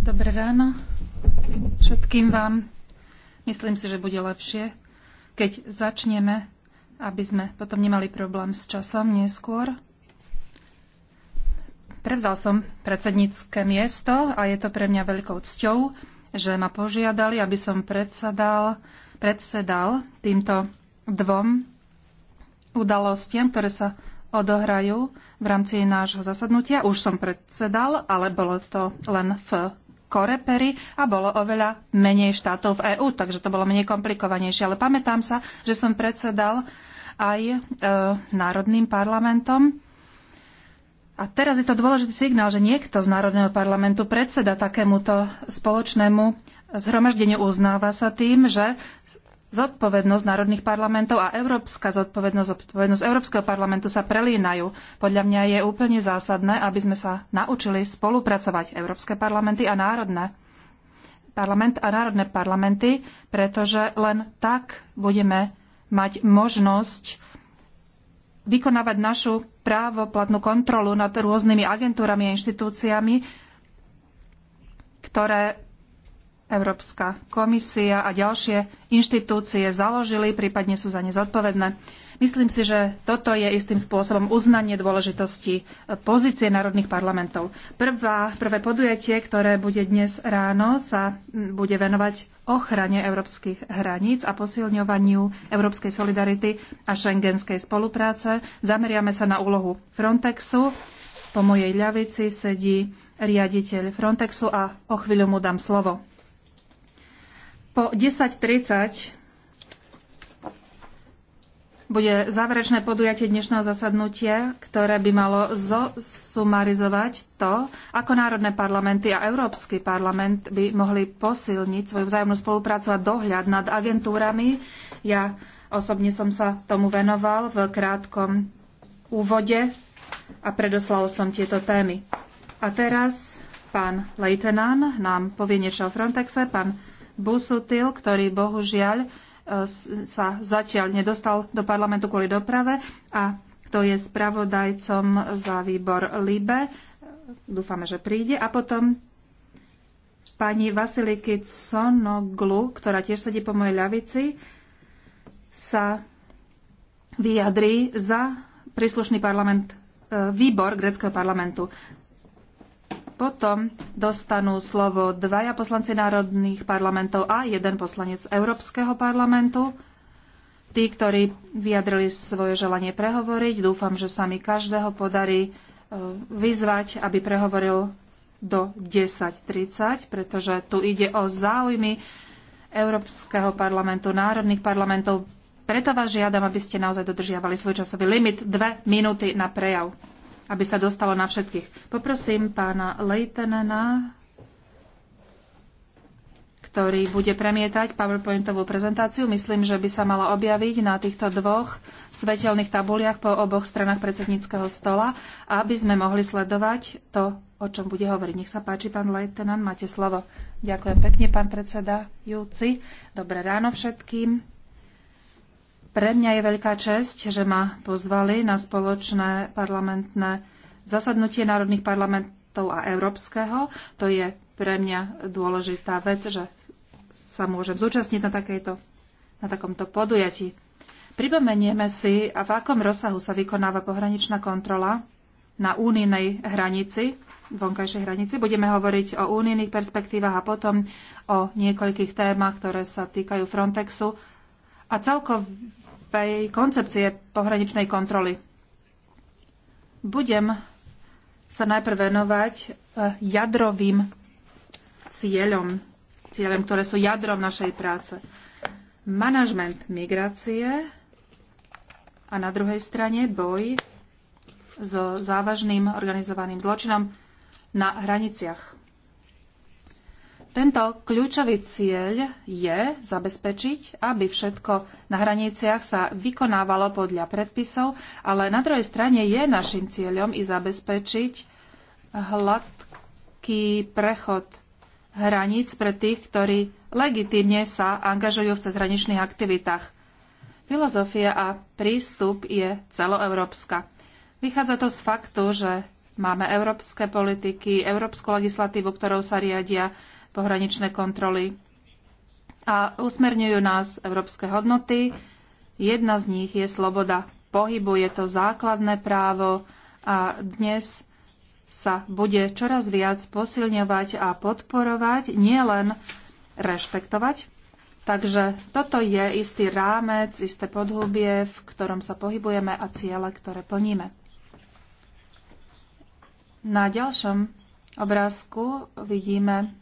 Dobré ráno všetkým vám. Myslím si, že bude lepšie, keď začneme, aby sme potom nemali problém s časom neskôr. Prevzal som predsednícke miesto a je to pre mňa veľkou cťou, že ma požiadali, aby som predsedal, predsedal týmto dvom udalostiam, ktoré sa odohrajú v rámci nášho zasadnutia. Už som predsedal, ale bolo to len v Korepery a bolo oveľa menej štátov v EÚ, takže to bolo menej komplikovanejšie. Ale pamätám sa, že som predsedal aj e, národným parlamentom. A teraz je to dôležitý signál, že niekto z Národného parlamentu predseda takémuto spoločnému zhromaždeniu uznáva sa tým, že zodpovednosť národných parlamentov a európska zodpovednosť, zodpovednosť Európskeho parlamentu sa prelínajú. Podľa mňa je úplne zásadné, aby sme sa naučili spolupracovať Európske parlamenty a národné parlament a národné parlamenty, pretože len tak budeme mať možnosť vykonávať našu právoplatnú kontrolu nad rôznymi agentúrami a inštitúciami, ktoré Európska komisia a ďalšie inštitúcie založili, prípadne sú za ne zodpovedné. Myslím si, že toto je istým spôsobom uznanie dôležitosti e, pozície národných parlamentov. Prvá, prvé podujatie, ktoré bude dnes ráno, sa bude venovať ochrane európskych hraníc a posilňovaniu európskej solidarity a šengenskej spolupráce. Zameriame sa na úlohu Frontexu. Po mojej ľavici sedí riaditeľ Frontexu a o chvíľu mu dám slovo. Po 10.30 bude záverečné podujatie dnešného zasadnutia, ktoré by malo zosumarizovať to, ako národné parlamenty a Európsky parlament by mohli posilniť svoju vzájomnú spoluprácu a dohľad nad agentúrami. Ja osobne som sa tomu venoval v krátkom úvode a predoslal som tieto témy. A teraz pán Leitenán nám povie niečo o Frontexe, pán Busutil, ktorý bohužiaľ e, sa zatiaľ nedostal do parlamentu kvôli doprave a kto je spravodajcom za výbor LIBE. Dúfame, že príde. A potom pani Vasiliky Sonoglu, ktorá tiež sedí po mojej ľavici, sa vyjadrí za príslušný parlament, e, výbor greckého parlamentu potom dostanú slovo dvaja poslanci národných parlamentov a jeden poslanec Európskeho parlamentu. Tí, ktorí vyjadrili svoje želanie prehovoriť, dúfam, že sa mi každého podarí e, vyzvať, aby prehovoril do 10.30, pretože tu ide o záujmy Európskeho parlamentu, národných parlamentov. Preto vás žiadam, aby ste naozaj dodržiavali svoj časový limit dve minúty na prejav aby sa dostalo na všetkých. Poprosím pána Leitenena, ktorý bude premietať PowerPointovú prezentáciu. Myslím, že by sa mala objaviť na týchto dvoch svetelných tabuliach po oboch stranách predsedníckého stola, aby sme mohli sledovať to, o čom bude hovoriť. Nech sa páči, pán Leitenan, máte slovo. Ďakujem pekne, pán predseda Júci. Dobré ráno všetkým. Pre mňa je veľká česť, že ma pozvali na spoločné parlamentné zasadnutie národných parlamentov a európskeho. To je pre mňa dôležitá vec, že sa môžem zúčastniť na, takejto, na takomto podujatí. Pripomenieme si, a v akom rozsahu sa vykonáva pohraničná kontrola na únijnej hranici, vonkajšej hranici. Budeme hovoriť o únijných perspektívach a potom o niekoľkých témach, ktoré sa týkajú Frontexu a celkov tej koncepcie pohraničnej kontroly. Budem sa najprv venovať e, jadrovým cieľom, cieľom, ktoré sú jadrom našej práce. Manažment migrácie a na druhej strane boj so závažným organizovaným zločinom na hraniciach. Tento kľúčový cieľ je zabezpečiť, aby všetko na hraniciach sa vykonávalo podľa predpisov, ale na druhej strane je našim cieľom i zabezpečiť hladký prechod hraníc pre tých, ktorí legitímne sa angažujú v cezhraničných aktivitách. Filozofia a prístup je celoeurópska. Vychádza to z faktu, že máme európske politiky, európsku legislatívu, ktorou sa riadia pohraničné kontroly a usmerňujú nás európske hodnoty. Jedna z nich je sloboda pohybu, je to základné právo a dnes sa bude čoraz viac posilňovať a podporovať, nielen rešpektovať. Takže toto je istý rámec, isté podhubie, v ktorom sa pohybujeme a ciele, ktoré plníme. Na ďalšom obrázku vidíme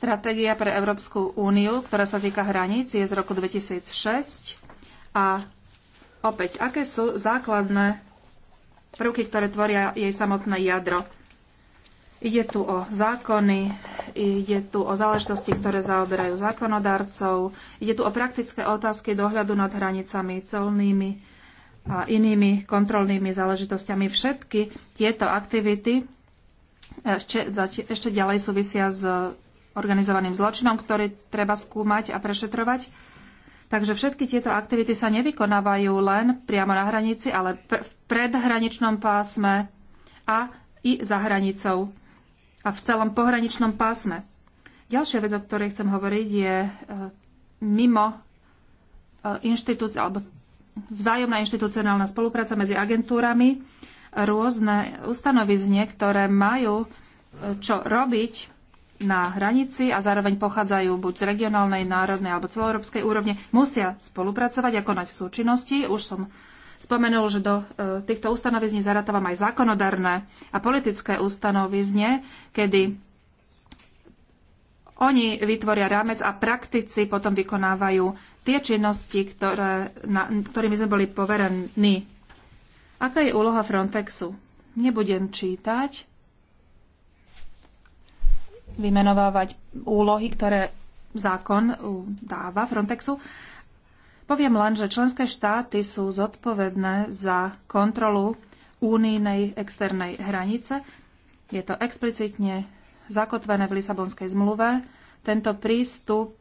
Stratégia pre Európsku úniu, ktorá sa týka hraníc, je z roku 2006. A opäť, aké sú základné prvky, ktoré tvoria jej samotné jadro? Ide tu o zákony, ide tu o záležitosti, ktoré zaoberajú zákonodarcov, ide tu o praktické otázky dohľadu nad hranicami colnými a inými kontrolnými záležitosťami. Všetky tieto aktivity ešte, ešte ďalej súvisia s organizovaným zločinom, ktorý treba skúmať a prešetrovať. Takže všetky tieto aktivity sa nevykonávajú len priamo na hranici, ale v predhraničnom pásme a i za hranicou a v celom pohraničnom pásme. Ďalšia vec, o ktorej chcem hovoriť, je e, mimo e, inštitúcie alebo vzájomná inštitucionálna spolupráca medzi agentúrami, rôzne ustanovizne, ktoré majú e, čo robiť na hranici a zároveň pochádzajú buď z regionálnej, národnej alebo celoeurópskej úrovne, musia spolupracovať a konať v súčinnosti. Už som spomenul, že do e, týchto ustanovizní zaratávam aj zákonodárne a politické ustanovizne, kedy oni vytvoria rámec a praktici potom vykonávajú tie činnosti, ktoré, na, ktorými sme boli poverení. Aká je úloha Frontexu? Nebudem čítať vymenovávať úlohy, ktoré zákon uh, dáva Frontexu. Poviem len, že členské štáty sú zodpovedné za kontrolu únijnej externej hranice. Je to explicitne zakotvené v Lisabonskej zmluve. Tento prístup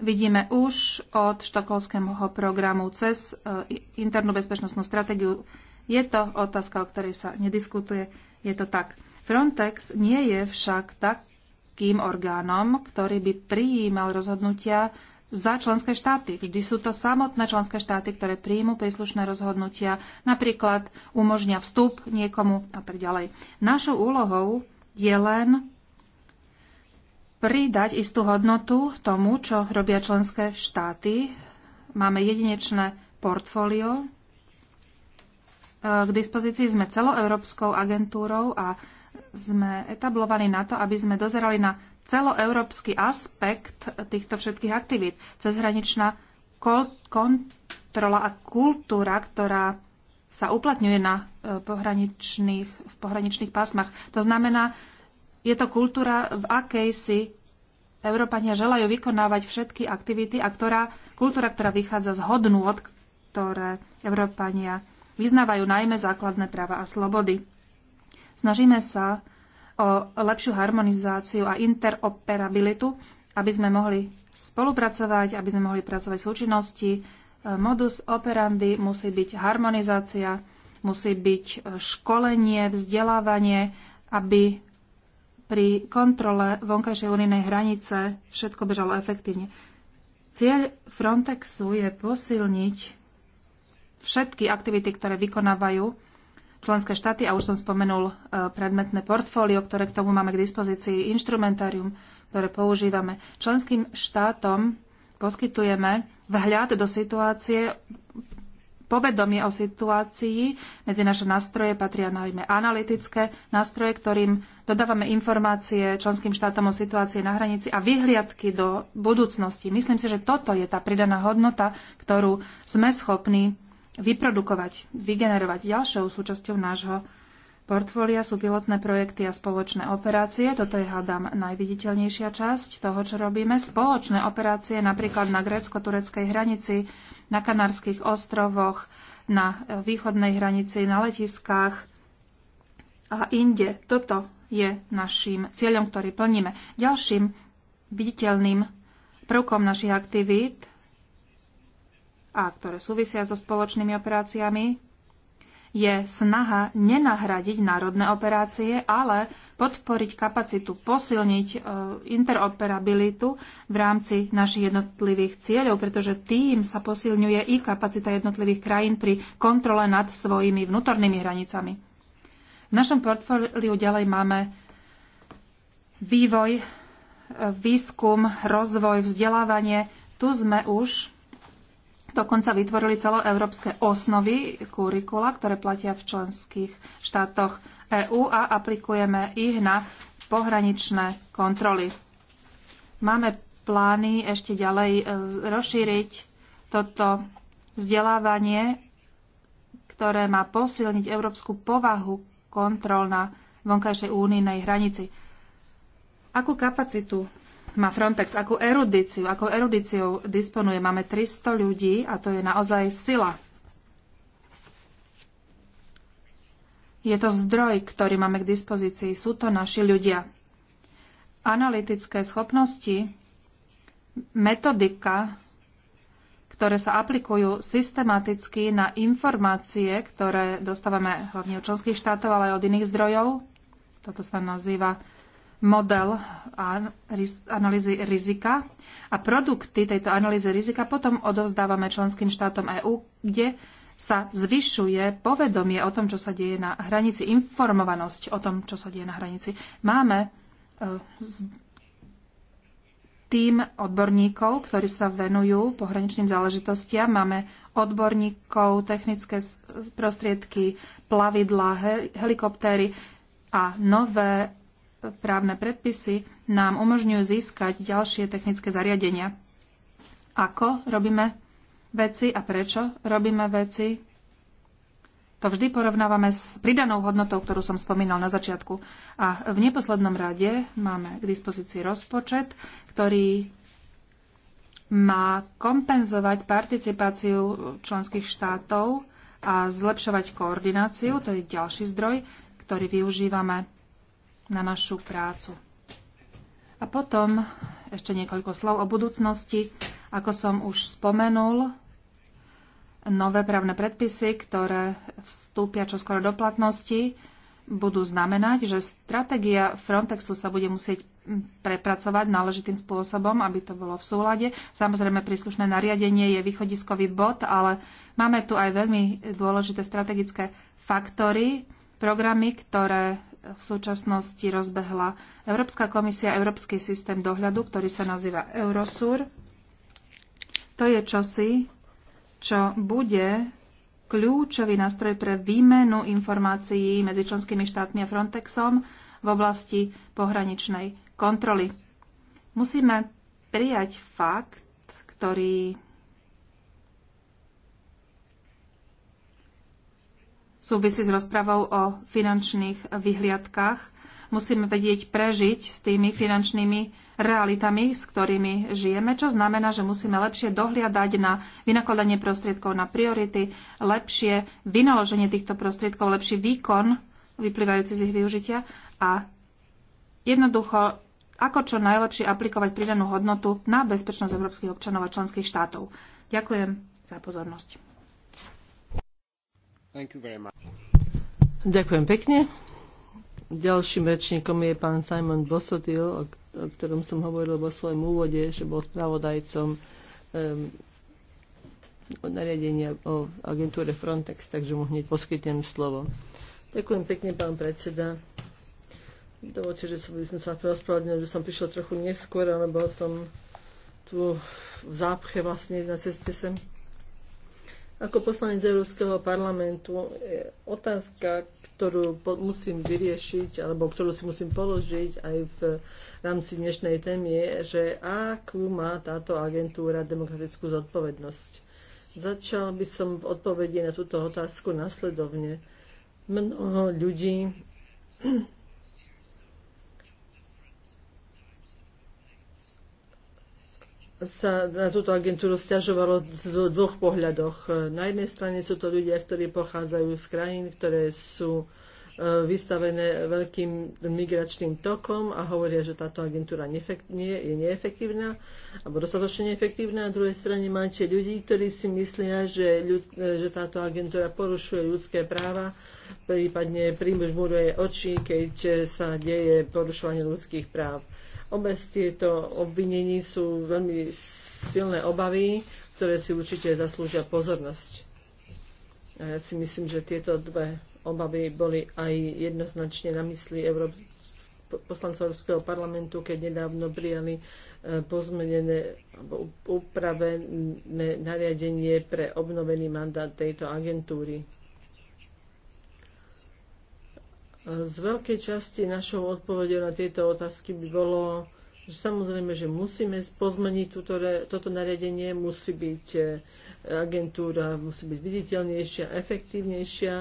vidíme už od štokholského programu cez eh, internú bezpečnostnú stratégiu. Je to otázka, o ktorej sa nediskutuje. Je to tak. Frontex nie je však takým orgánom, ktorý by prijímal rozhodnutia za členské štáty. Vždy sú to samotné členské štáty, ktoré príjmu príslušné rozhodnutia, napríklad umožňa vstup niekomu a tak ďalej. Našou úlohou je len pridať istú hodnotu tomu, čo robia členské štáty. Máme jedinečné portfólio. E, k dispozícii sme celoeurópskou agentúrou a sme etablovaní na to, aby sme dozerali na celoeurópsky aspekt týchto všetkých aktivít. Cezhraničná kontrola a kultúra, ktorá sa uplatňuje na e, pohraničných, v pohraničných pásmach. To znamená, je to kultúra, v akej si Európania želajú vykonávať všetky aktivity a ktorá, kultúra, ktorá vychádza z od ktoré Európania vyznávajú najmä základné práva a slobody. Snažíme sa o lepšiu harmonizáciu a interoperabilitu, aby sme mohli spolupracovať, aby sme mohli pracovať v súčinnosti. E, modus operandi musí byť harmonizácia, musí byť e, školenie, vzdelávanie, aby pri kontrole vonkajšej unijnej hranice všetko bežalo efektívne. Cieľ Frontexu je posilniť všetky aktivity, ktoré vykonávajú členské štáty a už som spomenul e, predmetné portfólio, ktoré k tomu máme k dispozícii, inštrumentárium, ktoré používame. Členským štátom poskytujeme vhľad do situácie, povedomie o situácii. Medzi naše nástroje patria najmä analytické nástroje, ktorým dodávame informácie členským štátom o situácii na hranici a vyhliadky do budúcnosti. Myslím si, že toto je tá pridaná hodnota, ktorú sme schopní vyprodukovať, vygenerovať. Ďalšou súčasťou nášho portfólia sú pilotné projekty a spoločné operácie. Toto je, hádam, najviditeľnejšia časť toho, čo robíme. Spoločné operácie napríklad na grécko-tureckej hranici, na Kanárskych ostrovoch, na východnej hranici, na letiskách a inde. Toto je našim cieľom, ktorý plníme. Ďalším viditeľným prvkom našich aktivít a ktoré súvisia so spoločnými operáciami, je snaha nenahradiť národné operácie, ale podporiť kapacitu, posilniť e, interoperabilitu v rámci našich jednotlivých cieľov, pretože tým sa posilňuje i kapacita jednotlivých krajín pri kontrole nad svojimi vnútornými hranicami. V našom portfóliu ďalej máme vývoj, e, výskum, rozvoj, vzdelávanie. Tu sme už dokonca vytvorili celoeurópske osnovy kurikula, ktoré platia v členských štátoch EÚ a aplikujeme ich na pohraničné kontroly. Máme plány ešte ďalej e, rozšíriť toto vzdelávanie, ktoré má posilniť európsku povahu kontrol na vonkajšej únijnej hranici. Akú kapacitu má Frontex, akú erudíciu, akou erudíciou disponuje. Máme 300 ľudí a to je naozaj sila. Je to zdroj, ktorý máme k dispozícii. Sú to naši ľudia. Analytické schopnosti, metodika, ktoré sa aplikujú systematicky na informácie, ktoré dostávame hlavne od členských štátov, ale aj od iných zdrojov. Toto sa nazýva model analýzy rizika a produkty tejto analýzy rizika potom odovzdávame členským štátom EÚ, kde sa zvyšuje povedomie o tom, čo sa deje na hranici, informovanosť o tom, čo sa deje na hranici. Máme e, tým odborníkov, ktorí sa venujú pohraničným záležitostiam. Máme odborníkov, technické prostriedky, plavidla, helikoptéry a nové právne predpisy nám umožňujú získať ďalšie technické zariadenia. Ako robíme veci a prečo robíme veci, to vždy porovnávame s pridanou hodnotou, ktorú som spomínal na začiatku. A v neposlednom rade máme k dispozícii rozpočet, ktorý má kompenzovať participáciu členských štátov a zlepšovať koordináciu. To je ďalší zdroj, ktorý využívame na našu prácu. A potom ešte niekoľko slov o budúcnosti. Ako som už spomenul, nové právne predpisy, ktoré vstúpia čoskoro do platnosti, budú znamenať, že stratégia Frontexu sa bude musieť mm, prepracovať náležitým spôsobom, aby to bolo v súlade. Samozrejme, príslušné nariadenie je východiskový bod, ale máme tu aj veľmi dôležité strategické faktory, programy, ktoré v súčasnosti rozbehla Európska komisia Európsky systém dohľadu, ktorý sa nazýva Eurosur. To je čosi, čo bude kľúčový nástroj pre výmenu informácií medzi členskými štátmi a Frontexom v oblasti pohraničnej kontroly. Musíme prijať fakt, ktorý súvisí s rozprávou o finančných vyhliadkách. Musíme vedieť prežiť s tými finančnými realitami, s ktorými žijeme, čo znamená, že musíme lepšie dohliadať na vynakladanie prostriedkov na priority, lepšie vynaloženie týchto prostriedkov, lepší výkon vyplývajúci z ich využitia a jednoducho ako čo najlepšie aplikovať pridanú hodnotu na bezpečnosť európskych občanov a členských štátov. Ďakujem za pozornosť. Ďakujem pekne. Ďalším rečníkom je pán Simon Bosotil, o, o ktorom som hovoril vo svojom úvode, že bol spravodajcom um, o nariadenia o agentúre Frontex, takže mu hneď poskytnem slovo. Ďakujem pekne, pán predseda. Dovolte, že by som sa ospravedlnil, že som prišiel trochu neskôr, lebo som tu v zápche vlastne na ceste sem. Ako poslanec Európskeho parlamentu otázka, ktorú musím vyriešiť, alebo ktorú si musím položiť aj v rámci dnešnej témy, je, že akú má táto agentúra demokratickú zodpovednosť. Začal by som v odpovedi na túto otázku nasledovne. Mnoho ľudí sa na túto agentúru stiažovalo v dvoch pohľadoch. E, na jednej strane sú to ľudia, ktorí pochádzajú z krajín, ktoré sú e, vystavené veľkým migračným tokom a hovoria, že táto agentúra nie, je neefektívna alebo dostatočne neefektívna. Na druhej strane máte ľudí, ktorí si myslia, že, ľud, e, že táto agentúra porušuje ľudské práva, prípadne prímžmuruje oči, keď sa deje porušovanie ľudských práv. Obe z tieto obvinení sú veľmi silné obavy, ktoré si určite zaslúžia pozornosť. A ja si myslím, že tieto dve obavy boli aj jednoznačne na mysli poslancov Európskeho parlamentu, keď nedávno prijali e, pozmenené alebo upravené nariadenie pre obnovený mandát tejto agentúry. Z veľkej časti našou odpovedou na tieto otázky by bolo, že samozrejme, že musíme pozmeniť túto, toto nariadenie, musí byť e, agentúra, musí byť viditeľnejšia, efektívnejšia,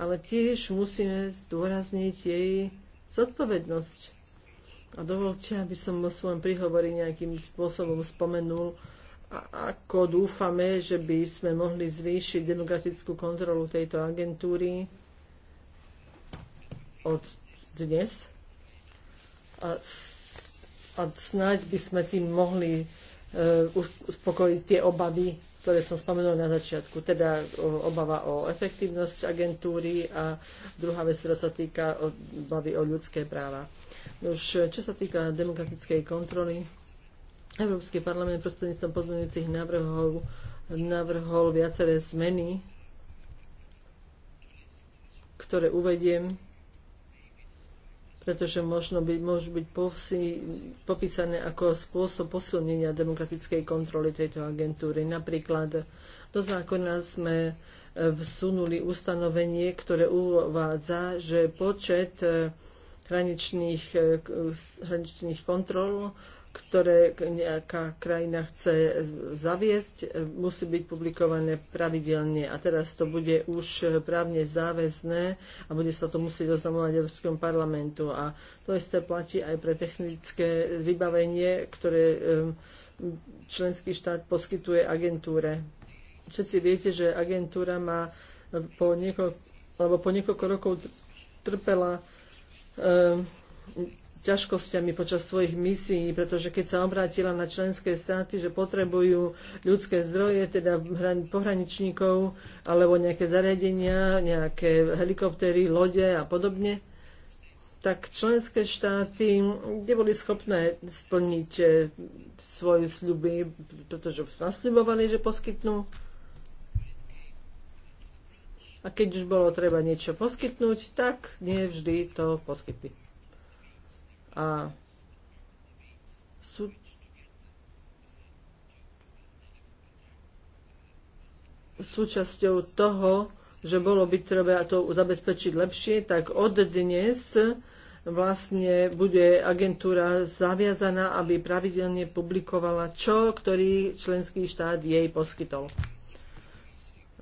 ale tiež musíme zdôrazniť jej zodpovednosť. A dovolte, aby som vo svojom príhovore nejakým spôsobom spomenul, ako dúfame, že by sme mohli zvýšiť demokratickú kontrolu tejto agentúry od dnes. A, a snáď by sme tým mohli uh, uspokojiť tie obavy, ktoré som spomenula na začiatku, teda obava o efektívnosť agentúry a druhá vec, ktorá sa týka obavy o ľudské práva. No už e, čo sa týka demokratickej kontroly, Európsky parlament prostredníctvom pozmeňujúcich návrhov navrhol viaceré zmeny, ktoré uvediem pretože možno by, môžu byť posi, popísané ako spôsob posilnenia demokratickej kontroly tejto agentúry. Napríklad do zákona sme e, vsunuli ustanovenie, ktoré uvádza, že počet e, hraničných, e, hraničných kontrol ktoré nejaká krajina chce zaviesť, musí byť publikované pravidelne. A teraz to bude už právne záväzné a bude sa to musieť oznamovať Európskom parlamentu. A to isté platí aj pre technické vybavenie, ktoré členský štát poskytuje agentúre. Všetci viete, že agentúra má po niekoľko, alebo po niekoľko rokov trpela um, ťažkosťami počas svojich misií, pretože keď sa obrátila na členské státy, že potrebujú ľudské zdroje, teda pohraničníkov alebo nejaké zariadenia, nejaké helikoptery, lode a podobne, tak členské štáty neboli schopné splniť e, svoje sľuby, pretože nasľubovali, že poskytnú. A keď už bolo treba niečo poskytnúť, tak nie vždy to poskytli. A sú súčasťou toho, že bolo by treba to zabezpečiť lepšie, tak od dnes vlastne bude agentúra zaviazaná, aby pravidelne publikovala, čo ktorý členský štát jej poskytol.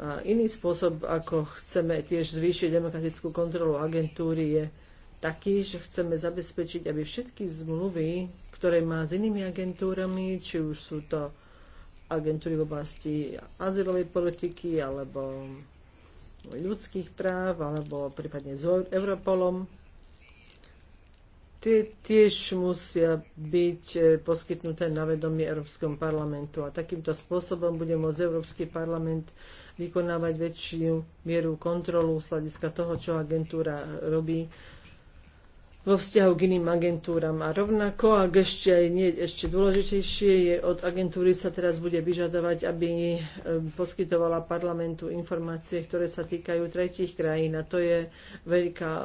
A iný spôsob, ako chceme tiež zvýšiť demokratickú kontrolu agentúry, je taký, že chceme zabezpečiť, aby všetky zmluvy, ktoré má s inými agentúrami, či už sú to agentúry v oblasti azylovej politiky alebo ľudských práv alebo prípadne s Europolom, tie tiež musia byť e, poskytnuté na vedomie Európskom parlamentu. A takýmto spôsobom bude môcť Európsky parlament vykonávať väčšiu mieru kontrolu z hľadiska toho, čo agentúra robí vo vzťahu k iným agentúram. A rovnako, ak ešte aj nie ešte dôležitejšie, je od agentúry sa teraz bude vyžadovať, aby e, poskytovala parlamentu informácie, ktoré sa týkajú tretích krajín. A to je veľká e,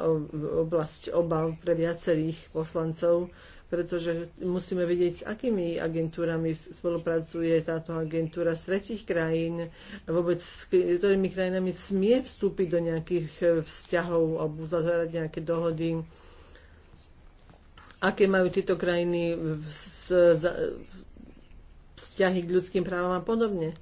oblasť obav pre viacerých poslancov, pretože musíme vidieť, s akými agentúrami spolupracuje táto agentúra z tretich krajín vôbec s ktorými krajinami smie vstúpiť do nejakých e, vzťahov alebo uzatvárať nejaké dohody aké majú tieto krajiny vzťahy k ľudským právam a podobne.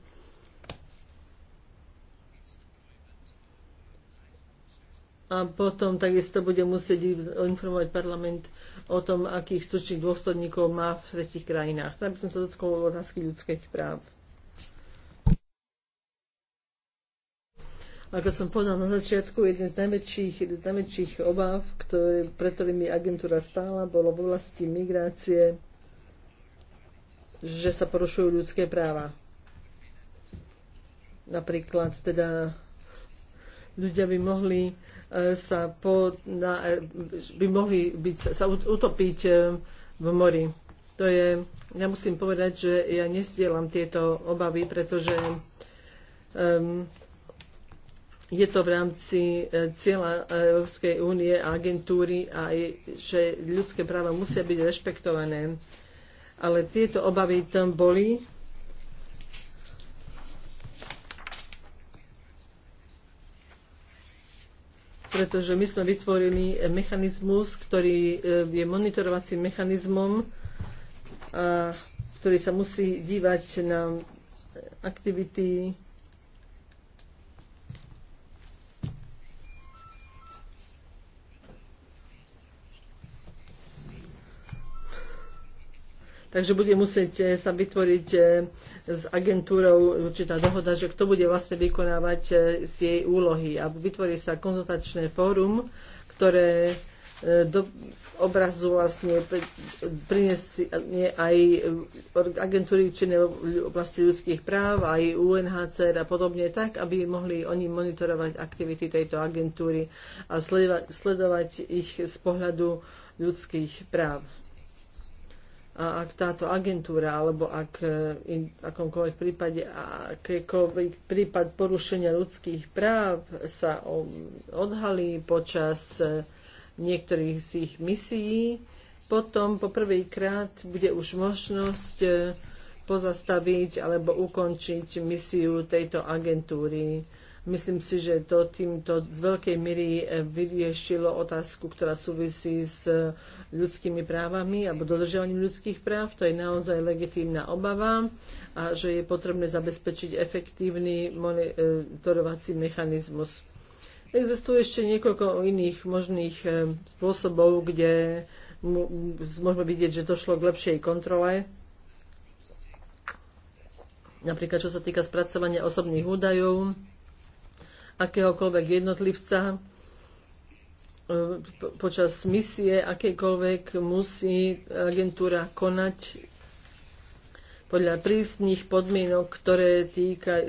A potom takisto bude musieť informovať parlament o tom, akých stručných dôstojníkov má v tretich krajinách. Tam by som sa dotkol otázky ľudských práv. Ako som povedal na začiatku, jeden z najväčších, z najväčších obav, ktoré, pre mi agentúra stála, bolo v oblasti migrácie, že sa porušujú ľudské práva. Napríklad teda ľudia by mohli eh, sa po, na, eh, by mohli byť, sa utopiť eh, v mori. To je, ja musím povedať, že ja nesdielam tieto obavy, pretože um, je to v rámci e, cieľa e, Európskej únie a agentúry a že ľudské práva musia byť rešpektované. Ale tieto obavy tam boli. pretože my sme vytvorili e, mechanizmus, ktorý je monitorovacím mechanizmom, a ktorý sa musí dívať na aktivity Takže bude musieť eh, sa vytvoriť eh, s agentúrou určitá dohoda, že kto bude vlastne vykonávať eh, z jej úlohy. A vytvorí sa konzultačné fórum, ktoré do obrazu vlastne priniesie aj agentúry činné oblasti ľudských práv, aj UNHCR a podobne, tak, aby mohli oni monitorovať aktivity tejto agentúry a sledovať ich z pohľadu ľudských práv a ak táto agentúra alebo ak e, in akomkoľvek prípade akýkoľvek prípad porušenia ľudských práv sa odhalí počas e, niektorých z ich misií, potom poprvýkrát bude už možnosť e, pozastaviť alebo ukončiť misiu tejto agentúry. Myslím si, že to týmto z veľkej miery vyriešilo otázku, ktorá súvisí s ľudskými právami alebo dodržovaním ľudských práv. To je naozaj legitímna obava a že je potrebné zabezpečiť efektívny monitorovací e, mechanizmus. Existuje ešte niekoľko iných možných e, spôsobov, kde môžeme vidieť, že došlo k lepšej kontrole. Napríklad, čo sa týka spracovania osobných údajov, akéhokoľvek jednotlivca, E, počas misie akejkoľvek musí agentúra konať podľa prísnych podmienok, ktoré týka,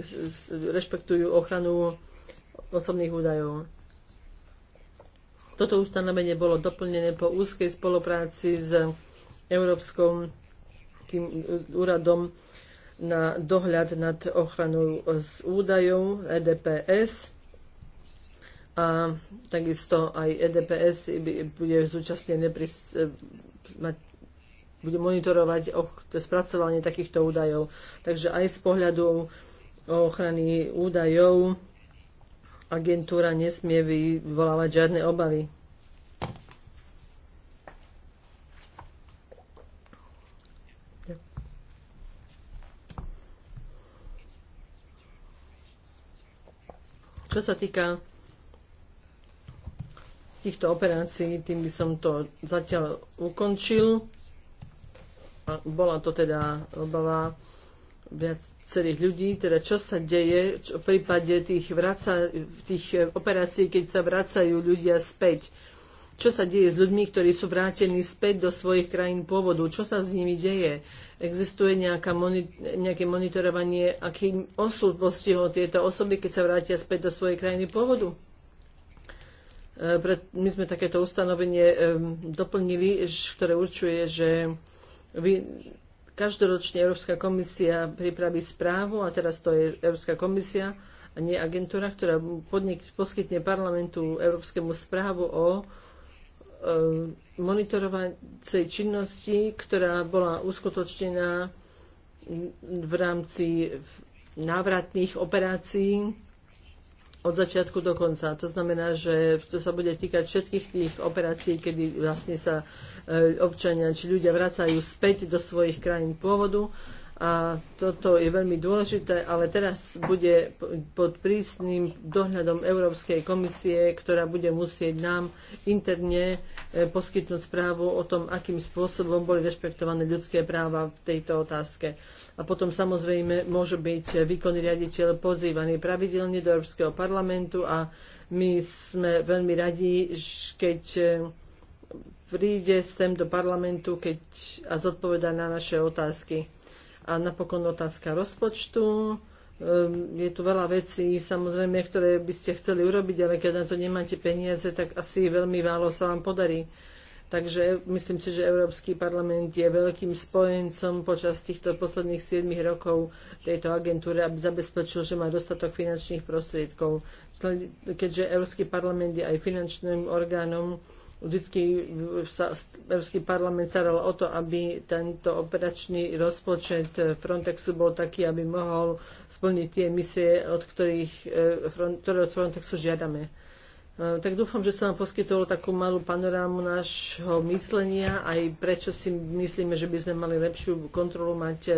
rešpektujú ochranu osobných údajov. Toto ustanovenie bolo doplnené po úzkej spolupráci s tým e, úradom na dohľad nad ochranou z údajov EDPS a takisto aj EDPS bude zúčastnené pri, e, mať, bude monitorovať spracovanie takýchto údajov. Takže aj z pohľadu ochrany údajov agentúra nesmie vyvolávať žiadne obavy. Čo sa týka týchto operácií, tým by som to zatiaľ ukončil. A bola to teda obava viacerých ľudí, teda čo sa deje v prípade tých, vraca, tých operácií, keď sa vracajú ľudia späť. Čo sa deje s ľuďmi, ktorí sú vrátení späť do svojich krajín pôvodu? Čo sa s nimi deje? Existuje nejaká moni- nejaké monitorovanie, aký osud postihol tieto osoby, keď sa vrátia späť do svojej krajiny pôvodu? E, my sme takéto ustanovenie e, doplnili, ktoré určuje, že každoročne Európska komisia pripraví správu, a teraz to je Európska komisia a nie agentúra, ktorá podnik, poskytne parlamentu Európskemu správu o e, monitorovacej činnosti, ktorá bola uskutočnená v rámci návratných operácií od začiatku do konca. To znamená, že to sa bude týkať všetkých tých operácií, kedy vlastne sa e, občania či ľudia vracajú späť do svojich krajín pôvodu. A toto je veľmi dôležité, ale teraz bude pod prísnym dohľadom Európskej komisie, ktorá bude musieť nám interne E, poskytnúť správu o tom, akým spôsobom boli rešpektované ľudské práva v tejto otázke. A potom samozrejme môže byť výkonný riaditeľ pozývaný pravidelne do Európskeho parlamentu a my sme veľmi radi, keď e, príde sem do parlamentu keď, a zodpoveda na naše otázky. A napokon otázka rozpočtu. Ehm, je tu veľa vecí, samozrejme, ktoré by ste chceli urobiť, ale keď na to nemáte peniaze, tak asi veľmi málo sa vám podarí. Takže myslím si, že Európsky parlament je veľkým spojencom počas týchto posledných 7 rokov tejto agentúry, aby zabezpečil, že má dostatok finančných prostriedkov. Keďže Európsky parlament je aj finančným orgánom, vždycky sa Európsky parlament staral o to, aby tento operačný rozpočet Frontexu bol taký, aby mohol splniť tie misie, od ktorých, e, ktoré od Frontexu žiadame. E, tak dúfam, že sa nám poskytovalo takú malú panorámu nášho myslenia, aj prečo si myslíme, že by sme mali lepšiu kontrolu mať e,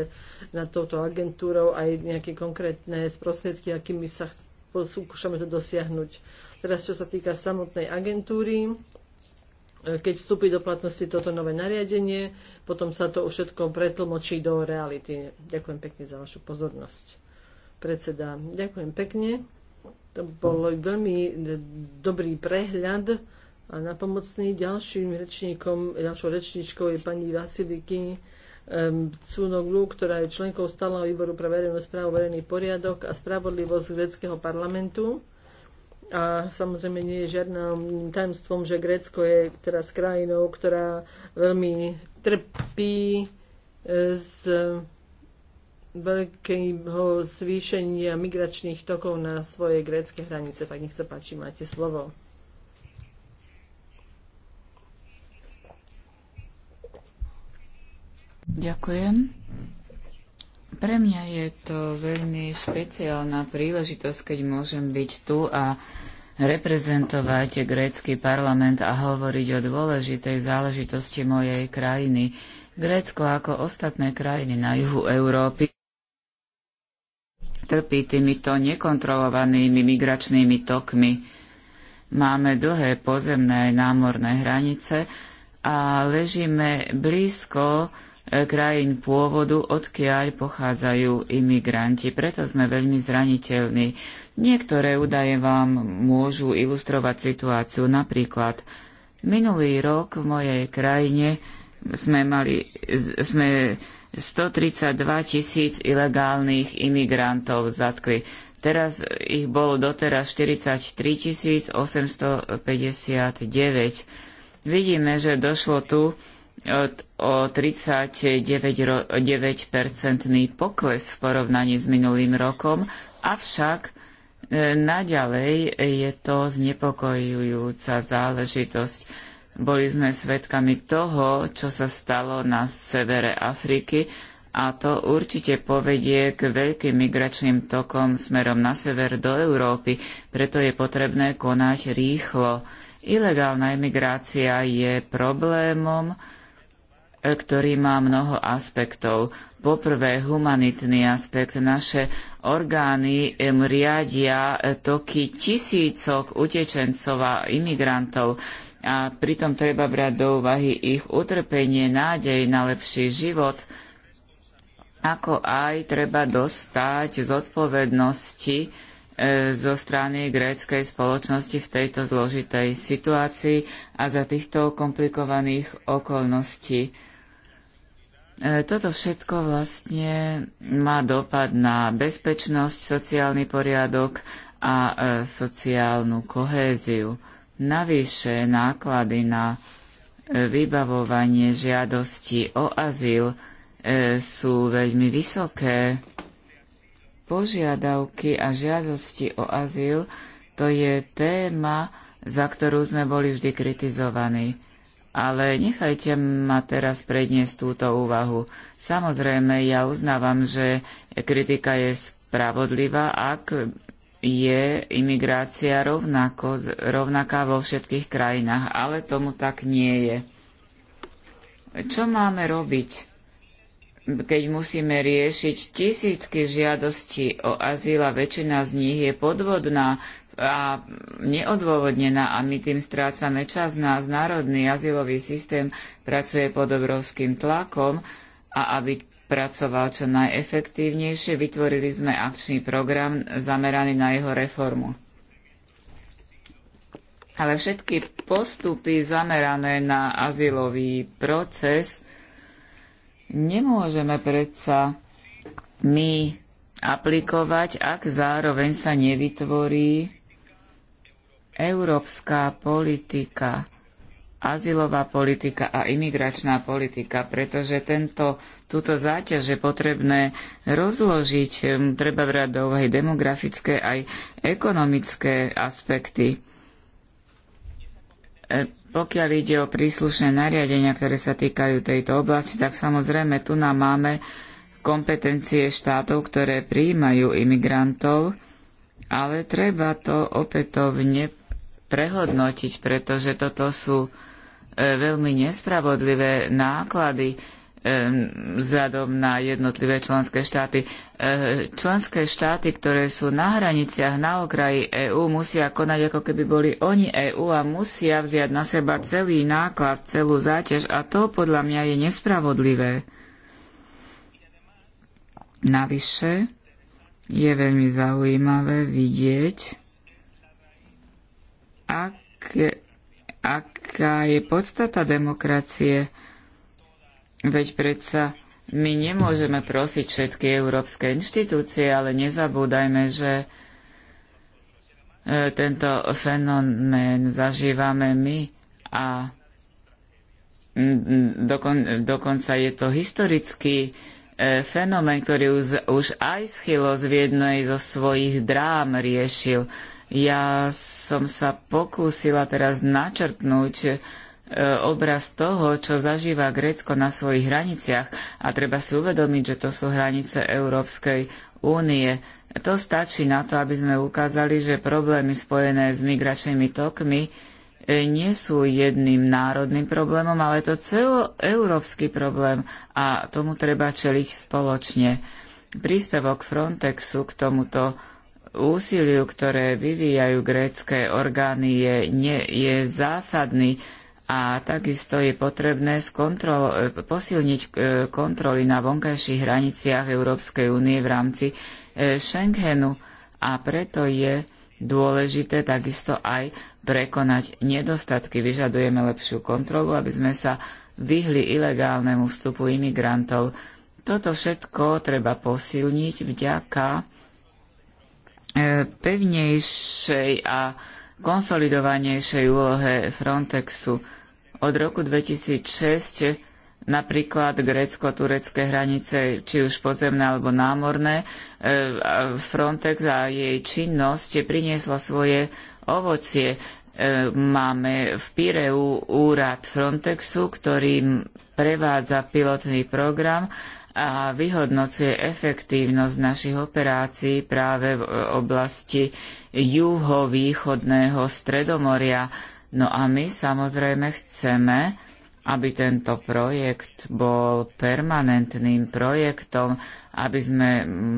nad touto agentúrou, aj nejaké konkrétne prostriedky, akými sa skúšame to dosiahnuť. Teraz, čo sa týka samotnej agentúry, E, keď vstúpi do platnosti toto nové nariadenie, potom sa to všetko pretlmočí do reality. Ďakujem pekne za vašu pozornosť. Predseda, ďakujem pekne. To bol veľmi dobrý prehľad a napomocný ďalším rečníkom, ďalšou rečníčkou je pani Vasiliky Cunoglu, ktorá je členkou stáleho výboru pre verejnú správu, verejný poriadok a spravodlivosť greckého parlamentu. A samozrejme nie je žiadnym tajomstvom, že Grécko je teraz krajinou, ktorá veľmi trpí e, z veľkého zvýšenia migračných tokov na svoje grécké hranice. Tak nech sa páči, máte slovo. Ďakujem. Pre mňa je to veľmi špeciálna príležitosť, keď môžem byť tu a reprezentovať grécky parlament a hovoriť o dôležitej záležitosti mojej krajiny. Grécko ako ostatné krajiny na juhu Európy trpí týmito nekontrolovanými migračnými tokmi. Máme dlhé pozemné námorné hranice a ležíme blízko E, krajín pôvodu, odkiaľ pochádzajú imigranti. Preto sme veľmi zraniteľní. Niektoré údaje vám môžu ilustrovať situáciu. Napríklad minulý rok v mojej krajine sme mali sme 132 tisíc ilegálnych imigrantov zatkli. Teraz ich bolo doteraz 43 859. Vidíme, že došlo tu o 39-percentný pokles v porovnaní s minulým rokom, avšak e, naďalej je to znepokojujúca záležitosť. Boli sme svedkami toho, čo sa stalo na severe Afriky a to určite povedie k veľkým migračným tokom smerom na sever do Európy, preto je potrebné konať rýchlo. Ilegálna imigrácia je problémom, ktorý má mnoho aspektov. Poprvé, humanitný aspekt. Naše orgány riadia toky tisícok utečencov a imigrantov a pritom treba brať do úvahy ich utrpenie, nádej na lepší život, ako aj treba dostať zodpovednosti e, zo strany gréckej spoločnosti v tejto zložitej situácii a za týchto komplikovaných okolností. E, toto všetko vlastne má dopad na bezpečnosť, sociálny poriadok a e, sociálnu kohéziu. Navyše náklady na e, vybavovanie žiadosti o azyl sú veľmi vysoké. Požiadavky a žiadosti o azyl to je téma, za ktorú sme boli vždy kritizovaní. Ale nechajte ma teraz predniesť túto úvahu. Samozrejme, ja uznávam, že kritika je spravodlivá, ak je imigrácia rovnako, rovnaká vo všetkých krajinách, ale tomu tak nie je. Čo máme robiť, keď musíme riešiť tisícky žiadosti o azyl a väčšina z nich je podvodná, a neodôvodnená a my tým strácame čas. Náš národný azylový systém pracuje pod obrovským tlakom a aby pracoval čo najefektívnejšie, vytvorili sme akčný program zameraný na jeho reformu. Ale všetky postupy zamerané na azylový proces nemôžeme predsa my aplikovať, ak zároveň sa nevytvorí európska politika, azylová politika a imigračná politika, pretože tento, túto záťaž je potrebné rozložiť, hm, treba brať do úvahy demografické aj ekonomické aspekty. E, pokiaľ ide o príslušné nariadenia, ktoré sa týkajú tejto oblasti, tak samozrejme tu nám máme kompetencie štátov, ktoré prijímajú imigrantov, ale treba to opätovne prehodnotiť, pretože toto sú e, veľmi nespravodlivé náklady e, vzhľadom na jednotlivé členské štáty. E, členské štáty, ktoré sú na hraniciach, na okraji EÚ, musia konať ako keby boli oni EÚ a musia vziať na seba celý náklad, celú záťaž a to podľa mňa je nespravodlivé. Navyše je veľmi zaujímavé vidieť, ak, aká je podstata demokracie. Veď predsa my nemôžeme prosiť všetky európske inštitúcie, ale nezabúdajme, že e, tento fenomén zažívame my a dokon, dokonca je to historický e, fenomén, ktorý už, už aj schylo z jednej zo svojich drám riešil. Ja som sa pokúsila teraz načrtnúť e, obraz toho, čo zažíva Grécko na svojich hraniciach a treba si uvedomiť, že to sú hranice Európskej únie. To stačí na to, aby sme ukázali, že problémy spojené s migračnými tokmi e, nie sú jedným národným problémom, ale je to celoeurópsky problém a tomu treba čeliť spoločne. Príspevok Frontexu k tomuto úsiliu, ktoré vyvíjajú grécké orgány, je, nie, je zásadný a takisto je potrebné skontrol, e, posilniť e, kontroly na vonkajších hraniciach Európskej únie v rámci e, Schengenu a preto je dôležité takisto aj prekonať nedostatky. Vyžadujeme lepšiu kontrolu, aby sme sa vyhli ilegálnemu vstupu imigrantov. Toto všetko treba posilniť vďaka E, pevnejšej a konsolidovanejšej úlohe Frontexu. Od roku 2006 napríklad grécko-turecké hranice, či už pozemné alebo námorné, e, Frontex a jej činnosť priniesla svoje ovocie. E, máme v Pireu úrad Frontexu, ktorý prevádza pilotný program a vyhodnocuje efektívnosť našich operácií práve v oblasti juhovýchodného Stredomoria. No a my samozrejme chceme, aby tento projekt bol permanentným projektom, aby sme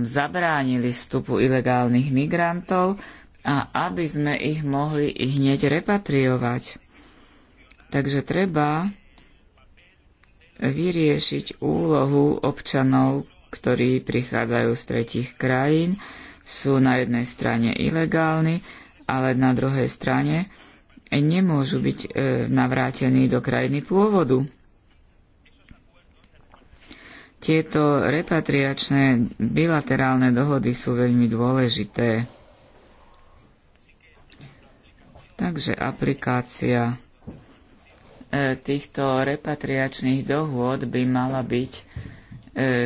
zabránili vstupu ilegálnych migrantov a aby sme ich mohli hneď repatriovať. Takže treba vyriešiť úlohu občanov, ktorí prichádzajú z tretich krajín, sú na jednej strane ilegálni, ale na druhej strane nemôžu byť e, navrátení do krajiny pôvodu. Tieto repatriačné bilaterálne dohody sú veľmi dôležité. Takže aplikácia E, týchto repatriačných dohôd by mala byť e,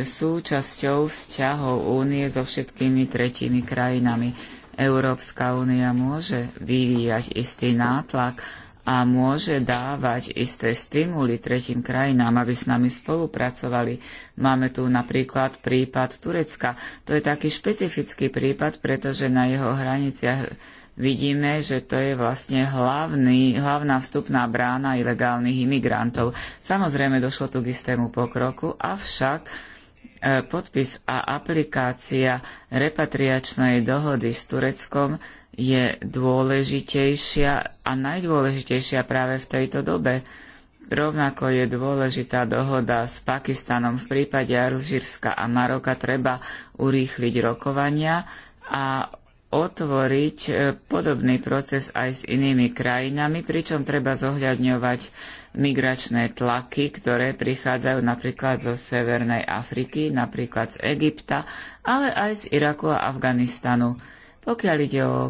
súčasťou vzťahov únie so všetkými tretími krajinami. Európska únia môže vyvíjať istý nátlak a môže dávať isté stimuly tretím krajinám, aby s nami spolupracovali. Máme tu napríklad prípad Turecka. To je taký špecifický prípad, pretože na jeho hraniciach vidíme, že to je vlastne hlavný, hlavná vstupná brána ilegálnych imigrantov. Samozrejme, došlo tu k istému pokroku, avšak e, podpis a aplikácia repatriačnej dohody s Tureckom je dôležitejšia a najdôležitejšia práve v tejto dobe. Rovnako je dôležitá dohoda s Pakistanom. V prípade Alžírska a Maroka treba urýchliť rokovania a otvoriť e, podobný proces aj s inými krajinami, pričom treba zohľadňovať migračné tlaky, ktoré prichádzajú napríklad zo Severnej Afriky, napríklad z Egypta, ale aj z Iraku a Afganistanu. Pokiaľ ide o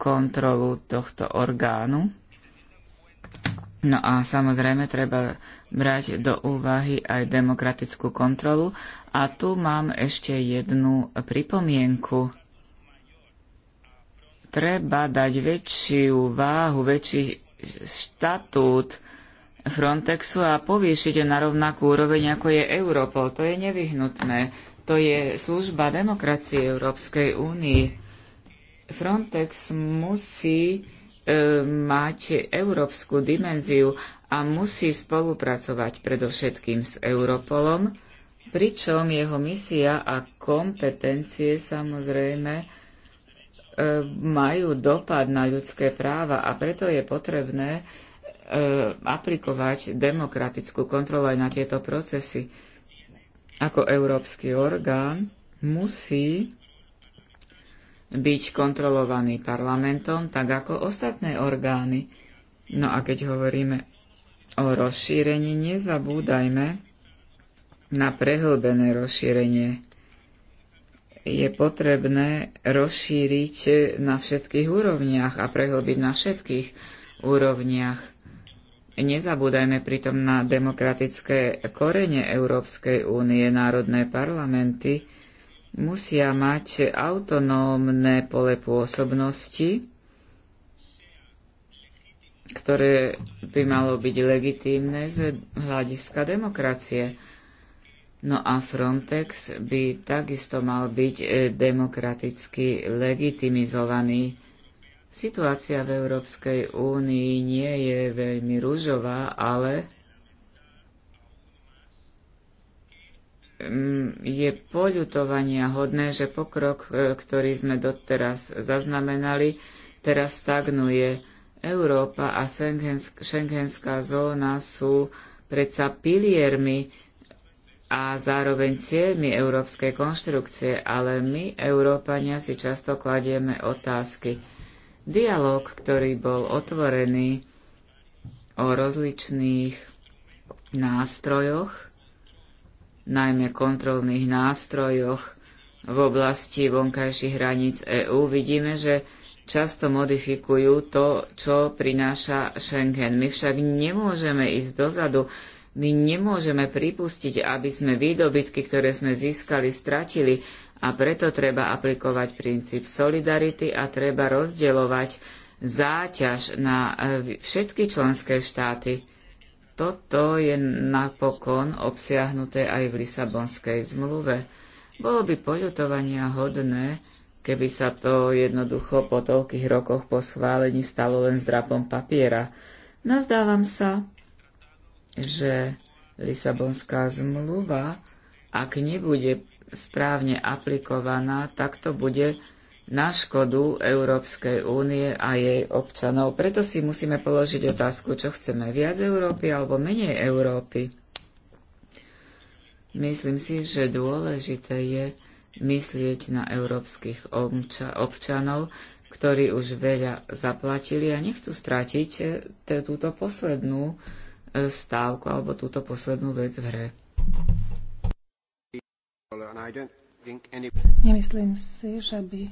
kontrolu tohto orgánu, No a samozrejme treba brať do úvahy aj demokratickú kontrolu. A tu mám ešte jednu pripomienku treba dať väčšiu váhu, väčší štatút Frontexu a povýšiť je na rovnakú úroveň, ako je Europol. To je nevyhnutné. To je služba demokracie Európskej únii. Frontex musí e, mať európsku dimenziu a musí spolupracovať predovšetkým s Europolom, pričom jeho misia a kompetencie samozrejme majú dopad na ľudské práva a preto je potrebné e, aplikovať demokratickú kontrolu aj na tieto procesy. Ako európsky orgán musí byť kontrolovaný parlamentom, tak ako ostatné orgány. No a keď hovoríme o rozšírení, nezabúdajme na prehlbené rozšírenie je potrebné rozšíriť na všetkých úrovniach a prehlbiť na všetkých úrovniach. Nezabúdajme pritom na demokratické korene Európskej únie. Národné parlamenty musia mať autonómne pole pôsobnosti, ktoré by malo byť legitímne z hľadiska demokracie. No a Frontex by takisto mal byť e, demokraticky legitimizovaný. Situácia v Európskej únii nie je veľmi rúžová, ale mm, je poľutovania hodné, že pokrok, e, ktorý sme doteraz zaznamenali, teraz stagnuje. Európa a Schengenská zóna sú predsa piliermi a zároveň cieľmi európskej konštrukcie, ale my, Európania, si často kladieme otázky. Dialóg, ktorý bol otvorený o rozličných nástrojoch, najmä kontrolných nástrojoch v oblasti vonkajších hraníc EÚ, vidíme, že často modifikujú to, čo prináša Schengen. My však nemôžeme ísť dozadu, my nemôžeme pripustiť, aby sme výdobytky, ktoré sme získali, stratili a preto treba aplikovať princíp solidarity a treba rozdielovať záťaž na e, všetky členské štáty. Toto je napokon obsiahnuté aj v Lisabonskej zmluve. Bolo by poľutovania hodné, keby sa to jednoducho po toľkých rokoch po schválení stalo len zdrapom papiera. Nazdávam sa, že Lisabonská zmluva, ak nebude správne aplikovaná, tak to bude na škodu Európskej únie a jej občanov. Preto si musíme položiť otázku, čo chceme, viac Európy alebo menej Európy. Myslím si, že dôležité je myslieť na európskych obča občanov, ktorí už veľa zaplatili a nechcú stratiť e, túto poslednú stávku alebo túto poslednú vec v hre. Nemyslím si, že by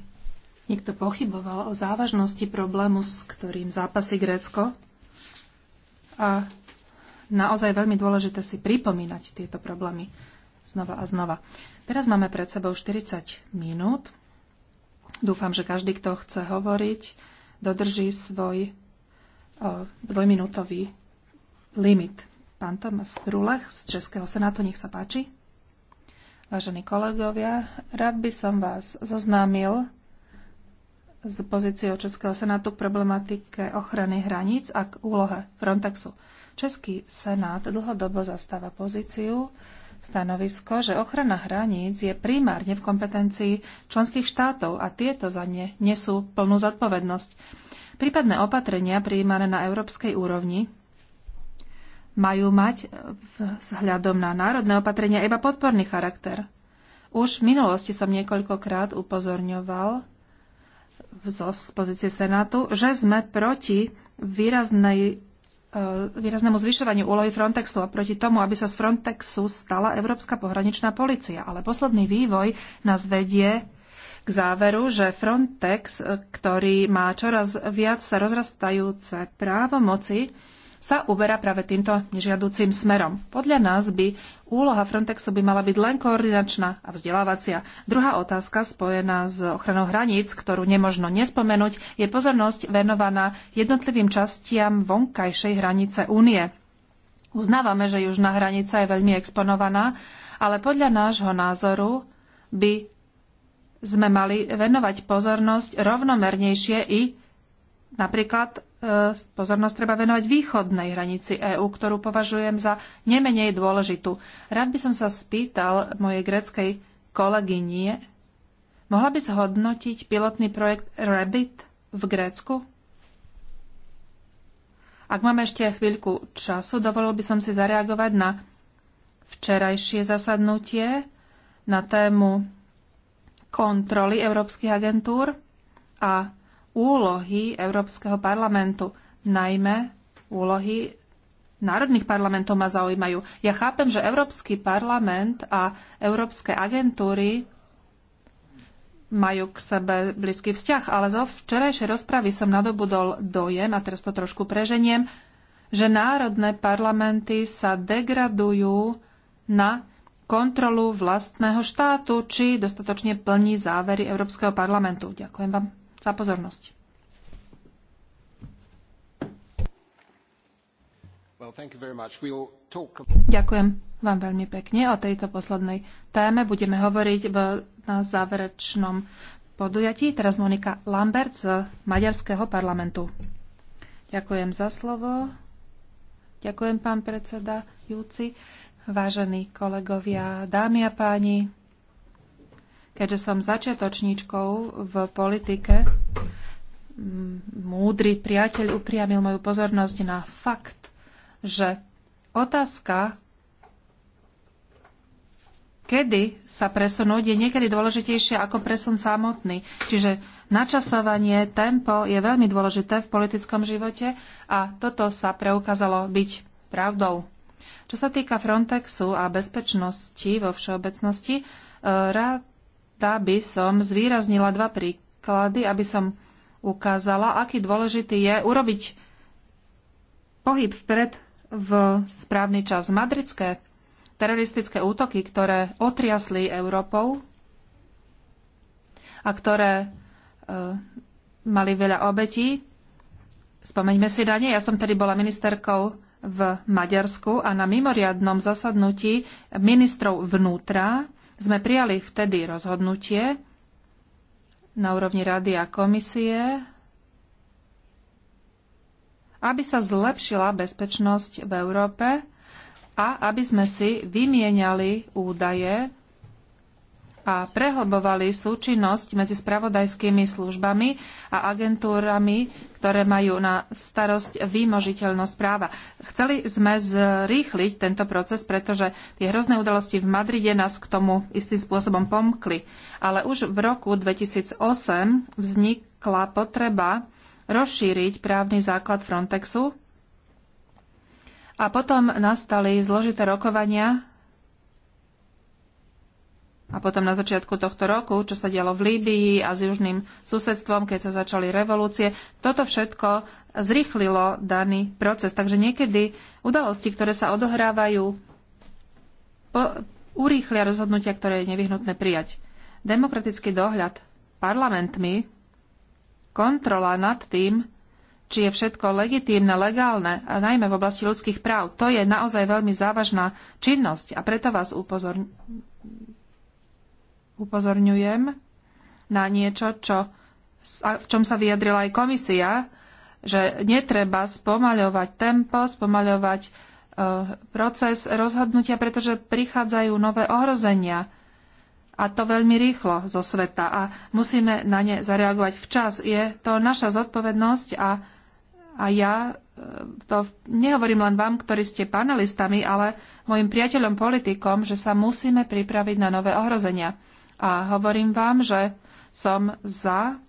niekto pochyboval o závažnosti problému, s ktorým zápasí Grécko. A naozaj veľmi dôležité si pripomínať tieto problémy znova a znova. Teraz máme pred sebou 40 minút. Dúfam, že každý, kto chce hovoriť, dodrží svoj dvojminútový limit. Pán Tomas Rulach z Českého senátu, nech sa páči. Vážení kolegovia, rád by som vás zoznámil s pozíciou Českého senátu k problematike ochrany hraníc a k úlohe Frontexu. Český senát dlhodobo zastáva pozíciu, stanovisko, že ochrana hraníc je primárne v kompetencii členských štátov a tieto za ne nesú plnú zodpovednosť. Prípadné opatrenia prijímané na európskej úrovni majú mať e, vzhľadom na národné opatrenia iba podporný charakter. Už v minulosti som niekoľkokrát upozorňoval z pozície Senátu, že sme proti výraznej, e, výraznému zvyšovaniu úlohy Frontexu a proti tomu, aby sa z Frontexu stala Európska pohraničná policia. Ale posledný vývoj nás vedie k záveru, že Frontex, e, ktorý má čoraz viac sa rozrastajúce právomoci, sa uberá práve týmto nežiaducím smerom. Podľa nás by úloha Frontexu by mala byť len koordinačná a vzdelávacia. Druhá otázka spojená s ochranou hraníc, ktorú nemožno nespomenúť, je pozornosť venovaná jednotlivým častiam vonkajšej hranice únie. Uznávame, že južná hranica je veľmi exponovaná, ale podľa nášho názoru by sme mali venovať pozornosť rovnomernejšie i napríklad E, pozornosť treba venovať východnej hranici EÚ, ktorú považujem za nemenej dôležitú. Rád by som sa spýtal mojej greckej kolegynie, mohla by zhodnotiť pilotný projekt Rabbit v Grécku? Ak máme ešte chvíľku času, dovolil by som si zareagovať na včerajšie zasadnutie na tému kontroly európskych agentúr a úlohy Európskeho parlamentu, najmä úlohy národných parlamentov ma zaujímajú. Ja chápem, že Európsky parlament a európske agentúry majú k sebe blízky vzťah, ale zo včerajšej rozpravy som nadobudol dojem, a teraz to trošku preženiem, že národné parlamenty sa degradujú na kontrolu vlastného štátu, či dostatočne plní závery Európskeho parlamentu. Ďakujem vám za pozornosť. Ďakujem vám veľmi pekne. O tejto poslednej téme budeme hovoriť v, na záverečnom podujatí. Teraz Monika Lambert z Maďarského parlamentu. Ďakujem za slovo. Ďakujem, pán predseda Júci. Vážení kolegovia, dámy a páni, Keďže som začiatočníčkou v politike, múdry priateľ upriamil moju pozornosť na fakt, že otázka, kedy sa presunúť, je niekedy dôležitejšia ako presun samotný. Čiže načasovanie, tempo je veľmi dôležité v politickom živote a toto sa preukázalo byť pravdou. Čo sa týka Frontexu a bezpečnosti vo všeobecnosti, e, rád tá by som zvýraznila dva príklady, aby som ukázala, aký dôležitý je urobiť pohyb vpred v správny čas. Madridské teroristické útoky, ktoré otriasli Európou a ktoré e, mali veľa obetí. Spomeňme si dane, ja som tedy bola ministerkou v Maďarsku a na mimoriadnom zasadnutí ministrov vnútra sme prijali vtedy rozhodnutie na úrovni rady a komisie, aby sa zlepšila bezpečnosť v Európe a aby sme si vymieniali údaje a prehlbovali súčinnosť medzi spravodajskými službami a agentúrami, ktoré majú na starosť výmožiteľnosť práva. Chceli sme zrýchliť tento proces, pretože tie hrozné udalosti v Madride nás k tomu istým spôsobom pomkli. Ale už v roku 2008 vznikla potreba rozšíriť právny základ Frontexu a potom nastali zložité rokovania a potom na začiatku tohto roku, čo sa dialo v Líbii a s južným susedstvom, keď sa začali revolúcie, toto všetko zrýchlilo daný proces. Takže niekedy udalosti, ktoré sa odohrávajú, po, urýchlia rozhodnutia, ktoré je nevyhnutné prijať. Demokratický dohľad parlamentmi, kontrola nad tým, či je všetko legitímne, legálne, a najmä v oblasti ľudských práv, to je naozaj veľmi závažná činnosť a preto vás upozorňujem upozorňujem na niečo, čo, v čom sa vyjadrila aj komisia, že netreba spomaľovať tempo, spomaľovať e, proces rozhodnutia, pretože prichádzajú nové ohrozenia a to veľmi rýchlo zo sveta a musíme na ne zareagovať včas. Je to naša zodpovednosť a, a ja e, to nehovorím len vám, ktorí ste panelistami, ale mojim priateľom politikom, že sa musíme pripraviť na nové ohrozenia. A hovorím vám, že som za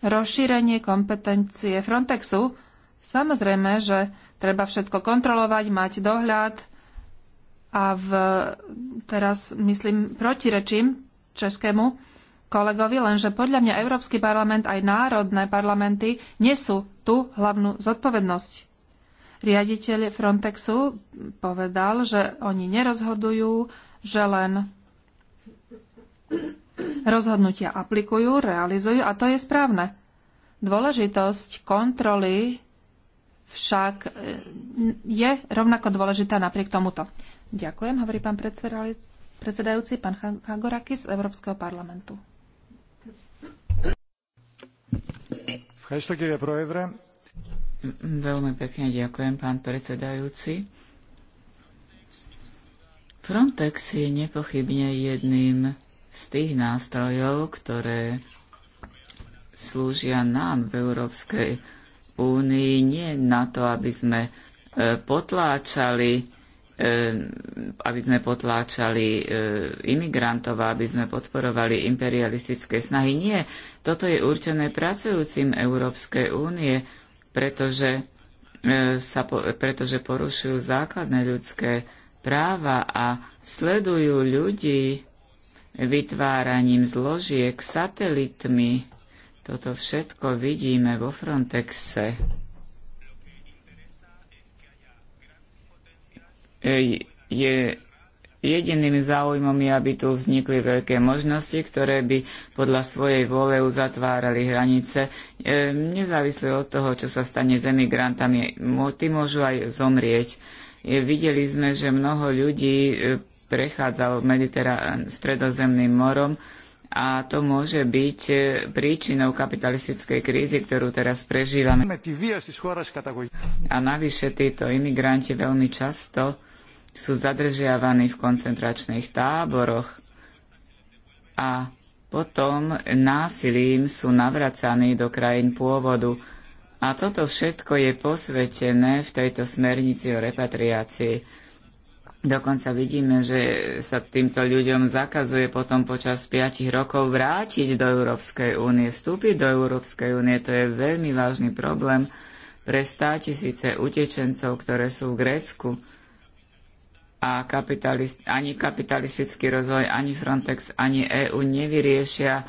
rozšírenie kompetencie Frontexu. Samozrejme, že treba všetko kontrolovať, mať dohľad a v, teraz myslím protirečím českému kolegovi, lenže podľa mňa Európsky parlament aj národné parlamenty nesú tú hlavnú zodpovednosť. Riaditeľ Frontexu povedal, že oni nerozhodujú, že len rozhodnutia aplikujú, realizujú a to je správne. Dôležitosť kontroly však e, je rovnako dôležitá napriek tomuto. Ďakujem, hovorí pán predsedajúci, pán Hagorakis z Európskeho parlamentu. Veľmi pekne ďakujem, pán predsedajúci. Frontex je nepochybne jedným z tých nástrojov, ktoré slúžia nám v Európskej únii, nie na to, aby sme e, potláčali e, aby sme potláčali e, imigrantov, aby sme podporovali imperialistické snahy. Nie, toto je určené pracujúcim Európskej únie, pretože, sa, pretože porušujú základné ľudské práva a sledujú ľudí, vytváraním zložiek, satelitmi. Toto všetko vidíme vo Frontexe. Je, jediným záujmom je, aby tu vznikli veľké možnosti, ktoré by podľa svojej vôle uzatvárali hranice, e, nezávisle od toho, čo sa stane s emigrantami. Tí môžu aj zomrieť. E, videli sme, že mnoho ľudí e, prechádzalo Mediterán, stredozemným morom a to môže byť e, príčinou kapitalistickej krízy, ktorú teraz prežívame. A navyše títo imigranti veľmi často sú zadržiavaní v koncentračných táboroch a potom násilím sú navracaní do krajín pôvodu. A toto všetko je posvetené v tejto smernici o repatriácii. Dokonca vidíme, že sa týmto ľuďom zakazuje potom počas 5 rokov vrátiť do Európskej únie, vstúpiť do Európskej únie. To je veľmi vážny problém pre 100 tisíce utečencov, ktoré sú v Grécku. A kapitalist, ani kapitalistický rozvoj, ani Frontex, ani EÚ nevyriešia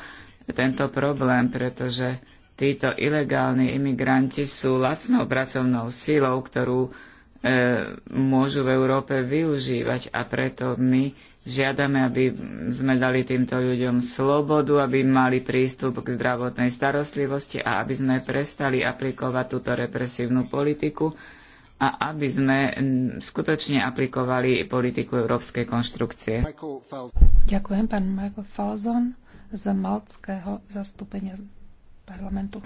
tento problém, pretože títo ilegálni imigranti sú lacnou pracovnou silou, ktorú E, môžu v Európe využívať a preto my žiadame, aby sme dali týmto ľuďom slobodu, aby mali prístup k zdravotnej starostlivosti a aby sme prestali aplikovať túto represívnu politiku a aby sme skutočne aplikovali politiku európskej konštrukcie. Ďakujem, pán Michael Falzon z Malckého zastúpenia parlamentu.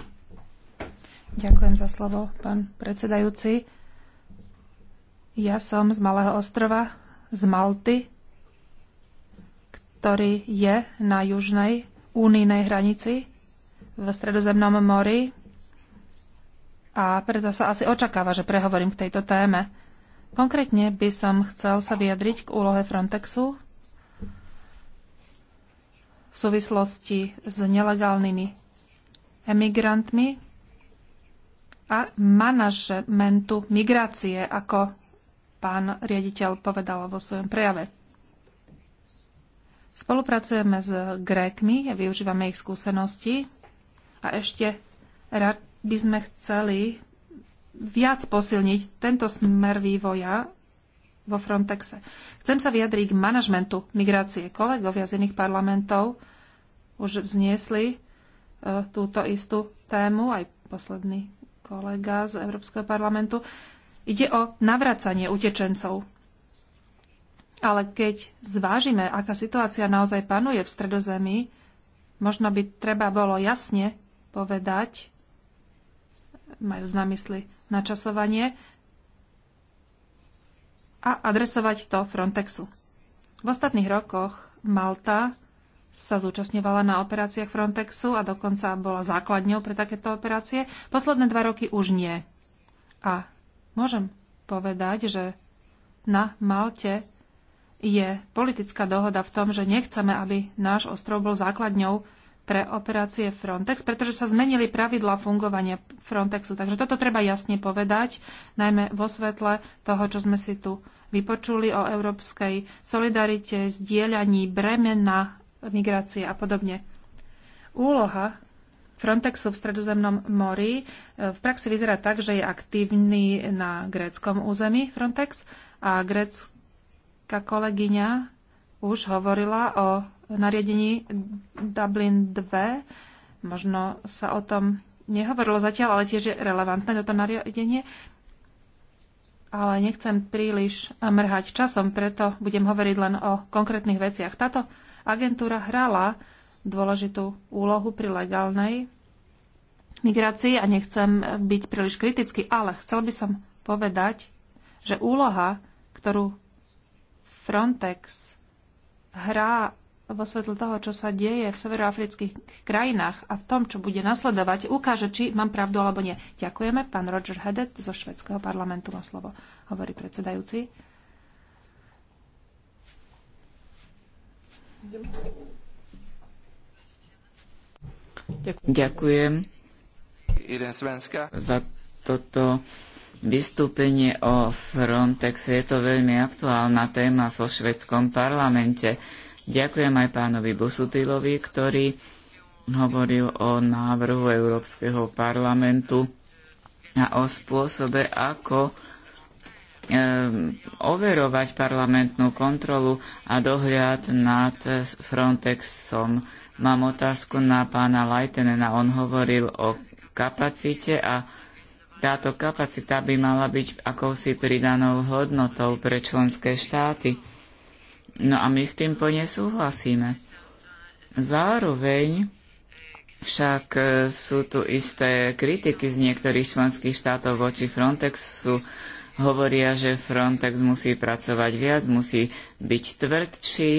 Ďakujem za slovo, pán predsedajúci. Ja som z malého ostrova, z Malty, ktorý je na južnej únijnej hranici v Stredozemnom mori a preto sa asi očakáva, že prehovorím k tejto téme. Konkrétne by som chcel sa vyjadriť k úlohe Frontexu v súvislosti s nelegálnymi emigrantmi a manažmentu migrácie ako pán riaditeľ povedal vo svojom prejave. Spolupracujeme s Grékmi, a využívame ich skúsenosti a ešte rád by sme chceli viac posilniť tento smer vývoja vo Frontexe. Chcem sa vyjadriť k manažmentu migrácie. Kolegovia z iných parlamentov už vzniesli e, túto istú tému, aj posledný kolega z Európskeho parlamentu. Ide o navracanie utečencov. Ale keď zvážime, aká situácia naozaj panuje v stredozemi, možno by treba bolo jasne povedať, majú na mysli načasovanie, a adresovať to Frontexu. V ostatných rokoch Malta sa zúčastňovala na operáciách Frontexu a dokonca bola základňou pre takéto operácie. Posledné dva roky už nie. A Môžem povedať, že na Malte je politická dohoda v tom, že nechceme, aby náš ostrov bol základňou pre operácie Frontex, pretože sa zmenili pravidla fungovania Frontexu. Takže toto treba jasne povedať, najmä vo svetle toho, čo sme si tu vypočuli o európskej solidarite, zdieľaní bremena, migrácie a podobne. Úloha Frontexu v Stredozemnom mori e, v praxi vyzerá tak, že je aktívny na gréckom území Frontex a grécka kolegyňa už hovorila o nariadení Dublin 2. Možno sa o tom nehovorilo zatiaľ, ale tiež je relevantné toto nariadenie. Ale nechcem príliš mrhať časom, preto budem hovoriť len o konkrétnych veciach. Táto agentúra hrala dôležitú úlohu pri legálnej migrácii a nechcem byť príliš kritický, ale chcel by som povedať, že úloha, ktorú Frontex hrá vo svetle toho, čo sa deje v severoafrických krajinách a v tom, čo bude nasledovať, ukáže, či mám pravdu alebo nie. Ďakujeme. Pán Roger Hedet zo švedského parlamentu má slovo, hovorí predsedajúci. Ďakujem za toto vystúpenie o Frontexe. Je to veľmi aktuálna téma vo švedskom parlamente. Ďakujem aj pánovi Busutilovi, ktorý hovoril o návrhu Európskeho parlamentu a o spôsobe, ako e, overovať parlamentnú kontrolu a dohľad nad Frontexom. Mám otázku na pána Lajtenena. On hovoril o kapacite a táto kapacita by mala byť akousi pridanou hodnotou pre členské štáty. No a my s tým plne súhlasíme. Zároveň však e, sú tu isté kritiky z niektorých členských štátov voči Frontexu. Hovoria, že Frontex musí pracovať viac, musí byť tvrdší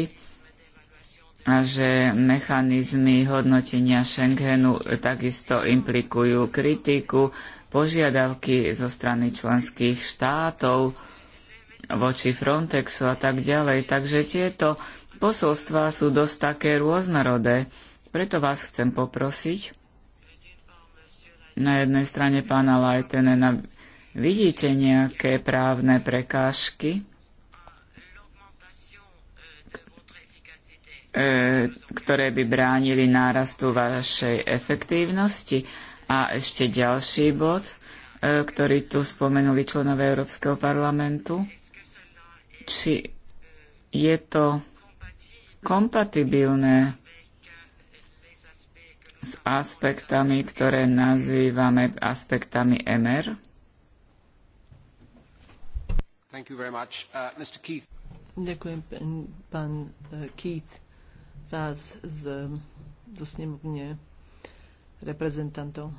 a že mechanizmy hodnotenia Schengenu takisto implikujú kritiku, požiadavky zo strany členských štátov voči Frontexu a tak ďalej. Takže tieto posolstvá sú dosť také rôznorodé. Preto vás chcem poprosiť, na jednej strane pána Leitenena, vidíte nejaké právne prekážky, E, ktoré by bránili nárastu vašej efektívnosti. A ešte ďalší bod, e, ktorý tu spomenuli členové Európskeho parlamentu. Či je to kompatibilné s aspektami, ktoré nazývame aspektami uh, MR? Ďakujem, pán uh, Keith vás z, do snemovne reprezentantov.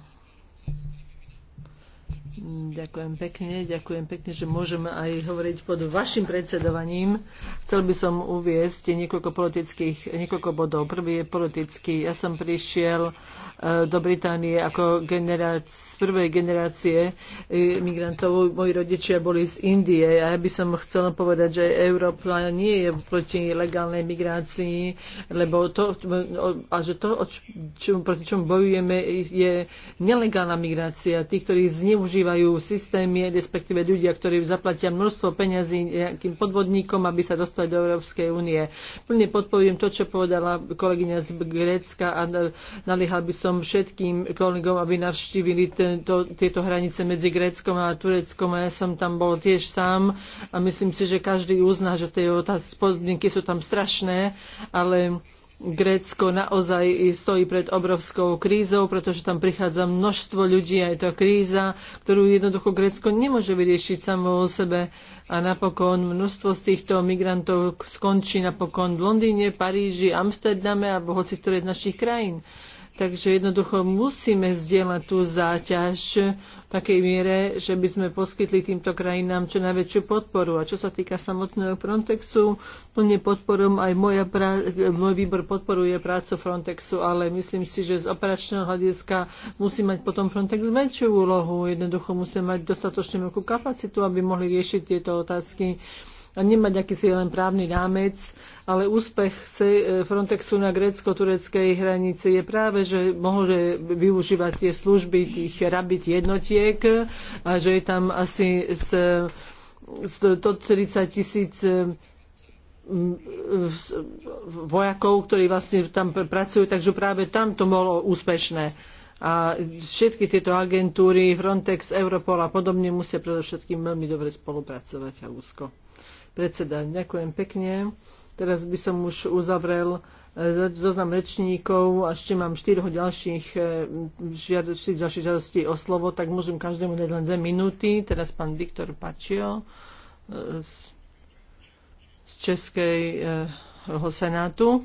Ďakujem pekne, ďakujem pekne, že môžeme aj hovoriť pod vašim predsedovaním. Chcel by som uviezť niekoľko politických, niekoľko bodov. Prvý je politický. Ja som prišiel e, do Británie ako z prvej generácie e, migrantov. Moji rodičia boli z Indie a ja by som chcel povedať, že Európa nie je proti legálnej migrácii, lebo to, a že to, čo, proti čom bojujeme, je nelegálna migrácia. Tí, ktorí zneužívajú využívajú systémy, respektíve ľudia, ktorí zaplatia množstvo peňazí nejakým podvodníkom, aby sa dostali do Európskej únie. Plne podporujem to, čo povedala kolegyňa z Grécka a nalihal by som všetkým kolegom, aby navštívili tento, tieto hranice medzi Gréckom a Tureckom a ja som tam bol tiež sám a myslím si, že každý uzná, že tie podmienky sú tam strašné, ale Grécko naozaj stojí pred obrovskou krízou, pretože tam prichádza množstvo ľudí a je to kríza, ktorú jednoducho Grécko nemôže vyriešiť samo o sebe. A napokon množstvo z týchto migrantov skončí napokon v Londýne, Paríži, Amsterdame alebo hoci ktorej z našich krajín. Takže jednoducho musíme zdieľať tú záťaž v takej miere, že by sme poskytli týmto krajinám čo najväčšiu podporu. A čo sa týka samotného Frontexu, plne podporom aj moja pra- môj výbor podporuje prácu Frontexu, ale myslím si, že z operačného hľadiska musí mať potom Frontex väčšiu úlohu. Jednoducho musí mať dostatočne veľkú kapacitu, aby mohli riešiť tieto otázky a nemať akýsi len právny rámec, ale úspech e, Frontexu na grécko-tureckej hranici je práve, že mohol využívať tie služby tých rabit jednotiek a že je tam asi z 130 tisíc e, vojakov, ktorí vlastne tam pracujú, takže práve tam to bolo úspešné. A všetky tieto agentúry, Frontex, Europol a podobne musia predovšetkým veľmi dobre spolupracovať a úzko predseda. Ďakujem pekne. Teraz by som už uzavrel e, zoznam rečníkov a ešte mám štyroch ďalších, e, žiad, ďalších žiadostí o slovo, tak môžem každému dať len dve minúty. Teraz pán Viktor Pačio e, z, z Českého senátu.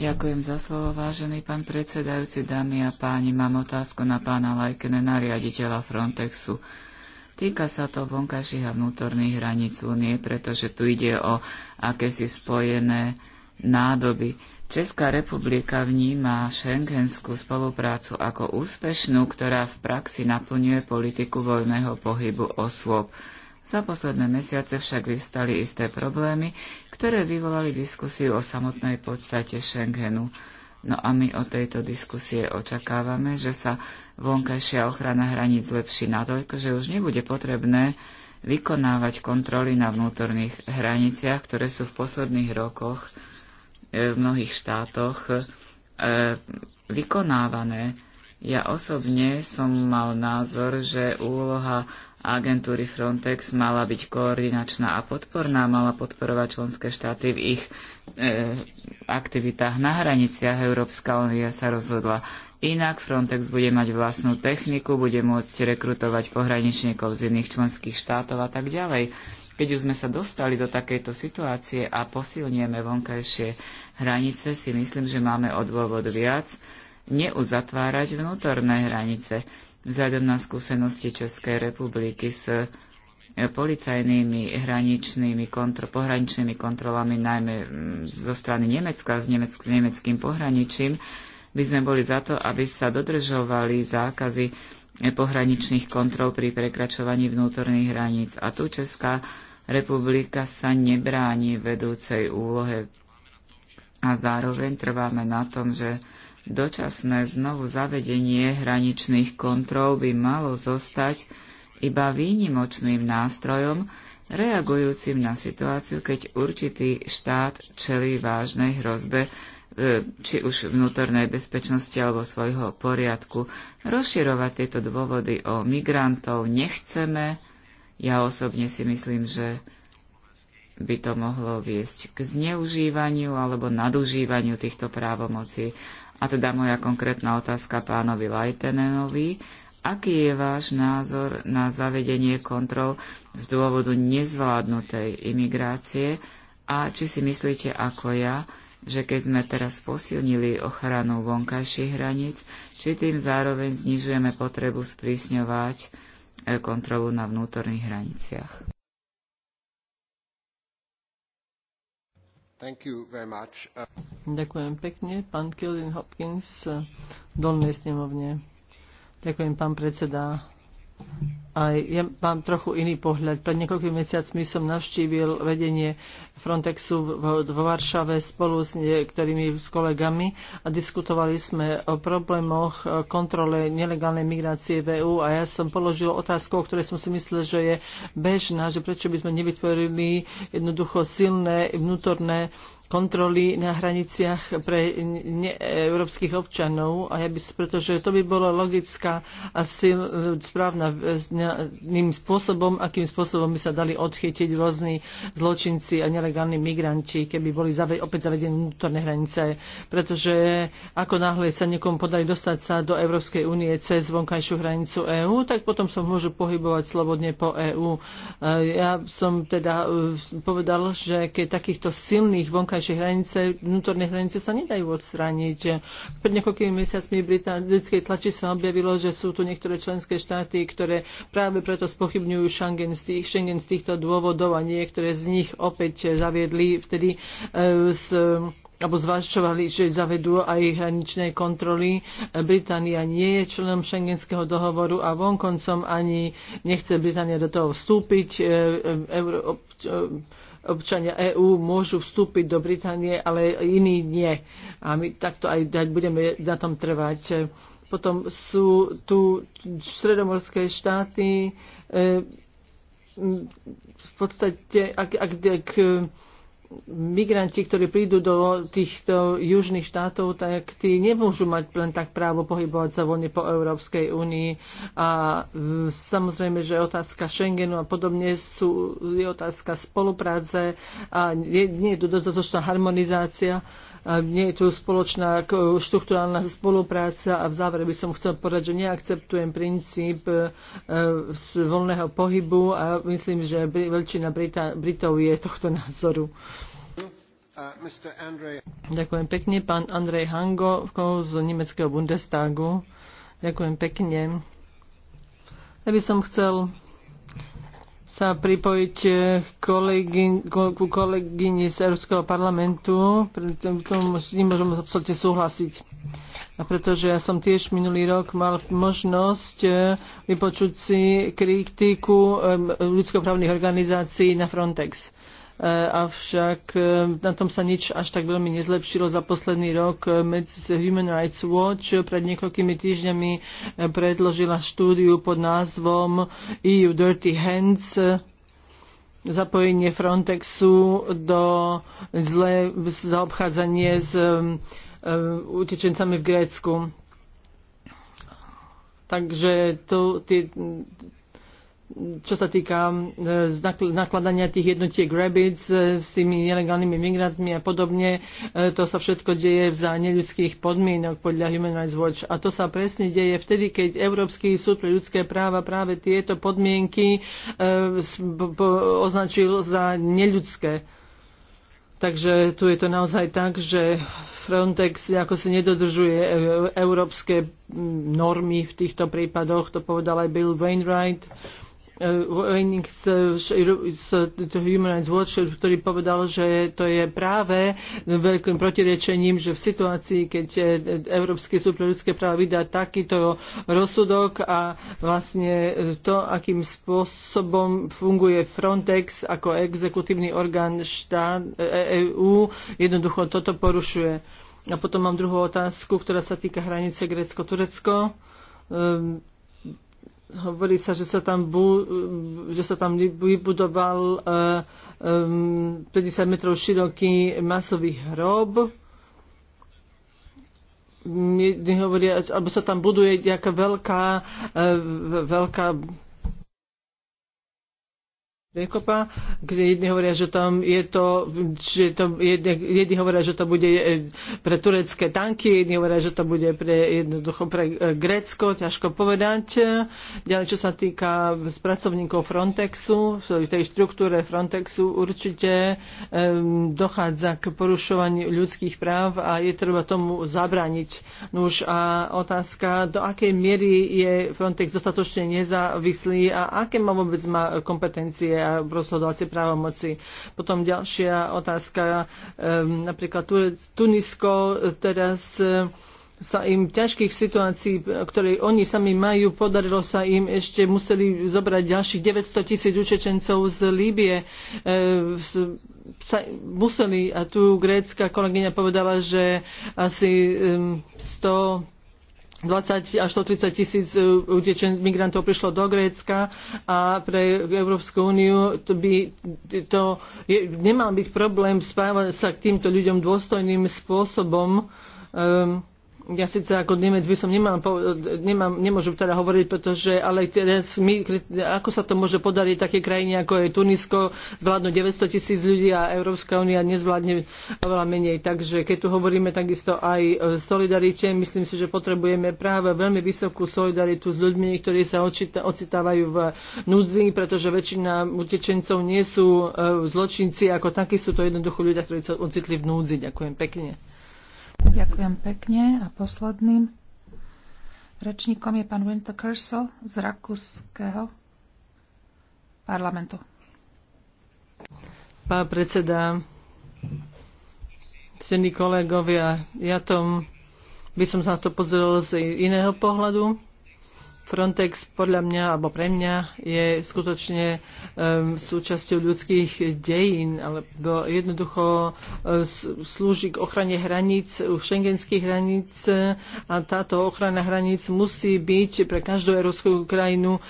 Ďakujem za slovo, vážený pán predsedajúci, dámy a páni. Mám otázku na pána Lajkene, na riaditeľa Frontexu. Týka sa to vonkajších a vnútorných hraníc únie, pretože tu ide o akési spojené nádoby. Česká republika vníma šengenskú spoluprácu ako úspešnú, ktorá v praxi naplňuje politiku voľného pohybu osôb. Za posledné mesiace však vyvstali isté problémy, ktoré vyvolali diskusiu o samotnej podstate Schengenu. No a my od tejto diskusie očakávame, že sa vonkajšia ochrana hraníc lepší natoľko, že už nebude potrebné vykonávať kontroly na vnútorných hraniciach, ktoré sú v posledných rokoch e, v mnohých štátoch e, vykonávané. Ja osobne som mal názor, že úloha agentúry Frontex mala byť koordinačná a podporná, mala podporovať členské štáty v ich e, aktivitách na hraniciach. Európska únia sa rozhodla Inak Frontex bude mať vlastnú techniku, bude môcť rekrutovať pohraničníkov z iných členských štátov a tak ďalej. Keď už sme sa dostali do takejto situácie a posilnieme vonkajšie hranice, si myslím, že máme o dôvod viac neuzatvárať vnútorné hranice. Vzhľadom na skúsenosti Českej republiky s e, policajnými hraničnými kontro, pohraničnými kontrolami, najmä mm, zo strany Nemecka, v Nemeck, nemeckým pohraničím, by sme boli za to, aby sa dodržovali zákazy pohraničných kontrol pri prekračovaní vnútorných hraníc. A tu Česká republika sa nebráni vedúcej úlohe a zároveň trváme na tom, že dočasné znovu zavedenie hraničných kontrol by malo zostať iba výnimočným nástrojom, reagujúcim na situáciu, keď určitý štát čelí vážnej hrozbe E, či už vnútornej bezpečnosti alebo svojho poriadku. Rozširovať tieto dôvody o migrantov nechceme. Ja osobne si myslím, že by to mohlo viesť k zneužívaniu alebo nadužívaniu týchto právomocí. A teda moja konkrétna otázka pánovi Lajtenenovi. Aký je váš názor na zavedenie kontrol z dôvodu nezvládnutej imigrácie a či si myslíte ako ja, že keď sme teraz posilnili ochranu vonkajších hraníc, či tým zároveň znižujeme potrebu sprísňovať e, kontrolu na vnútorných hraniciach. Ďakujem pekne, pán Kildin Hopkins, dolnej snemovne. Ďakujem, pán predseda aj ja mám trochu iný pohľad. Pred niekoľkými mesiacmi som navštívil vedenie Frontexu vo, Varšave spolu s niektorými s kolegami a diskutovali sme o problémoch e, kontrole nelegálnej migrácie v EÚ a ja som položil otázku, o ktorej som si myslel, že je bežná, že prečo by sme nevytvorili jednoducho silné vnútorné kontroly na hraniciach pre európskych občanov, a ja by, pretože to by bolo logická a správna ným spôsobom, akým spôsobom by sa dali odchytiť rôzni zločinci a nelegálni migranti, keby boli zave, opäť zavedené vnútorné hranice. Pretože ako náhle sa niekomu podarí dostať sa do Európskej únie cez vonkajšiu hranicu EÚ, tak potom sa môžu pohybovať slobodne po EÚ. E, ja som teda e, povedal, že keď takýchto silných vonkajších vonkajšie hranice, vnútorné hranice sa nedajú odstrániť. Pred niekoľkými mesiacmi v britanickej tlači sa objavilo, že sú tu niektoré členské štáty, ktoré práve preto spochybňujú Schengen z, tých, Schengen z týchto dôvodov a niektoré z nich opäť zaviedli vtedy e, s alebo zvažovali, že zavedú aj hraničné kontroly. Británia nie je členom šengenského dohovoru a vonkoncom ani nechce Británia do toho vstúpiť. e, e, e občania EÚ môžu vstúpiť do Británie, ale iní nie. A my takto aj budeme na tom trvať. Potom sú tu stredomorské štáty, e, v podstate, ak, ak, ak migranti, ktorí prídu do týchto južných štátov, tak tí nemôžu mať len tak právo pohybovať sa voľne po Európskej únii. A samozrejme, že otázka Schengenu a podobne sú, je otázka spolupráce a nie, nie je to dostatočná harmonizácia. Uh, nie je tu spoločná štruktúrálna spolupráca a v závere by som chcel povedať, že neakceptujem princíp e, z voľného pohybu a myslím, že väčšina Britov je tohto názoru. Ďakujem pekne, pán Andrej Hango z nemeckého Bundestagu. Ďakujem pekne. Ja by som chcel sa pripojiť eh, ku kolegyni z Európskeho parlamentu. S ním môžem absolútne súhlasiť. A pretože ja som tiež minulý rok mal možnosť eh, vypočuť si kritiku eh, ľudskoprávnych organizácií na Frontex. Eh, avšak eh, na tom sa nič až tak veľmi nezlepšilo za posledný rok. Eh, Human Rights Watch pred niekoľkými týždňami predložila štúdiu pod názvom EU Dirty Hands zapojenie Frontexu do zle zaobchádzanie s utečencami v Grécku. Takže to, tie, čo sa týka e, nakladania tých jednotiek rabbids e, s tými nelegálnymi migrantmi a podobne, e, to sa všetko deje za neľudských podmienok podľa Human Rights Watch. A to sa presne deje vtedy, keď Európsky súd pre ľudské práva práve tieto podmienky označil za neľudské. Takže tu je to naozaj tak, že Frontex ako si nedodržuje európske normy v týchto prípadoch, to povedal aj Bill Wainwright Wenning z, z, Human Rights Watch, ktorý povedal, že to je práve veľkým protirečením, že v situácii, keď e, Európsky súd pre ľudské práva vydá takýto rozsudok a vlastne to, akým spôsobom funguje Frontex ako exekutívny orgán štát EÚ, e, e jednoducho toto porušuje. A potom mám druhú otázku, ktorá sa týka hranice Grécko-Turecko. Um, hovorí sa, že sa tam, bu, že sa tam vybudoval um, e, 50 metrov široký masový hrob. Nehovoria, alebo sa tam buduje nejaká veľká, e, veľká Rekopa, kde jedni hovoria, že tam je to, že to jedni, jedni hovoria, že to bude e, pre turecké tanky, jedni hovoria, že to bude pre jednoducho pre e, Grécko, ťažko povedať. Ďalej, čo sa týka pracovníkov Frontexu, v tej štruktúre Frontexu určite um, dochádza k porušovaniu ľudských práv a je treba tomu zabrániť. už a otázka, do akej miery je Frontex dostatočne nezávislý a aké má vôbec má kompetencie a rozhodovacie právomoci. Potom ďalšia otázka, ehm, napríklad Tunisko eh, teraz eh, sa im ťažkých situácií, ktoré oni sami majú, podarilo sa im ešte museli zobrať ďalších 900 tisíc učečencov z Líbie. E, sa, museli, a tu grécka kolegyňa povedala, že asi 100 ehm, 20 až 130 tisíc e, utečen, migrantov prišlo do Grécka a pre Európsku úniu to by to je, nemal byť problém spávať sa k týmto ľuďom dôstojným spôsobom. Um, ja síce ako Nemec by som nemám, nemám, nemôžem teda hovoriť, pretože ale teraz my, ako sa to môže podariť také krajine ako je Tunisko, zvládnu 900 tisíc ľudí a Európska únia nezvládne oveľa menej. Takže keď tu hovoríme takisto aj solidarite, myslím si, že potrebujeme práve veľmi vysokú solidaritu s ľuďmi, ktorí sa očita, ocitávajú v núdzi, pretože väčšina utečencov nie sú e, zločinci ako takí, sú to jednoducho ľudia, ktorí sa ocitli v núdzi. Ďakujem pekne. Ďakujem pekne. A posledným rečníkom je pán Winter Kersel z rakúskeho parlamentu. Pán predseda, cení kolegovia, ja tom by som sa na to pozrel z iného pohľadu Frontex podľa mňa, alebo pre mňa, je skutočne um, súčasťou ľudských dejín, alebo jednoducho um, slúži k ochrane hraníc, šengenských hraníc uh, a táto ochrana hraníc musí byť pre každú európsku krajinu um,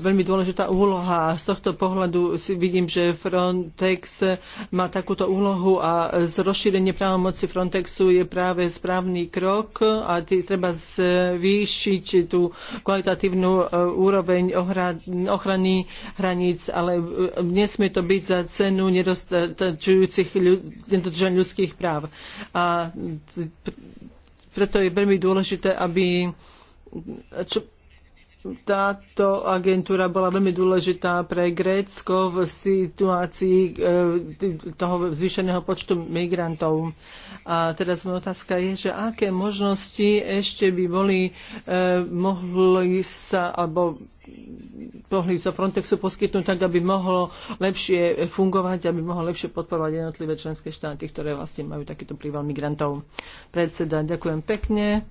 veľmi dôležitá úloha. A z tohto pohľadu si vidím, že Frontex má takúto úlohu a z rozšírenie právomoci Frontexu je práve správny krok a treba zvýšiť tú kvalitu fakultatívnu e, úroveň ochrany hraníc, ale e, nesmie to byť za cenu nedostačujúcich ľudských práv. A preto je veľmi dôležité, aby čo, táto agentúra bola veľmi dôležitá pre Grécko v situácii e, toho zvýšeného počtu migrantov. A teraz moja otázka je, že aké možnosti ešte by boli, eh, mohli sa, alebo mohli sa Frontexu poskytnúť tak, aby mohlo lepšie fungovať, aby mohlo lepšie podporovať jednotlivé členské štáty, ktoré vlastne majú takýto príval migrantov. Predseda, ďakujem pekne.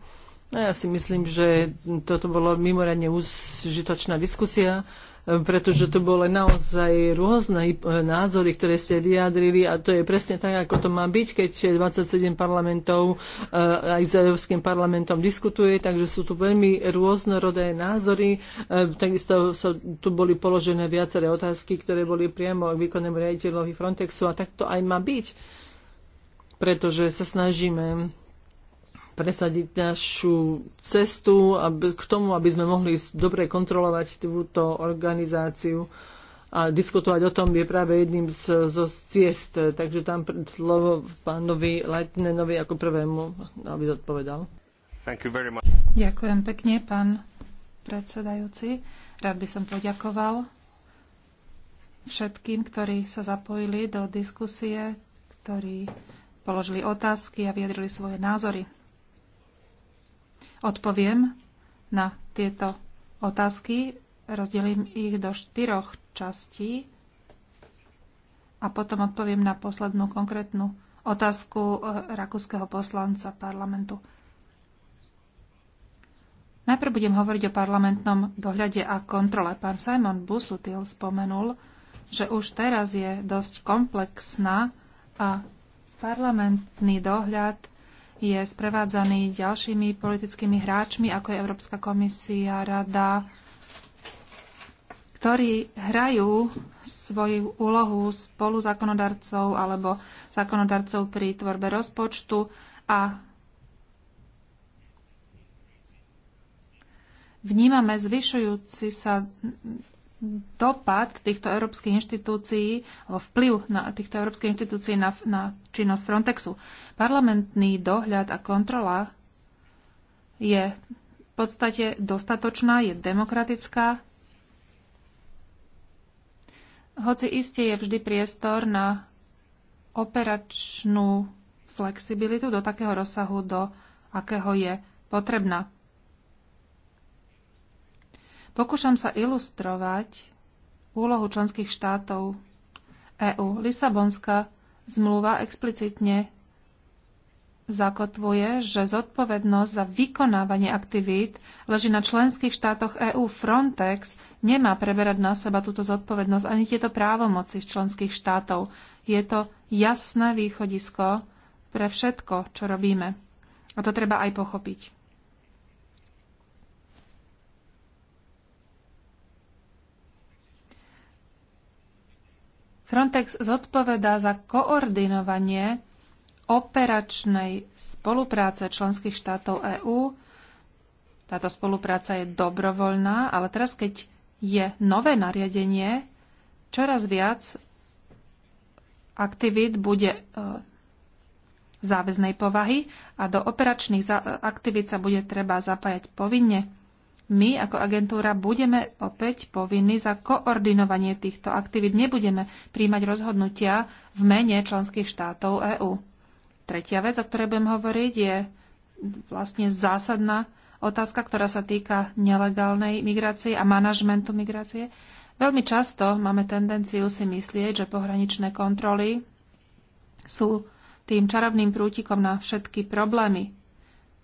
No ja si myslím, že toto bolo mimoriadne užitočná diskusia, pretože to boli naozaj rôzne názory, ktoré ste vyjadrili a to je presne tak, ako to má byť, keď 27 parlamentov e, aj s Európskym parlamentom diskutuje, takže sú tu veľmi rôznorodé názory. E, takisto sa tu boli položené viaceré otázky, ktoré boli priamo k výkonnému riaditeľovi Frontexu a tak to aj má byť pretože sa snažíme presadiť našu cestu aby, k tomu, aby sme mohli dobre kontrolovať túto organizáciu a diskutovať o tom je práve jedným z, zo ciest. Takže tam slovo pánovi Leitnenovi ako prvému, aby odpovedal. Ďakujem pekne, pán predsedajúci. Rád by som poďakoval všetkým, ktorí sa zapojili do diskusie, ktorí položili otázky a vyjadrili svoje názory odpoviem na tieto otázky. Rozdelím ich do štyroch častí a potom odpoviem na poslednú konkrétnu otázku eh, rakúskeho poslanca parlamentu. Najprv budem hovoriť o parlamentnom dohľade a kontrole. Pán Simon Busutil spomenul, že už teraz je dosť komplexná a parlamentný dohľad je sprevádzaný ďalšími politickými hráčmi, ako je Európska komisia, Rada, ktorí hrajú svoju úlohu spolu zákonodarcov alebo zákonodarcov pri tvorbe rozpočtu a vnímame zvyšujúci sa dopad týchto európskych inštitúcií, alebo vplyv na týchto európskych inštitúcií na, na činnosť Frontexu. Parlamentný dohľad a kontrola je v podstate dostatočná, je demokratická. Hoci iste je vždy priestor na operačnú flexibilitu do takého rozsahu, do akého je potrebná. Pokúšam sa ilustrovať úlohu členských štátov EÚ. Lisabonská zmluva explicitne zakotvuje, že zodpovednosť za vykonávanie aktivít leží na členských štátoch EÚ. Frontex nemá preberať na seba túto zodpovednosť ani tieto právomoci z členských štátov. Je to jasné východisko pre všetko, čo robíme. A to treba aj pochopiť. Frontex zodpovedá za koordinovanie operačnej spolupráce členských štátov EÚ. Táto spolupráca je dobrovoľná, ale teraz, keď je nové nariadenie, čoraz viac aktivít bude e, záväznej povahy a do operačných aktivít sa bude treba zapájať povinne my ako agentúra budeme opäť povinní za koordinovanie týchto aktivít. Nebudeme príjmať rozhodnutia v mene členských štátov EÚ. Tretia vec, o ktorej budem hovoriť, je vlastne zásadná otázka, ktorá sa týka nelegálnej migrácie a manažmentu migrácie. Veľmi často máme tendenciu si myslieť, že pohraničné kontroly sú tým čarovným prútikom na všetky problémy.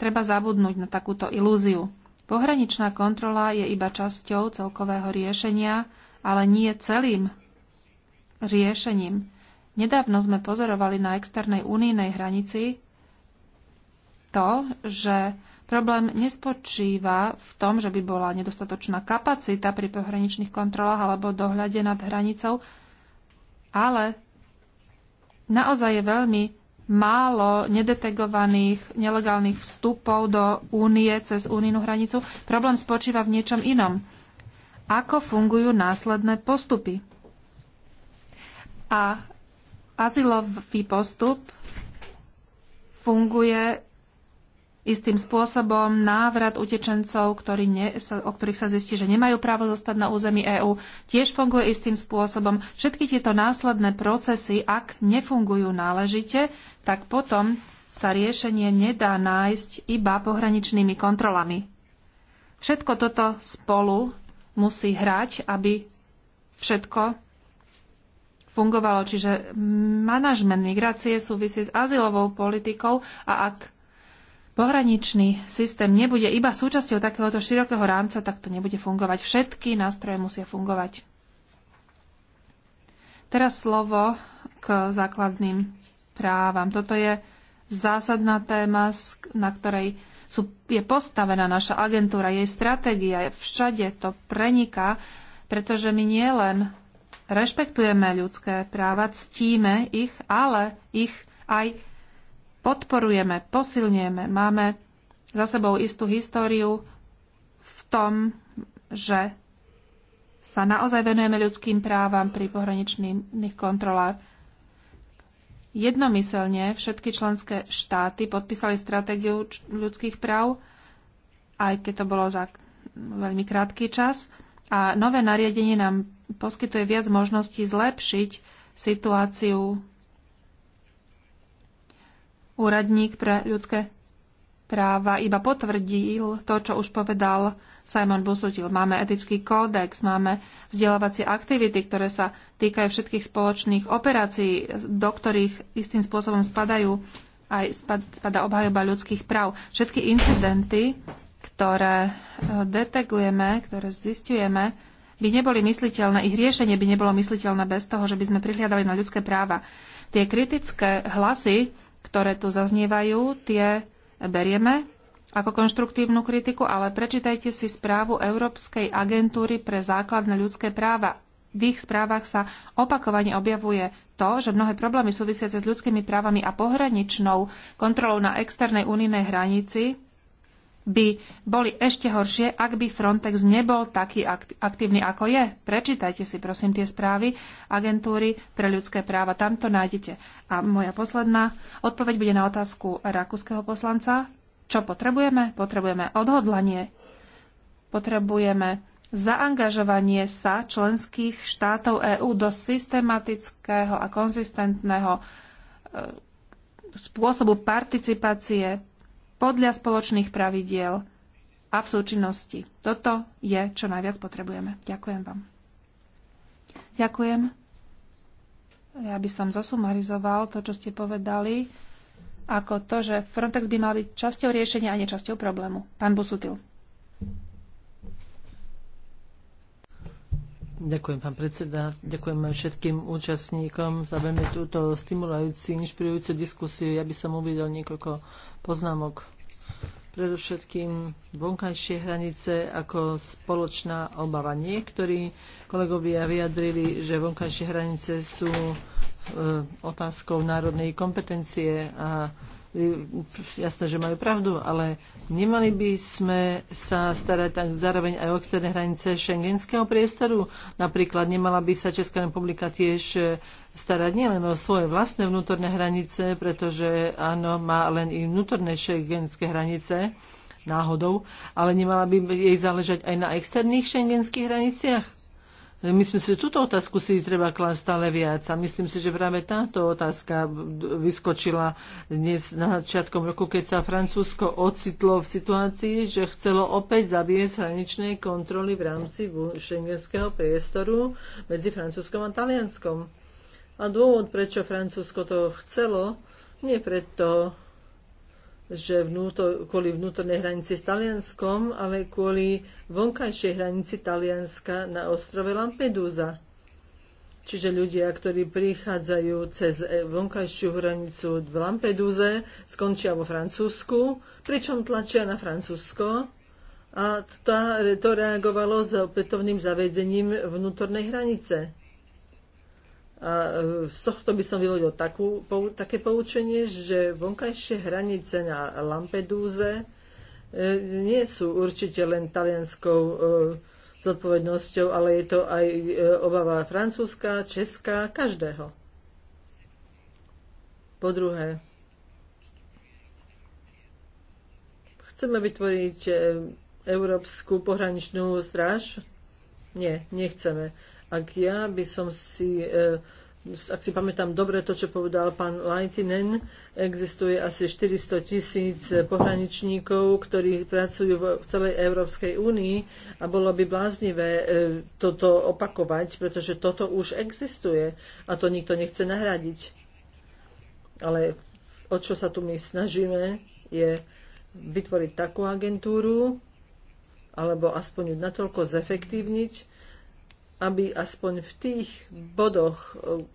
Treba zabudnúť na takúto ilúziu. Pohraničná kontrola je iba časťou celkového riešenia, ale nie celým riešením. Nedávno sme pozorovali na externej unijnej hranici to, že problém nespočíva v tom, že by bola nedostatočná kapacita pri pohraničných kontrolách alebo dohľade nad hranicou, ale naozaj je veľmi málo nedetegovaných nelegálnych vstupov do únie cez únijnú hranicu. Problém spočíva v niečom inom. Ako fungujú následné postupy? A azylový postup funguje istým spôsobom návrat utečencov, ktorí ne, sa, o ktorých sa zistí, že nemajú právo zostať na území EÚ, tiež funguje istým spôsobom. Všetky tieto následné procesy, ak nefungujú náležite, tak potom sa riešenie nedá nájsť iba pohraničnými kontrolami. Všetko toto spolu musí hrať, aby všetko fungovalo. Čiže manažment migrácie súvisí s azylovou politikou a ak pohraničný systém nebude iba súčasťou takéhoto širokého rámca, tak to nebude fungovať. Všetky nástroje musia fungovať. Teraz slovo k základným právam. Toto je zásadná téma, na ktorej sú, je postavená naša agentúra, jej stratégia, všade to preniká, pretože my nielen rešpektujeme ľudské práva, ctíme ich, ale ich aj podporujeme, posilňujeme. Máme za sebou istú históriu v tom, že sa naozaj venujeme ľudským právam pri pohraničných kontrolách. Jednomyselne všetky členské štáty podpísali stratégiu ľudských práv, aj keď to bolo za veľmi krátky čas. A nové nariadenie nám poskytuje viac možností zlepšiť situáciu úradník pre ľudské práva iba potvrdil to, čo už povedal Simon Busutil. Máme etický kódex, máme vzdelávacie aktivity, ktoré sa týkajú všetkých spoločných operácií, do ktorých istým spôsobom spadajú aj spada obhajoba ľudských práv. Všetky incidenty, ktoré e, detegujeme, ktoré zistujeme, by neboli mysliteľné, ich riešenie by nebolo mysliteľné bez toho, že by sme prihliadali na ľudské práva. Tie kritické hlasy, ktoré tu zaznievajú, tie berieme ako konštruktívnu kritiku, ale prečítajte si správu Európskej agentúry pre základné ľudské práva. V ich správach sa opakovane objavuje to, že mnohé problémy súvisiace s ľudskými právami a pohraničnou kontrolou na externej unijnej hranici by boli ešte horšie, ak by Frontex nebol taký aktívny, ako je. Prečítajte si, prosím, tie správy agentúry pre ľudské práva. Tam to nájdete. A moja posledná odpoveď bude na otázku rakúskeho poslanca. Čo potrebujeme? Potrebujeme odhodlanie. Potrebujeme zaangažovanie sa členských štátov EÚ do systematického a konzistentného e, spôsobu participácie podľa spoločných pravidiel a v súčinnosti. Toto je, čo najviac potrebujeme. Ďakujem vám. Ďakujem. Ja by som zosumarizoval to, čo ste povedali, ako to, že Frontex by mal byť časťou riešenia a nečasťou problému. Pán Busutil. Ďakujem, pán predseda. Ďakujem aj všetkým účastníkom za veľmi túto stimulujúci, inšpirujúcu diskusiu. Ja by som uvidel niekoľko poznámok predovšetkým vonkajšie hranice ako spoločná obava. Niektorí kolegovia vyjadrili, že vonkajšie hranice sú e, otázkou národnej kompetencie a jasné, že majú pravdu, ale nemali by sme sa starať tak zároveň aj o externé hranice šengenského priestoru. Napríklad nemala by sa Česká republika tiež e, starať nielen o svoje vlastné vnútorné hranice, pretože áno, má len i vnútorné šengenské hranice náhodou, ale nemala by jej záležať aj na externých šengenských hraniciach? Myslím si, že túto otázku si treba klásť stále viac a myslím si, že práve táto otázka vyskočila dnes na začiatkom roku, keď sa Francúzsko ocitlo v situácii, že chcelo opäť zaviesť hraničné kontroly v rámci šengenského priestoru medzi Francúzskom a Talianskom. A dôvod, prečo Francúzsko to chcelo, nie preto, že vnútor, kvôli vnútornej hranici s Talianskom, ale kvôli vonkajšej hranici Talianska na ostrove Lampedusa. Čiže ľudia, ktorí prichádzajú cez e, vonkajšiu hranicu v Lampedúze, skončia vo Francúzsku, pričom tlačia na Francúzsko. A to reagovalo s opätovným zavedením vnútornej hranice. A e, z tohto by som vyvodil takú, také poučenie, že vonkajšie hranice na Lampedúze e, nie sú určite len talianskou e, zodpovednosťou, ale je to aj obava francúzska, česká, každého. Po druhé, chceme vytvoriť Európsku pohraničnú stráž? Nie, nechceme ak ja by som si, eh, ak si pamätám dobre to, čo povedal pán Leitinen, existuje asi 400 tisíc pohraničníkov, ktorí pracujú v celej Európskej únii a bolo by bláznivé eh, toto opakovať, pretože toto už existuje a to nikto nechce nahradiť. Ale o čo sa tu my snažíme, je vytvoriť takú agentúru, alebo aspoň natoľko zefektívniť, aby aspoň v tých bodoch e,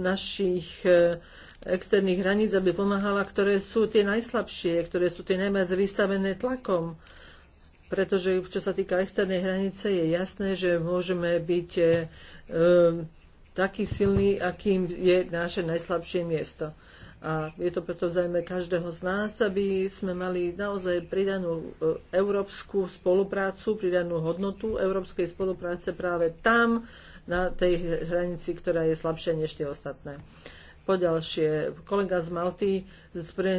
našich e, externých hraníc, aby pomáhala, ktoré sú tie najslabšie, ktoré sú tie najmä vystavené tlakom. Pretože čo sa týka externej hranice, je jasné, že môžeme byť e, e taký silný, akým je naše najslabšie miesto. A je to preto zajme každého z nás, aby sme mali naozaj pridanú e, európsku spoluprácu, pridanú hodnotu európskej spolupráce práve tam, na tej hranici, ktorá je slabšia než tie ostatné. Poďalšie, kolega z Malty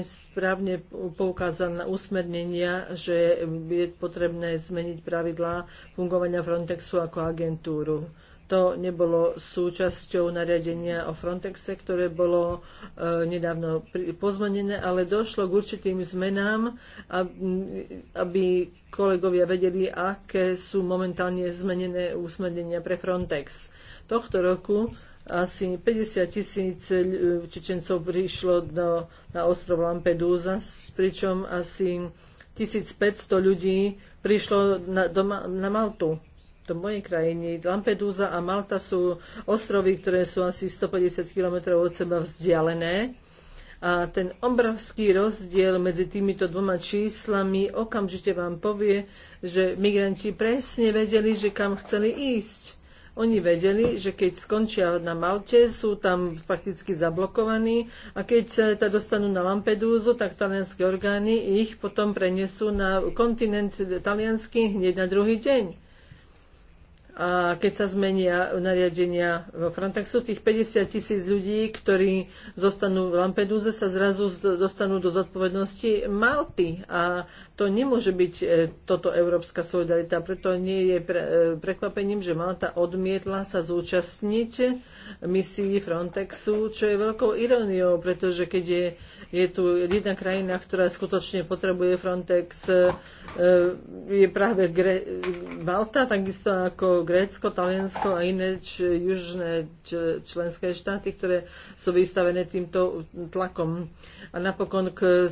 správne poukázal na usmernenia, že je potrebné zmeniť pravidlá fungovania Frontexu ako agentúru to nebolo súčasťou nariadenia o Frontexe, ktoré bolo eh, nedávno pozmenené, ale došlo k určitým zmenám, aby kolegovia vedeli, aké sú momentálne zmenené usmernenia pre Frontex. Tohto roku asi 50 tisíc Čečencov prišlo do, na ostrov Lampedusa, pričom asi 1500 ľudí prišlo na, na Maltu to mojej krajine. Lampedusa a Malta sú ostrovy, ktoré sú asi 150 km od seba vzdialené. A ten obrovský rozdiel medzi týmito dvoma číslami okamžite vám povie, že migranti presne vedeli, že kam chceli ísť. Oni vedeli, že keď skončia na Malte, sú tam fakticky zablokovaní a keď sa ta teda dostanú na Lampedúzu, tak talianské orgány ich potom prenesú na kontinent talianský hneď na druhý deň a keď sa zmenia nariadenia vo Frontexu, tých 50 tisíc ľudí, ktorí zostanú v Lampeduze, sa zrazu dostanú do zodpovednosti Malty. A to nemôže byť e, toto európska solidarita. Preto nie je pre, e, prekvapením, že Malta odmietla sa zúčastniť misii Frontexu, čo je veľkou iróniou, pretože keď je je tu jedna krajina, ktorá skutočne potrebuje Frontex, e, e, je práve Gre- Balta, takisto ako Grécko, Taliansko a iné č- južné č- členské štáty, ktoré sú vystavené týmto tlakom. A napokon k,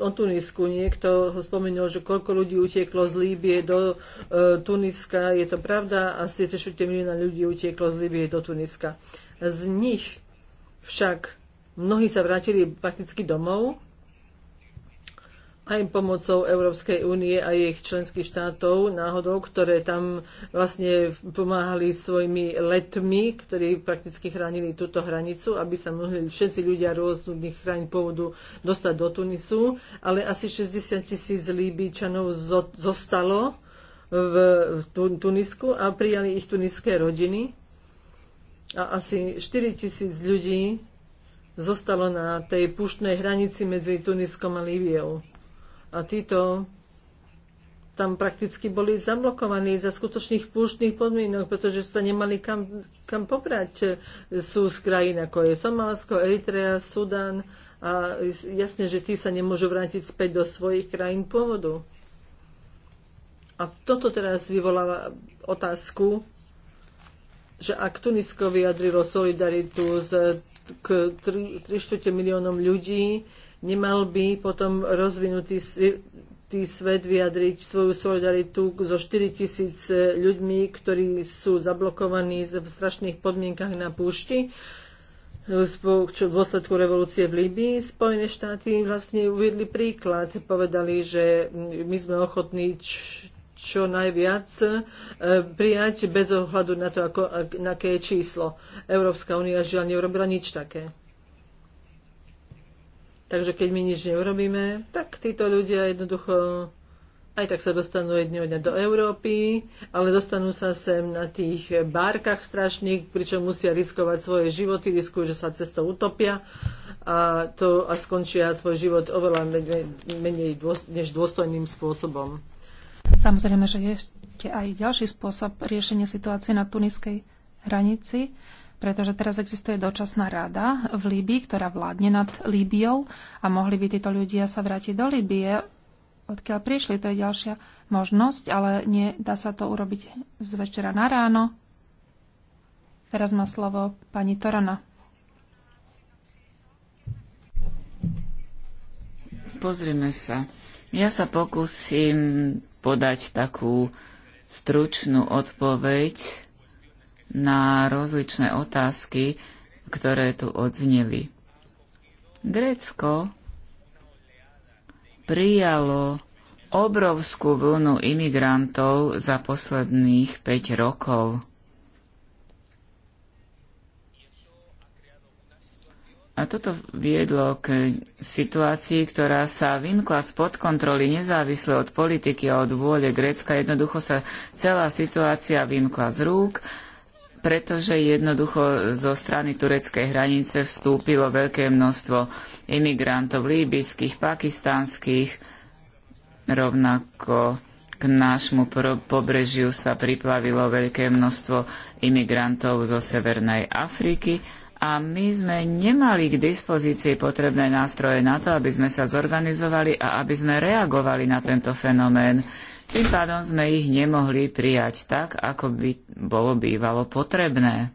o Tunisku niekto ho spomenul, že koľko ľudí utieklo z Líbie do e, Tuniska. Je to pravda, asi 4 milióna ľudí utieklo z Líbie do Tuniska. Z nich však Mnohí sa vrátili prakticky domov aj pomocou Európskej únie a ich členských štátov náhodou, ktoré tam vlastne pomáhali svojimi letmi, ktorí prakticky chránili túto hranicu, aby sa mohli všetci ľudia rôznych chráň pôvodu dostať do Tunisu. Ale asi 60 tisíc Líbyčanov zostalo v Tunisku a prijali ich tuniské rodiny. A asi 4 tisíc ľudí zostalo na tej puštnej hranici medzi Tuniskom a Líviou. A títo tam prakticky boli zablokovaní za skutočných púštnych podmienok, pretože sa nemali kam, kam pobrať. Sú z krajín ako je Somálsko, Eritrea, Sudan a jasne, že tí sa nemôžu vrátiť späť do svojich krajín pôvodu. A toto teraz vyvoláva otázku, že ak Tunisko vyjadrilo solidaritu s k 3,4 miliónom ľudí, nemal by potom rozvinutý tý svet vyjadriť svoju solidaritu so 4 tisíc ľuďmi, ktorí sú zablokovaní v strašných podmienkach na púšti v dôsledku revolúcie v Líbii. Spojené štáty vlastne uviedli príklad, povedali, že my sme ochotní čo najviac e, prijať bez ohľadu na to, ako, na aké je číslo. Európska únia žiaľ neurobila nič také. Takže keď my nič neurobíme, tak títo ľudia jednoducho aj tak sa dostanú jedného dňa do Európy, ale dostanú sa sem na tých bárkach strašných, pričom musia riskovať svoje životy, riskujú, že sa cestou utopia a, to, a skončia svoj život oveľa menej, menej dôs, než dôstojným spôsobom. Samozrejme, že je ešte aj ďalší spôsob riešenia situácie na tuniskej hranici, pretože teraz existuje dočasná rada v Líbii, ktorá vládne nad Líbiou a mohli by títo ľudia sa vrátiť do Líbie, odkiaľ prišli. To je ďalšia možnosť, ale nie dá sa to urobiť z večera na ráno. Teraz má slovo pani Torana. Pozrime sa. Ja sa pokúsim podať takú stručnú odpoveď na rozličné otázky, ktoré tu odzneli. Grécko prijalo obrovskú vlnu imigrantov za posledných 5 rokov. A toto viedlo k situácii, ktorá sa vymkla spod kontroly nezávisle od politiky a od vôle Grécka. Jednoducho sa celá situácia vymkla z rúk, pretože jednoducho zo strany tureckej hranice vstúpilo veľké množstvo imigrantov líbyských, pakistánskych, rovnako k nášmu pobrežiu sa priplavilo veľké množstvo imigrantov zo Severnej Afriky a my sme nemali k dispozícii potrebné nástroje na to, aby sme sa zorganizovali a aby sme reagovali na tento fenomén. Tým pádom sme ich nemohli prijať tak, ako by bolo bývalo potrebné.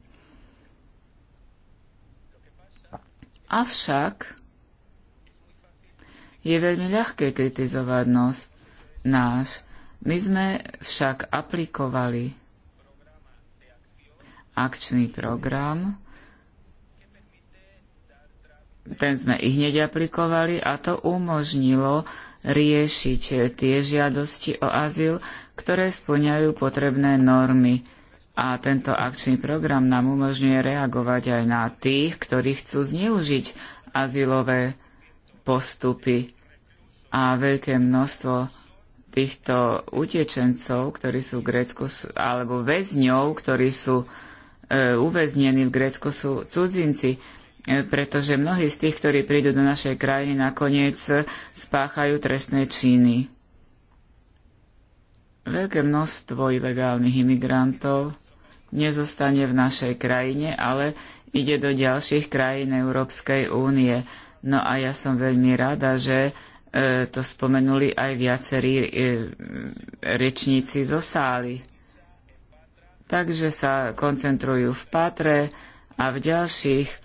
Avšak je veľmi ľahké kritizovať nos náš. My sme však aplikovali akčný program, ten sme i hneď aplikovali a to umožnilo riešiť tie žiadosti o azyl, ktoré splňajú potrebné normy. A tento akčný program nám umožňuje reagovať aj na tých, ktorí chcú zneužiť azylové postupy. A veľké množstvo týchto utečencov, ktorí sú v Grécku, alebo väzňov, ktorí sú e, uväznení v Grécku, sú cudzinci E, pretože mnohí z tých, ktorí prídu do našej krajiny, nakoniec spáchajú trestné činy. Veľké množstvo ilegálnych imigrantov nezostane v našej krajine, ale ide do ďalších krajín Európskej únie. No a ja som veľmi rada, že e, to spomenuli aj viacerí e, rečníci zo sály. Takže sa koncentrujú v Patre a v ďalších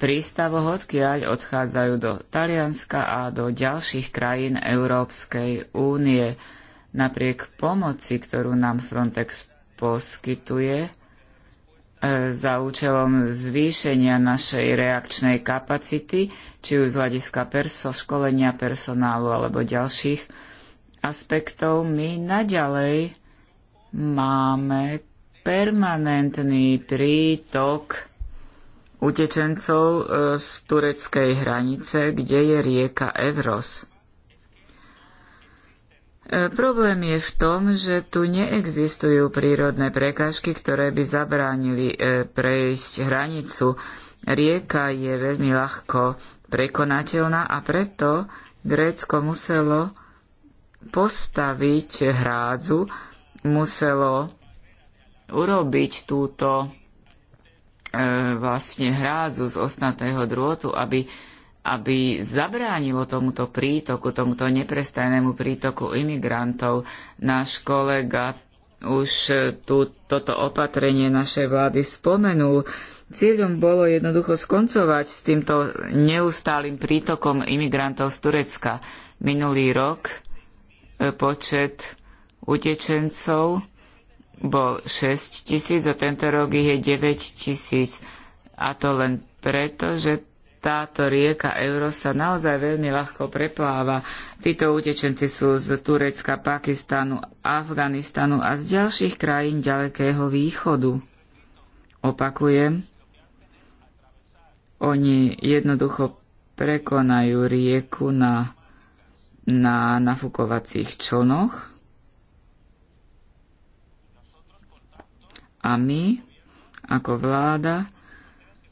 prístavoch, odkiaľ odchádzajú do Talianska a do ďalších krajín Európskej únie. Napriek pomoci, ktorú nám Frontex poskytuje, e, za účelom zvýšenia našej reakčnej kapacity, či už z hľadiska perso, školenia personálu alebo ďalších aspektov, my naďalej máme permanentný prítok utečencov e, z tureckej hranice, kde je rieka Evros. E, problém je v tom, že tu neexistujú prírodné prekážky, ktoré by zabránili e, prejsť hranicu. Rieka je veľmi ľahko prekonateľná a preto Grécko muselo postaviť hrádzu, muselo urobiť túto E, vlastne hrádzu z osnatého drôtu, aby, aby zabránilo tomuto prítoku, tomuto neprestajnému prítoku imigrantov. Náš kolega už e, tu, toto opatrenie našej vlády spomenul. Cieľom bolo jednoducho skoncovať s týmto neustálým prítokom imigrantov z Turecka. Minulý rok e, počet utečencov bol 6 tisíc a tento rok ich je 9 tisíc. A to len preto, že táto rieka Euro sa naozaj veľmi ľahko prepláva. Títo utečenci sú z Turecka, Pakistanu, Afganistanu a z ďalších krajín ďalekého východu. Opakujem, oni jednoducho prekonajú rieku na, na nafukovacích člnoch A my, ako vláda,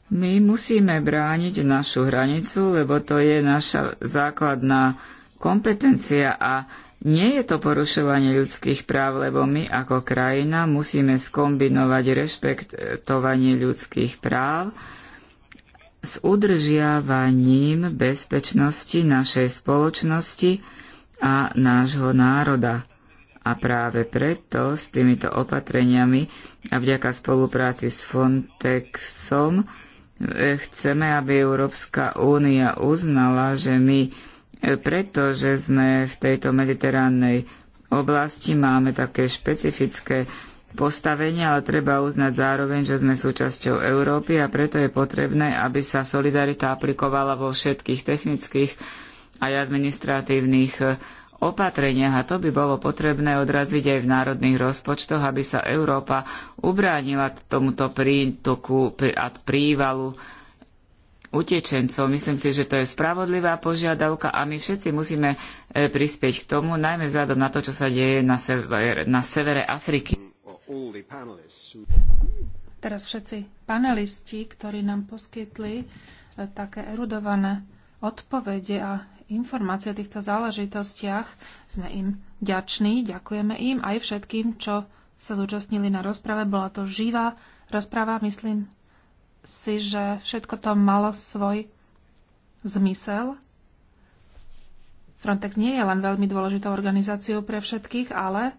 my musíme brániť našu hranicu, lebo to je naša základná kompetencia a nie je to porušovanie ľudských práv, lebo my ako krajina musíme skombinovať rešpektovanie ľudských práv s udržiavaním bezpečnosti našej spoločnosti a nášho národa. A práve preto s týmito opatreniami a vďaka spolupráci s Frontexom e, chceme, aby Európska únia uznala, že my, e, pretože sme v tejto mediteránnej oblasti, máme také špecifické postavenie, ale treba uznať zároveň, že sme súčasťou Európy a preto je potrebné, aby sa solidarita aplikovala vo všetkých technických aj administratívnych e, opatreniach a to by bolo potrebné odraziť aj v národných rozpočtoch, aby sa Európa ubránila tomuto prítoku a prívalu utečencov. Myslím si, že to je spravodlivá požiadavka a my všetci musíme e, prispieť k tomu, najmä vzhľadom na to, čo sa deje na, na severe Afriky. Teraz všetci panelisti, ktorí nám poskytli e, také erudované odpovede a informácie o týchto záležitostiach. Sme im ďační, ďakujeme im aj všetkým, čo sa zúčastnili na rozprave. Bola to živá rozpráva. Myslím si, že všetko to malo svoj zmysel. Frontex nie je len veľmi dôležitou organizáciou pre všetkých, ale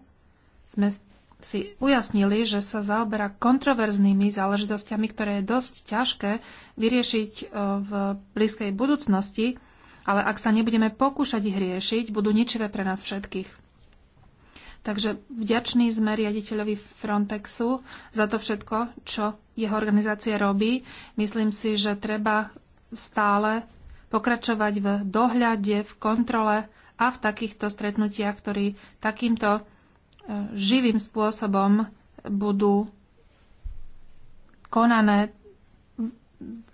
sme si ujasnili, že sa zaoberá kontroverznými záležitostiami, ktoré je dosť ťažké vyriešiť eh, v blízkej budúcnosti ale ak sa nebudeme pokúšať ich riešiť, budú ničivé pre nás všetkých. Takže vďačný sme riaditeľovi Frontexu za to všetko, čo jeho organizácia robí. Myslím si, že treba stále pokračovať v dohľade, v kontrole a v takýchto stretnutiach, ktorí takýmto e, živým spôsobom budú konané v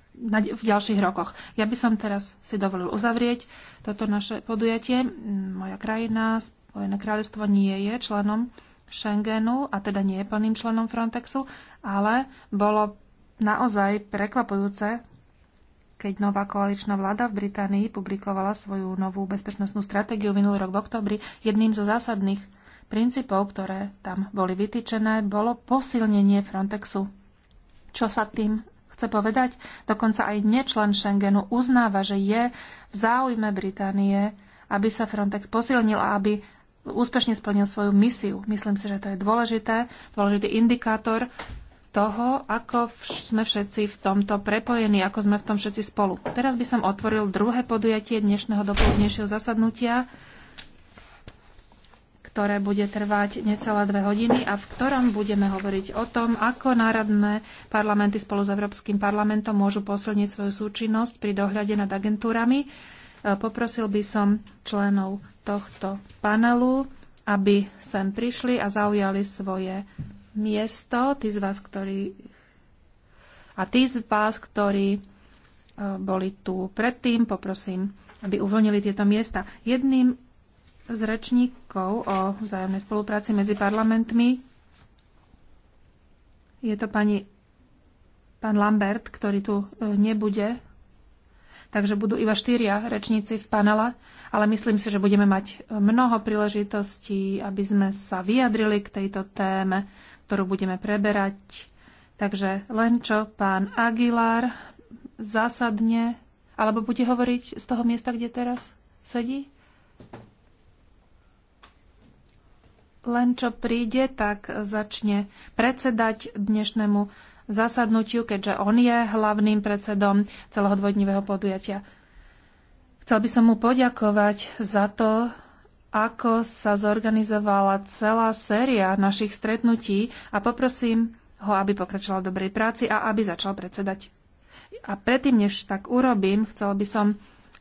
v ďalších rokoch. Ja by som teraz si dovolil uzavrieť toto naše podujatie. Moja krajina, Spojené kráľovstvo, nie je členom Schengenu a teda nie je plným členom Frontexu, ale bolo naozaj prekvapujúce, keď nová koaličná vláda v Británii publikovala svoju novú bezpečnostnú stratégiu minulý rok v oktobri, jedným zo zásadných princípov, ktoré tam boli vytýčené, bolo posilnenie Frontexu. Čo sa tým chce povedať? Dokonca aj nečlen Schengenu uznáva, že je v záujme Británie, aby sa Frontex posilnil a aby úspešne splnil svoju misiu. Myslím si, že to je dôležité, dôležitý indikátor toho, ako vš sme všetci v tomto prepojení, ako sme v tom všetci spolu. Teraz by som otvoril druhé podujatie dnešného dopoludnejšieho zasadnutia ktoré bude trvať necelé dve hodiny a v ktorom budeme hovoriť o tom, ako národné parlamenty spolu s Európskym parlamentom môžu posilniť svoju súčinnosť pri dohľade nad agentúrami. E, poprosil by som členov tohto panelu, aby sem prišli a zaujali svoje miesto. Tí z vás, ktorí a tí z vás, ktorí e, boli tu predtým, poprosím, aby uvoľnili tieto miesta. Jedným z rečníkov o vzájomnej spolupráci medzi parlamentmi. Je to pani, pán Lambert, ktorý tu e, nebude, takže budú iba štyria rečníci v panele, ale myslím si, že budeme mať mnoho príležitostí, aby sme sa vyjadrili k tejto téme, ktorú budeme preberať. Takže len čo pán Aguilar zásadne, alebo bude hovoriť z toho miesta, kde teraz sedí? len čo príde, tak začne predsedať dnešnému zasadnutiu, keďže on je hlavným predsedom celého dvojdňového podujatia. Chcel by som mu poďakovať za to, ako sa zorganizovala celá séria našich stretnutí a poprosím ho, aby pokračoval v dobrej práci a aby začal predsedať. A predtým, než tak urobím, chcel by som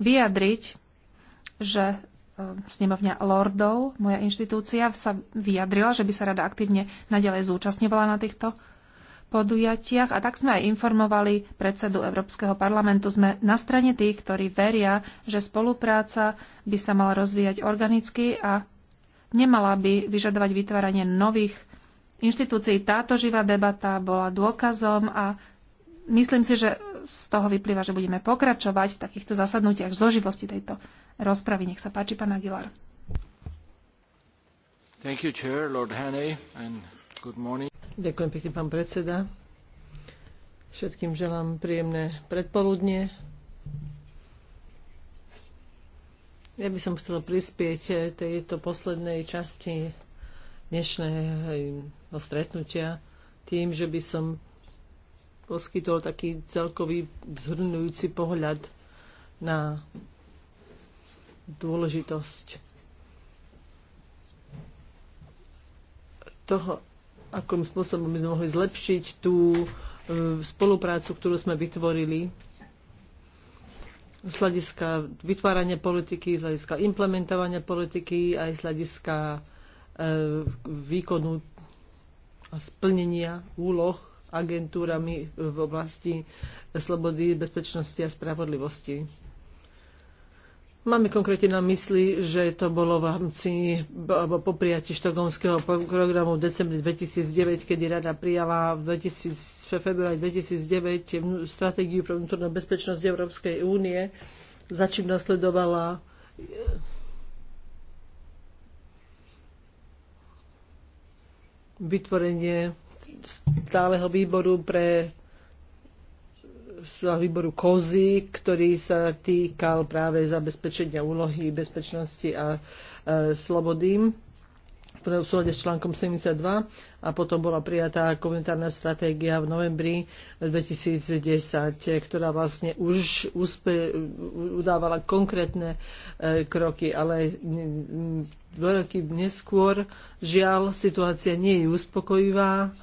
vyjadriť, že E, snemovňa lordov, moja inštitúcia, sa vyjadrila, že by sa rada aktívne nadalej zúčastňovala na týchto podujatiach a tak sme aj informovali predsedu Európskeho parlamentu. Sme na strane tých, ktorí veria, že spolupráca by sa mala rozvíjať organicky a nemala by vyžadovať vytváranie nových inštitúcií. Táto živá debata bola dôkazom a myslím si, že z toho vyplýva, že budeme pokračovať v takýchto zasadnutiach zo živosti tejto rozpravy. Nech sa páči, pán Aguilar. Thank you, Chair, Lord Haney, and good morning. Ďakujem pekne, pán predseda. Všetkým želám príjemné predpoludne. Ja by som chcela prispieť tejto poslednej časti dnešného stretnutia tým, že by som poskytol taký celkový zhrnujúci pohľad na dôležitosť toho, akým spôsobom by sme mohli zlepšiť tú e, spoluprácu, ktorú sme vytvorili z hľadiska vytvárania politiky, z hľadiska implementovania politiky, aj z hľadiska e, výkonu a splnenia úloh agentúrami v oblasti slobody, bezpečnosti a spravodlivosti. Máme konkrétne na mysli, že to bolo v rámci alebo po prijati štokholmského programu v decembri 2009, kedy Rada prijala v februári 2009 stratégiu pre vnútornú bezpečnosť Európskej únie, za čím nasledovala vytvorenie stáleho výboru pre za výboru KOZY, ktorý sa týkal práve zabezpečenia úlohy bezpečnosti a e, slobody v súlade s článkom 72 a potom bola prijatá komunitárna stratégia v novembri 2010, ktorá vlastne už uspe, udávala konkrétne e, kroky, ale dva roky neskôr žiaľ situácia nie je uspokojivá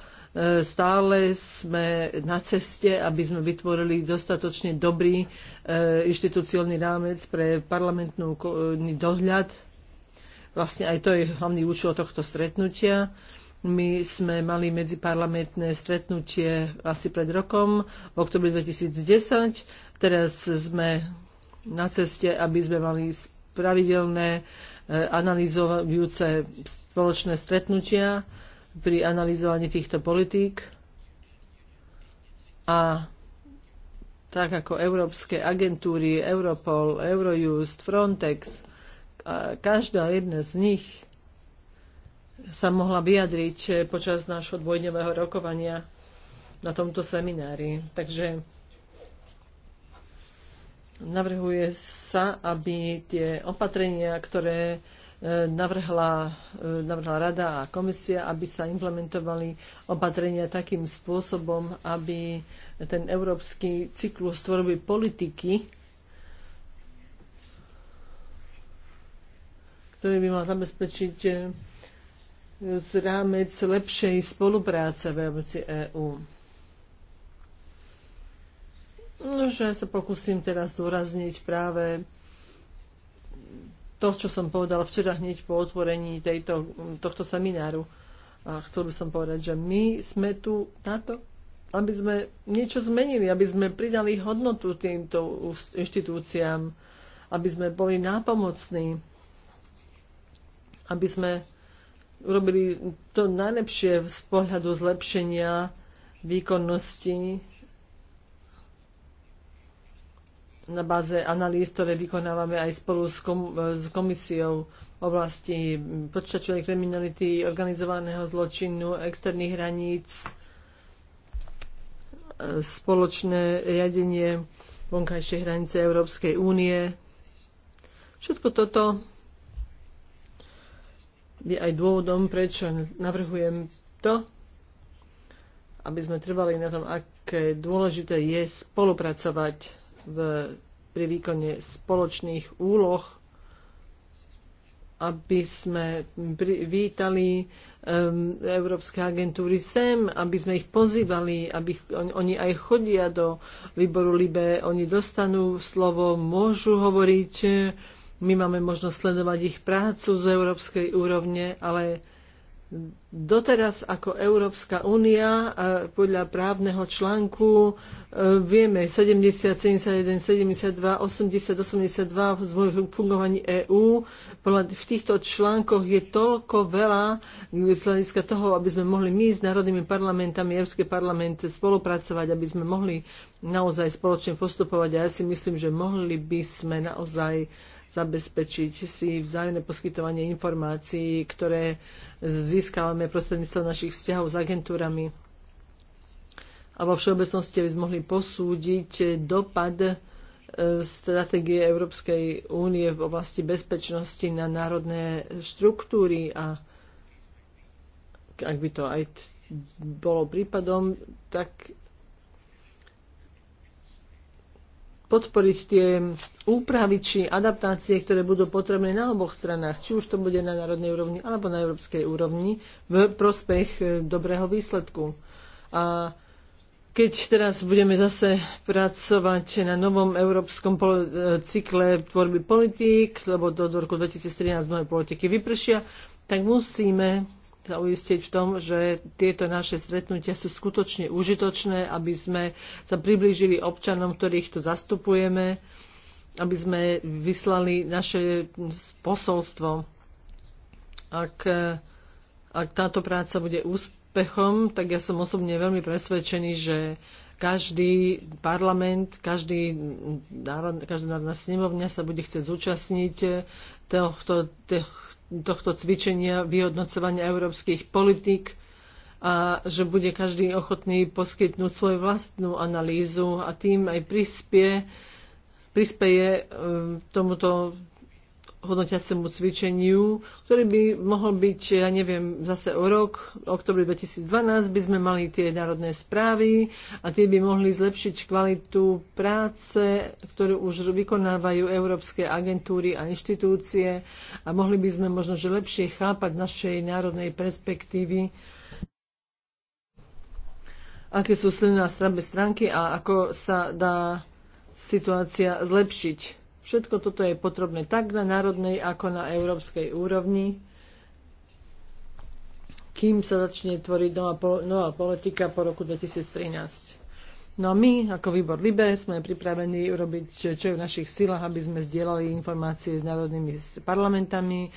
Stále sme na ceste, aby sme vytvorili dostatočne dobrý e, inštitúciálny rámec pre parlamentný e, dohľad. Vlastne aj to je hlavný účel tohto stretnutia. My sme mali medziparlamentné stretnutie asi pred rokom, v oktobri 2010. Teraz sme na ceste, aby sme mali pravidelné e, analyzujúce spoločné stretnutia pri analyzovaní týchto politík a tak ako európske agentúry, Europol, Eurojust, Frontex, každá jedna z nich sa mohla vyjadriť počas nášho dvojdňového rokovania na tomto seminári. Takže navrhuje sa, aby tie opatrenia, ktoré navrhla, e, navrhla rada a komisia, aby sa implementovali opatrenia takým spôsobom, aby ten európsky cyklus tvorby politiky, ktorý by mal zabezpečiť e, z rámec lepšej spolupráce v rámci EÚ. No, že sa pokúsim teraz zdôrazniť práve to, čo som povedal včera hneď po otvorení tejto, tohto semináru. A chcel by som povedať, že my sme tu na to, aby sme niečo zmenili, aby sme pridali hodnotu týmto inštitúciám, aby sme boli nápomocní, aby sme urobili to najlepšie z pohľadu zlepšenia výkonnosti na báze analýz, ktoré vykonávame aj spolu s, kom, s komisiou oblasti počítačovej kriminality, organizovaného zločinu, externých hraníc, e, spoločné riadenie vonkajšej hranice Európskej únie. Všetko toto je aj dôvodom, prečo navrhujem to, aby sme trvali na tom, aké dôležité je spolupracovať v, pri výkone spoločných úloh, aby sme vítali um, európske agentúry sem, aby sme ich pozývali, aby on, oni aj chodia do výboru Libe, oni dostanú slovo, môžu hovoriť, my máme možnosť sledovať ich prácu z európskej úrovne, ale Doteraz ako Európska únia e, podľa právneho článku e, vieme 70, 71, 72, 80, 82 v fungovaní EÚ. V týchto článkoch je toľko veľa z hľadiska toho, aby sme mohli my s národnými parlamentami, Európske parlament spolupracovať, aby sme mohli naozaj spoločne postupovať. A ja si myslím, že mohli by sme naozaj zabezpečiť si vzájomné poskytovanie informácií, ktoré získavame prostredníctvom našich vzťahov s agentúrami. A vo všeobecnosti by sme mohli posúdiť dopad e, stratégie Európskej únie v oblasti bezpečnosti na národné štruktúry a ak by to aj bolo prípadom, tak podporiť tie úpravy či adaptácie, ktoré budú potrebné na oboch stranách, či už to bude na národnej úrovni alebo na európskej úrovni, v prospech e, dobrého výsledku. A keď teraz budeme zase pracovať na novom európskom e, cykle tvorby politík, lebo do roku 2013 nové politiky vypršia, tak musíme sa uistiť v tom, že tieto naše stretnutia sú skutočne užitočné, aby sme sa priblížili občanom, ktorých tu zastupujeme, aby sme vyslali naše posolstvo. Ak, ak táto práca bude úspechom, tak ja som osobne veľmi presvedčený, že každý parlament, každý národ, každá národná snemovňa sa bude chcieť zúčastniť tohto, tohto cvičenia vyhodnocovania európskych politík a že bude každý ochotný poskytnúť svoju vlastnú analýzu a tým aj prispie, prispieje e, tomuto hodnotiacemu cvičeniu, ktorý by mohol byť, ja neviem, zase o rok, oktobri 2012 by sme mali tie národné správy a tie by mohli zlepšiť kvalitu práce, ktorú už vykonávajú európske agentúry a inštitúcie a mohli by sme možno, že lepšie chápať našej národnej perspektívy, aké sú silné a slabé stránky a ako sa dá situácia zlepšiť Všetko toto je potrebné tak na národnej, ako na európskej úrovni, kým sa začne tvoriť nová, nová politika po roku 2013. No a my, ako výbor LIBE, sme pripravení urobiť, čo je v našich silách, aby sme zdieľali informácie s národnými parlamentami, e,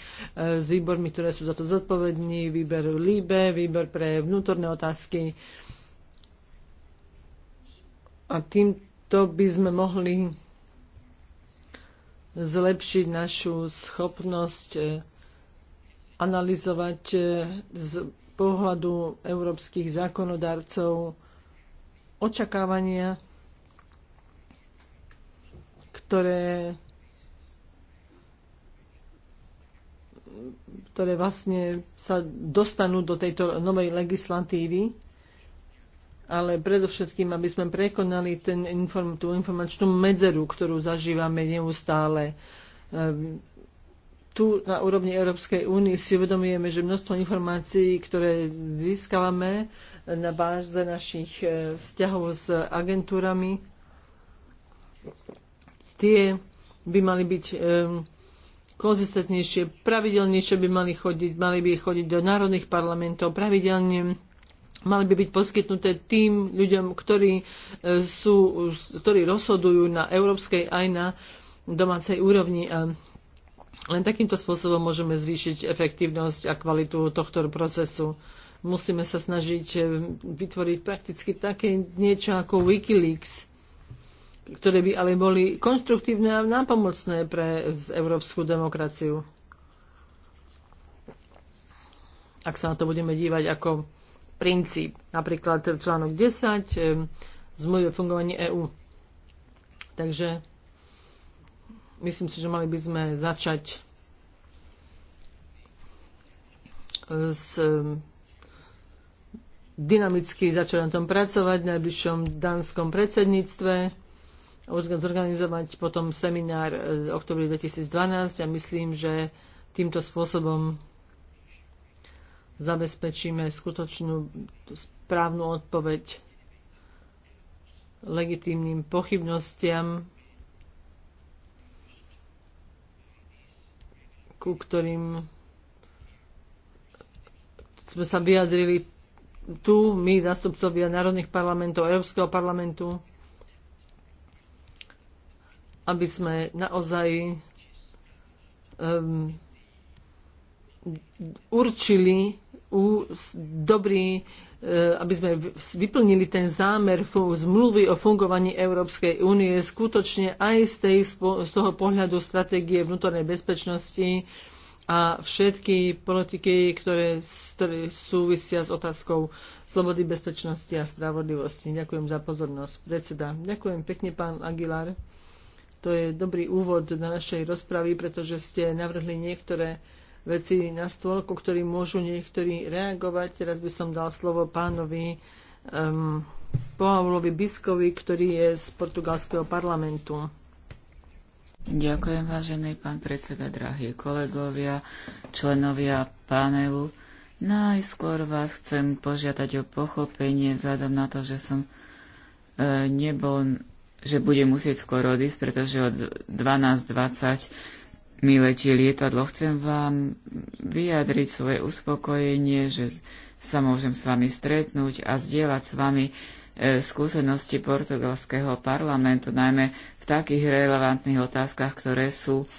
s výbormi, ktoré sú za to zodpovední, výber LIBE, výbor pre vnútorné otázky. A týmto by sme mohli zlepšiť našu schopnosť e, analyzovať e, z pohľadu európskych zákonodarcov očakávania, ktoré, ktoré vlastne sa dostanú do tejto novej legislatívy ale predovšetkým, aby sme prekonali ten inform, tú informačnú medzeru, ktorú zažívame neustále. Ehm, tu na úrovni Európskej únie si uvedomujeme, že množstvo informácií, ktoré získavame na báze našich e, vzťahov s agentúrami, tie by mali byť um, konzistentnejšie, pravidelnejšie by mali chodiť, mali by chodiť do národných parlamentov, pravidelne mali by byť poskytnuté tým ľuďom, ktorí, e, sú, ktorí rozhodujú na európskej aj na domácej úrovni. A len takýmto spôsobom môžeme zvýšiť efektívnosť a kvalitu tohto procesu. Musíme sa snažiť e, vytvoriť prakticky také niečo ako Wikileaks, ktoré by ale boli konštruktívne a nápomocné pre európsku demokraciu. Ak sa na to budeme dívať ako princíp, napríklad článok 10 e, zmluvy o fungovaní EÚ. Takže myslím si, že mali by sme začať e, s e, dynamicky začať na tom pracovať v najbližšom dánskom predsedníctve, zorganizovať potom seminár v oktobri 2012 a myslím, že týmto spôsobom zabezpečíme skutočnú správnu odpoveď legitímnym pochybnostiam, ku ktorým sme sa vyjadrili tu, my, zastupcovia národných parlamentov, Európskeho parlamentu, aby sme naozaj um, určili dobrý e, aby sme vyplnili ten zámer zmluvy o fungovaní Európskej únie skutočne aj z, tej, z toho pohľadu stratégie vnútornej bezpečnosti a všetky politiky, ktoré, ktoré súvisia s otázkou slobody, bezpečnosti a spravodlivosti. Ďakujem za pozornosť, predseda. Ďakujem pekne, pán Aguilar. To je dobrý úvod na našej rozpravy, pretože ste navrhli niektoré veci na stôl, ku ktorým môžu niektorí reagovať. Teraz by som dal slovo pánovi um, ehm, Paulovi Biskovi, ktorý je z portugalského parlamentu. Ďakujem, vážený pán predseda, drahí kolegovia, členovia panelu. Najskôr vás chcem požiadať o pochopenie vzhľadom na to, že som e, nebol, že budem musieť skôr odísť, pretože od 12.20 mi letí lietadlo. Chcem vám vyjadriť svoje uspokojenie, že sa môžem s vami stretnúť a zdieľať s vami e, skúsenosti portugalského parlamentu, najmä v takých relevantných otázkach, ktoré sú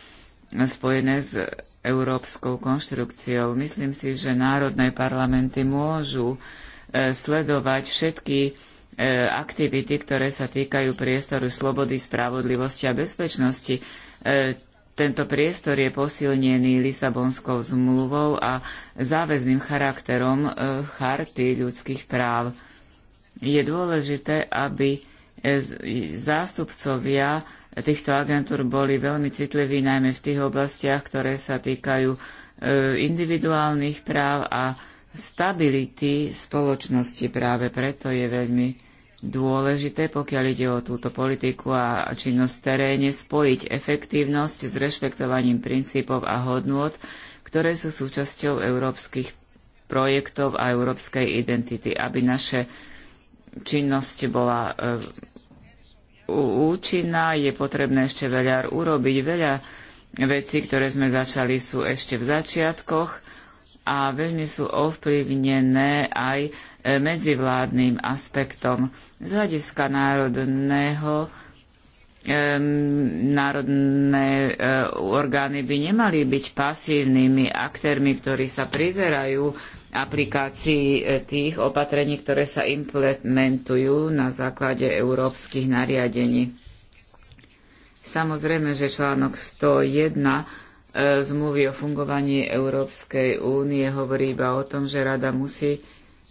spojené s európskou konštrukciou. Myslím si, že národné parlamenty môžu e, sledovať všetky e, aktivity, ktoré sa týkajú priestoru slobody, spravodlivosti a bezpečnosti tento priestor je posilnený Lisabonskou zmluvou a záväzným charakterom e, charty ľudských práv. Je dôležité, aby e, zástupcovia týchto agentúr boli veľmi citliví, najmä v tých oblastiach, ktoré sa týkajú e, individuálnych práv a stability spoločnosti. Práve preto je veľmi dôležité, pokiaľ ide o túto politiku a činnosť v teréne, spojiť efektívnosť s rešpektovaním princípov a hodnôt, ktoré sú súčasťou európskych projektov a európskej identity, aby naše činnosť bola e, účinná, je potrebné ešte veľa urobiť. Veľa vecí, ktoré sme začali, sú ešte v začiatkoch a veľmi sú ovplyvnené aj e, medzivládnym aspektom. Z hľadiska národného národné e, orgány by nemali byť pasívnymi aktérmi, ktorí sa prizerajú aplikácii e, tých opatrení, ktoré sa implementujú na základe európskych nariadení. Samozrejme, že článok 101 e, zmluvy o fungovaní Európskej únie hovorí iba o tom, že rada musí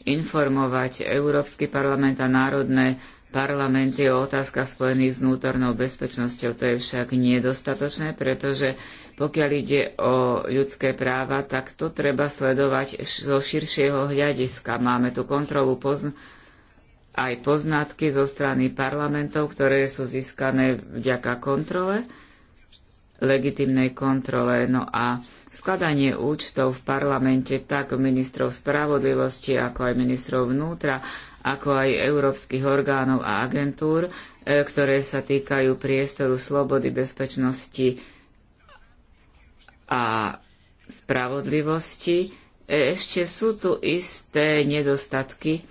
informovať Európsky parlament a národné parlamenty o otázkach spojených s vnútornou bezpečnosťou. To je však nedostatočné, pretože pokiaľ ide o ľudské práva, tak to treba sledovať zo širšieho hľadiska. Máme tu kontrolu pozn- aj poznatky zo strany parlamentov, ktoré sú získané vďaka kontrole, legitimnej kontrole. No a Skladanie účtov v parlamente tak ministrov spravodlivosti, ako aj ministrov vnútra, ako aj európskych orgánov a agentúr, e, ktoré sa týkajú priestoru slobody, bezpečnosti a spravodlivosti. E, ešte sú tu isté nedostatky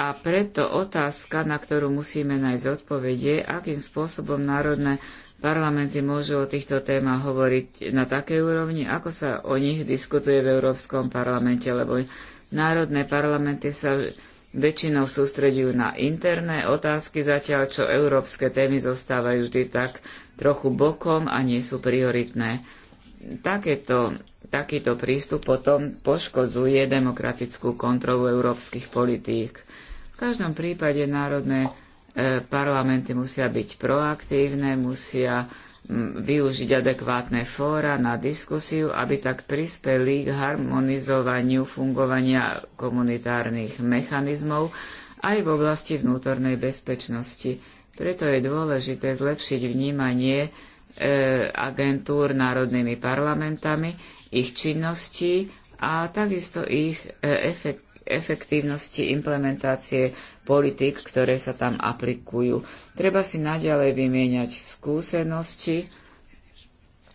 a preto otázka, na ktorú musíme nájsť odpovede, akým spôsobom národné Parlamenty môžu o týchto témach hovoriť na takej úrovni, ako sa o nich diskutuje v Európskom parlamente, lebo národné parlamenty sa väčšinou sústredujú na interné otázky, zatiaľ čo európske témy zostávajú vždy tak trochu bokom a nie sú prioritné. Takéto, takýto prístup potom poškodzuje demokratickú kontrolu európskych politík. V každom prípade národné E, parlamenty musia byť proaktívne, musia využiť adekvátne fóra na diskusiu, aby tak prispeli k harmonizovaniu fungovania komunitárnych mechanizmov aj v oblasti vnútornej bezpečnosti. Preto je dôležité zlepšiť vnímanie e, agentúr národnými parlamentami, ich činnosti a takisto ich e, efektívnosti implementácie politik, ktoré sa tam aplikujú. Treba si naďalej vymieňať skúsenosti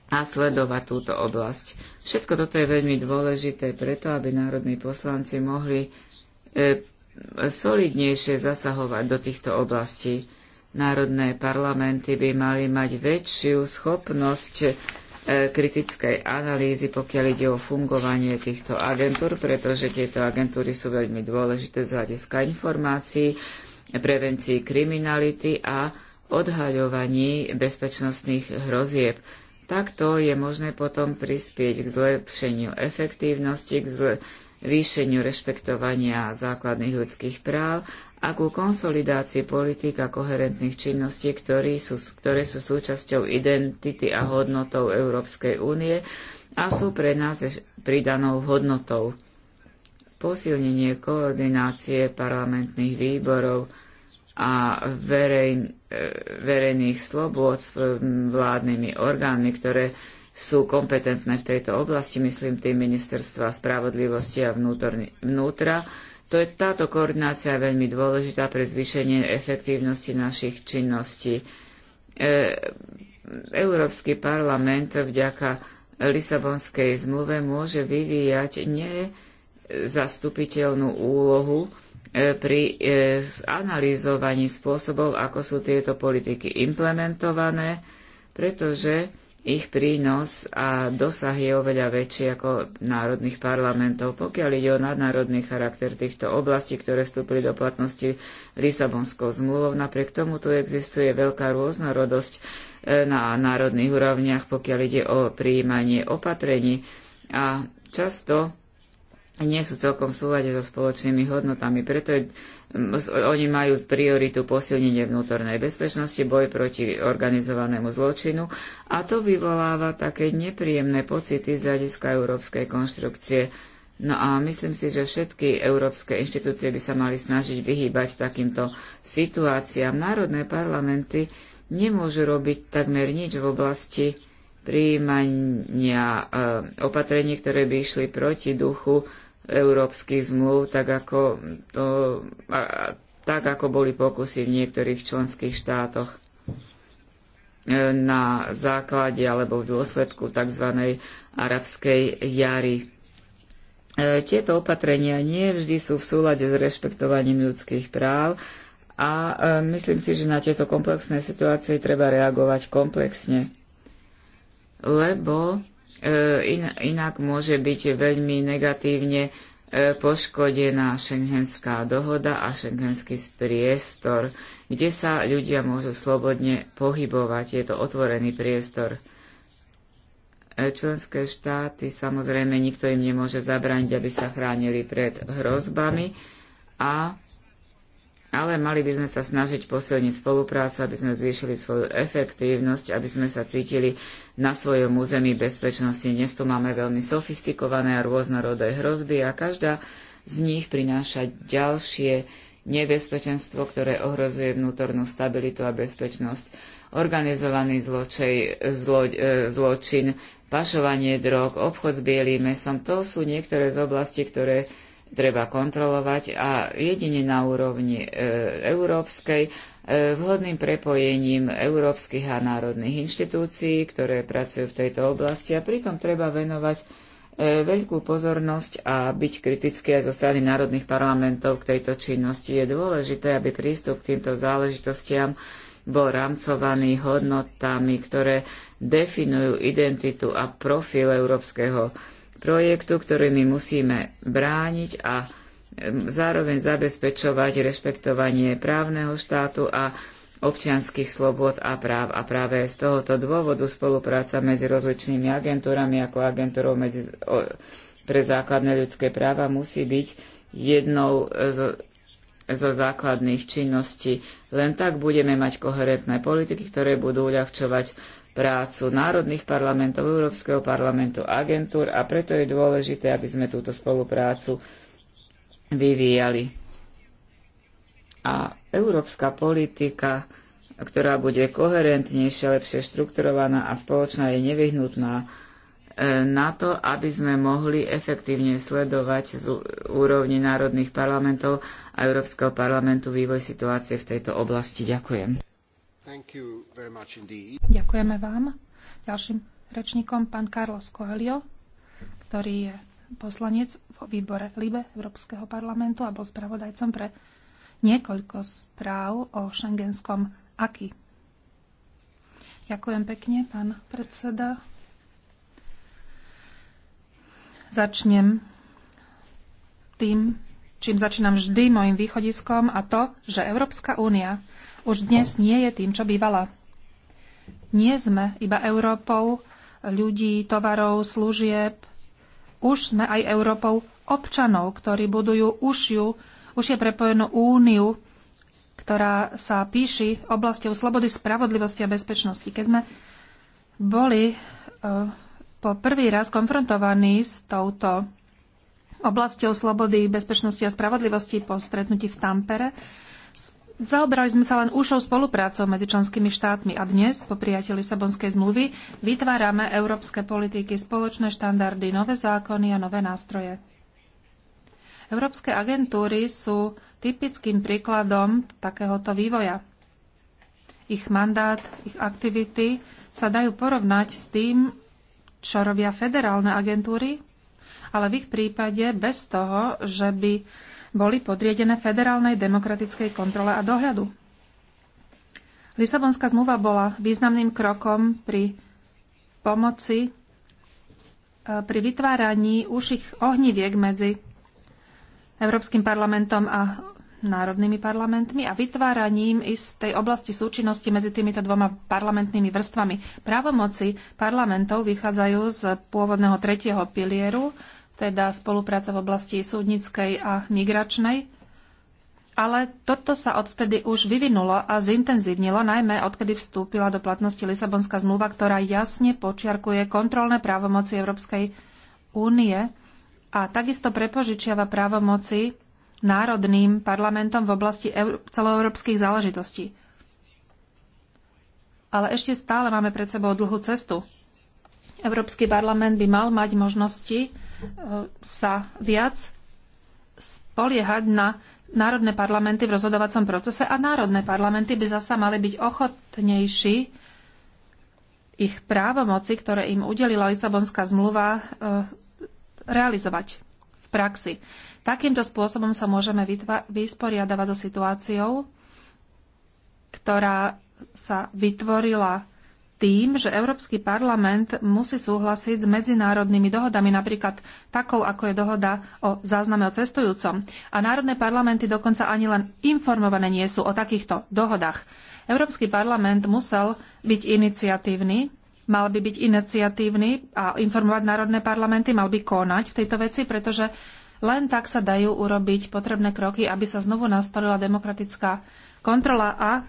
a sledovať túto oblasť. Všetko toto je veľmi dôležité preto, aby národní poslanci mohli e, solidnejšie zasahovať do týchto oblastí. Národné parlamenty by mali mať väčšiu schopnosť E, kritickej analýzy, pokiaľ ide o fungovanie týchto agentúr, pretože tieto agentúry sú veľmi dôležité z hľadiska informácií, prevencii kriminality a odhaľovaní bezpečnostných hrozieb. Takto je možné potom prispieť k zlepšeniu efektívnosti, k zvýšeniu rešpektovania základných ľudských práv a ku konsolidácii politík a koherentných činností, ktoré sú, ktoré sú súčasťou identity a hodnotou Európskej únie a sú pre nás pridanou hodnotou. Posilnenie koordinácie parlamentných výborov a verejn, e, verejných slobôd s vládnymi orgánmi, ktoré sú kompetentné v tejto oblasti, myslím tým ministerstva spravodlivosti a vnútra, to, táto koordinácia je veľmi dôležitá pre zvýšenie efektívnosti našich činností. E, Európsky parlament vďaka Lisabonskej zmluve môže vyvíjať nezastupiteľnú úlohu e, pri e, analyzovaní spôsobov, ako sú tieto politiky implementované, pretože ich prínos a dosah je oveľa väčší ako národných parlamentov. Pokiaľ ide o nadnárodný charakter týchto oblastí, ktoré vstúpili do platnosti Lisabonskou zmluvou, napriek tomu tu existuje veľká rôznorodosť e, na národných úrovniach, pokiaľ ide o prijímanie opatrení a často nie sú celkom v súlade so spoločnými hodnotami. Preto je oni majú prioritu posilnenie vnútornej bezpečnosti, boj proti organizovanému zločinu a to vyvoláva také nepríjemné pocity z hľadiska európskej konštrukcie. No a myslím si, že všetky európske inštitúcie by sa mali snažiť vyhýbať takýmto situáciám. Národné parlamenty nemôžu robiť takmer nič v oblasti prijímania e, opatrení, ktoré by išli proti duchu európskych zmluv, tak ako, to, a, tak ako boli pokusy v niektorých členských štátoch e, na základe alebo v dôsledku tzv. arabskej jary. E, tieto opatrenia nie vždy sú v súlade s rešpektovaním ľudských práv a e, myslím si, že na tieto komplexné situácie treba reagovať komplexne, lebo E, inak môže byť veľmi negatívne e, poškodená šengenská dohoda a šengenský priestor, kde sa ľudia môžu slobodne pohybovať. Je to otvorený priestor. E, členské štáty, samozrejme, nikto im nemôže zabrániť, aby sa chránili pred hrozbami a ale mali by sme sa snažiť posilniť spoluprácu, aby sme zvýšili svoju efektívnosť, aby sme sa cítili na svojom území bezpečnosti. Dnes tu máme veľmi sofistikované a rôznorodé hrozby a každá z nich prináša ďalšie nebezpečenstvo, ktoré ohrozuje vnútornú stabilitu a bezpečnosť. Organizovaný zločej, zlo, e, zločin, pašovanie drog, obchod s bielým mesom, to sú niektoré z oblastí, ktoré treba kontrolovať a jedine na úrovni e, európskej e, vhodným prepojením európskych a národných inštitúcií, ktoré pracujú v tejto oblasti a pritom treba venovať e, veľkú pozornosť a byť kritické aj zo strany národných parlamentov k tejto činnosti. Je dôležité, aby prístup k týmto záležitostiam bol rámcovaný hodnotami, ktoré definujú identitu a profil európskeho projektu, ktorý my musíme brániť a zároveň zabezpečovať rešpektovanie právneho štátu a občianskych slobod a práv. A práve z tohoto dôvodu spolupráca medzi rozličnými agentúrami ako agentúrou medzi, o, pre základné ľudské práva musí byť jednou z zo základných činností. Len tak budeme mať koherentné politiky, ktoré budú uľahčovať prácu národných parlamentov, Európskeho parlamentu, agentúr a preto je dôležité, aby sme túto spoluprácu vyvíjali. A európska politika, ktorá bude koherentnejšia, lepšie štrukturovaná a spoločná, je nevyhnutná na to, aby sme mohli efektívne sledovať z úrovni národných parlamentov a Európskeho parlamentu vývoj situácie v tejto oblasti. Ďakujem. Ďakujeme vám. Ďalším rečníkom pán Carlos Coelho, ktorý je poslanec vo výbore LIBE Európskeho parlamentu a bol spravodajcom pre niekoľko správ o šengenskom AKI. Ďakujem pekne, pán predseda. Začnem tým, čím začínam vždy mojim východiskom a to, že Európska únia už dnes nie je tým, čo bývala. Nie sme iba Európou ľudí, tovarov, služieb. Už sme aj Európou občanov, ktorí budujú ušiu, už je prepojenú úniu, ktorá sa píši oblasťou slobody, spravodlivosti a bezpečnosti. Keď sme boli eh, po prvý raz konfrontovaní s touto oblasťou slobody, bezpečnosti a spravodlivosti po stretnutí v Tampere. Zaobrali sme sa len úšou spoluprácou medzi členskými štátmi a dnes, po prijatí Lisabonskej zmluvy, vytvárame európske politiky, spoločné štandardy, nové zákony a nové nástroje. Európske agentúry sú typickým príkladom takéhoto vývoja. Ich mandát, ich aktivity sa dajú porovnať s tým, čo robia federálne agentúry, ale v ich prípade bez toho, že by boli podriedené federálnej demokratickej kontrole a dohľadu. Lisabonská zmluva bola významným krokom pri pomoci e, pri vytváraní uších ohniviek medzi Európskym parlamentom a národnými parlamentmi a vytváraním istej oblasti súčinnosti medzi týmito dvoma parlamentnými vrstvami. Právomoci parlamentov vychádzajú z pôvodného tretieho pilieru, teda spolupráca v oblasti súdnickej a migračnej, ale toto sa odvtedy už vyvinulo a zintenzívnilo, najmä odkedy vstúpila do platnosti Lisabonská zmluva, ktorá jasne počiarkuje kontrolné právomoci Európskej únie a takisto prepožičiava právomoci národným parlamentom v oblasti celoeurópskych záležitostí. Ale ešte stále máme pred sebou dlhú cestu. Európsky parlament by mal mať možnosti e, sa viac spoliehať na národné parlamenty v rozhodovacom procese a národné parlamenty by zasa mali byť ochotnejší ich právomoci, ktoré im udelila Lisabonská zmluva, e, realizovať v praxi. Takýmto spôsobom sa môžeme vysporiadavať so situáciou, ktorá sa vytvorila tým, že Európsky parlament musí súhlasiť s medzinárodnými dohodami, napríklad takou, ako je dohoda o zázname o cestujúcom. A národné parlamenty dokonca ani len informované nie sú o takýchto dohodách. Európsky parlament musel byť iniciatívny, mal by byť iniciatívny a informovať národné parlamenty, mal by konať v tejto veci, pretože len tak sa dajú urobiť potrebné kroky, aby sa znovu nastolila demokratická kontrola a e,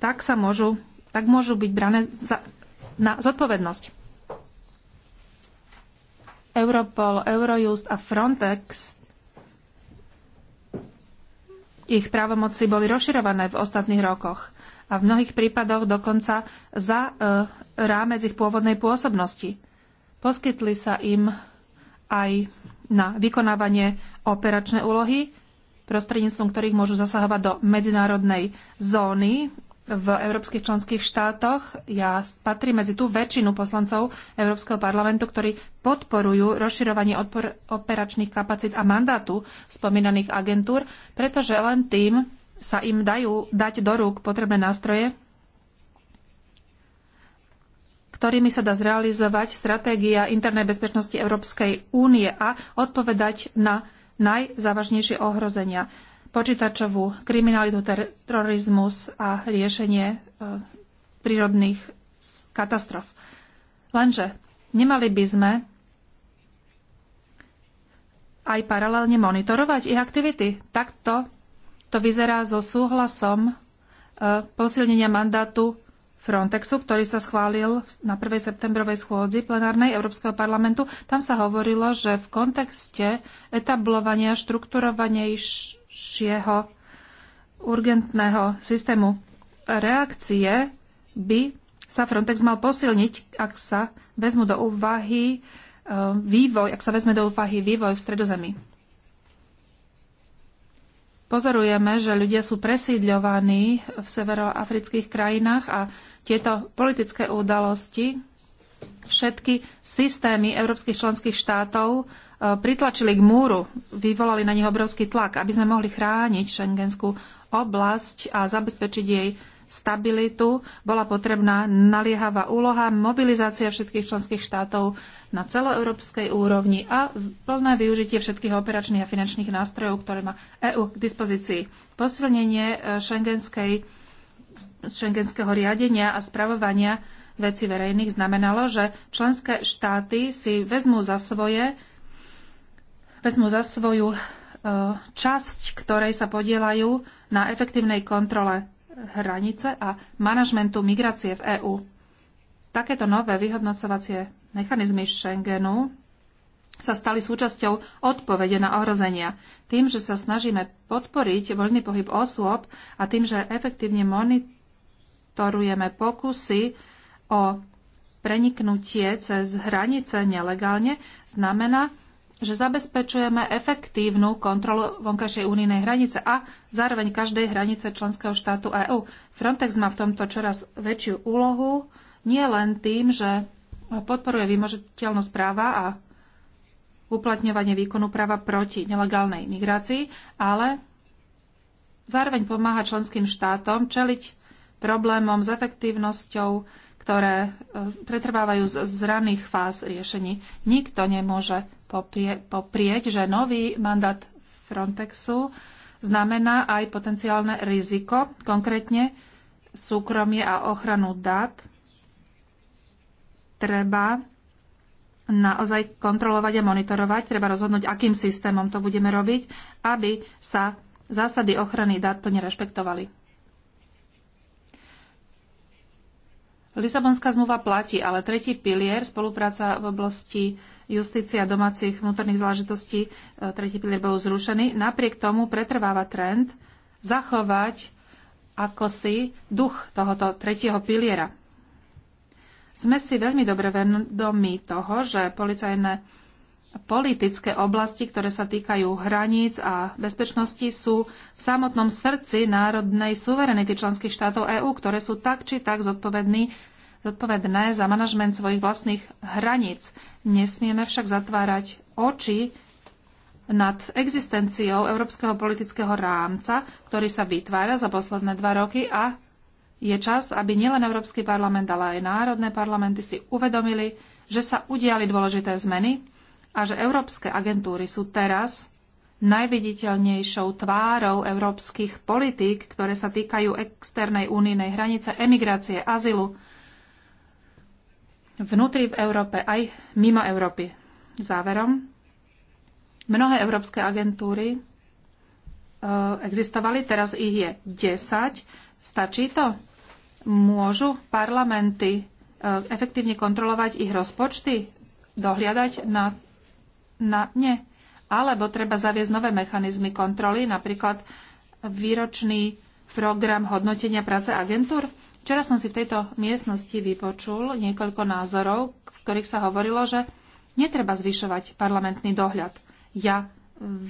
tak sa môžu, tak môžu byť brané za, na zodpovednosť. Europol, Eurojust a Frontex ich právomoci boli rozširované v ostatných rokoch a v mnohých prípadoch dokonca za e, rámec ich pôvodnej pôsobnosti. Poskytli sa im aj na vykonávanie operačné úlohy, prostredníctvom ktorých môžu zasahovať do medzinárodnej zóny v európskych členských štátoch. Ja patrím medzi tú väčšinu poslancov Európskeho parlamentu, ktorí podporujú rozširovanie odpor- operačných kapacít a mandátu spomínaných agentúr, pretože len tým sa im dajú dať do rúk potrebné nástroje ktorými sa dá zrealizovať stratégia internej bezpečnosti Európskej únie a odpovedať na najzávažnejšie ohrozenia počítačovú kriminalitu, terorizmus a riešenie e, prírodných katastrof. Lenže nemali by sme aj paralelne monitorovať ich aktivity. Takto to vyzerá so súhlasom e, posilnenia mandátu Frontexu, ktorý sa schválil na 1. septembrovej schôdzi plenárnej Európskeho parlamentu. Tam sa hovorilo, že v kontexte etablovania štrukturovanejšieho urgentného systému reakcie by sa Frontex mal posilniť, ak sa vezmu do úvahy e, vývoj, ak sa vezme do úvahy vývoj v stredozemi. Pozorujeme, že ľudia sú presídľovaní v severoafrických krajinách a tieto politické udalosti všetky systémy európskych členských štátov e, pritlačili k múru, vyvolali na nich obrovský tlak, aby sme mohli chrániť šengenskú oblasť a zabezpečiť jej stabilitu, bola potrebná naliehavá úloha, mobilizácia všetkých členských štátov na celoeurópskej úrovni a plné využitie všetkých operačných a finančných nástrojov, ktoré má EÚ k dispozícii. Posilnenie e, šengenskej šengenského riadenia a spravovania veci verejných znamenalo, že členské štáty si vezmú za svoje vezmú za svoju e, časť, ktorej sa podielajú na efektívnej kontrole hranice a manažmentu migrácie v EÚ. Takéto nové vyhodnocovacie mechanizmy Schengenu sa stali súčasťou odpovede na ohrozenia. Tým, že sa snažíme podporiť voľný pohyb osôb a tým, že efektívne monitorujeme pokusy o preniknutie cez hranice nelegálne, znamená, že zabezpečujeme efektívnu kontrolu vonkajšej únijnej hranice a zároveň každej hranice členského štátu EÚ. Frontex má v tomto čoraz väčšiu úlohu, nie len tým, že podporuje vymožiteľnosť práva a uplatňovanie výkonu práva proti nelegálnej migrácii, ale zároveň pomáha členským štátom čeliť problémom s efektívnosťou, ktoré e, pretrvávajú z, z raných fáz riešení. Nikto nemôže poprie, poprieť, že nový mandát Frontexu znamená aj potenciálne riziko, konkrétne súkromie a ochranu dát. Treba naozaj kontrolovať a monitorovať. Treba rozhodnúť, akým systémom to budeme robiť, aby sa zásady ochrany dát plne rešpektovali. Lisabonská zmluva platí, ale tretí pilier, spolupráca v oblasti justícia domácich vnútorných záležitostí, e, tretí pilier bol zrušený. Napriek tomu pretrváva trend zachovať ako si duch tohoto tretieho piliera. Sme si veľmi dobre vedomi toho, že policajné politické oblasti, ktoré sa týkajú hraníc a bezpečnosti, sú v samotnom srdci národnej suverenity členských štátov EÚ, ktoré sú tak či tak zodpovední zodpovedné za manažment svojich vlastných hraníc. Nesmieme však zatvárať oči nad existenciou európskeho politického rámca, ktorý sa vytvára za posledné dva roky a je čas, aby nielen Európsky parlament, ale aj národné parlamenty si uvedomili, že sa udiali dôležité zmeny a že európske agentúry sú teraz najviditeľnejšou tvárou európskych politík, ktoré sa týkajú externej únijnej hranice, emigrácie, azylu, vnútri v Európe aj mimo Európy. Záverom, mnohé európske agentúry e, existovali, teraz ich je 10. Stačí to? Môžu parlamenty e, efektívne kontrolovať ich rozpočty? Dohliadať na, na ne? Alebo treba zaviesť nové mechanizmy kontroly, napríklad výročný program hodnotenia práce agentúr? Včera som si v tejto miestnosti vypočul niekoľko názorov, v ktorých sa hovorilo, že netreba zvyšovať parlamentný dohľad. Ja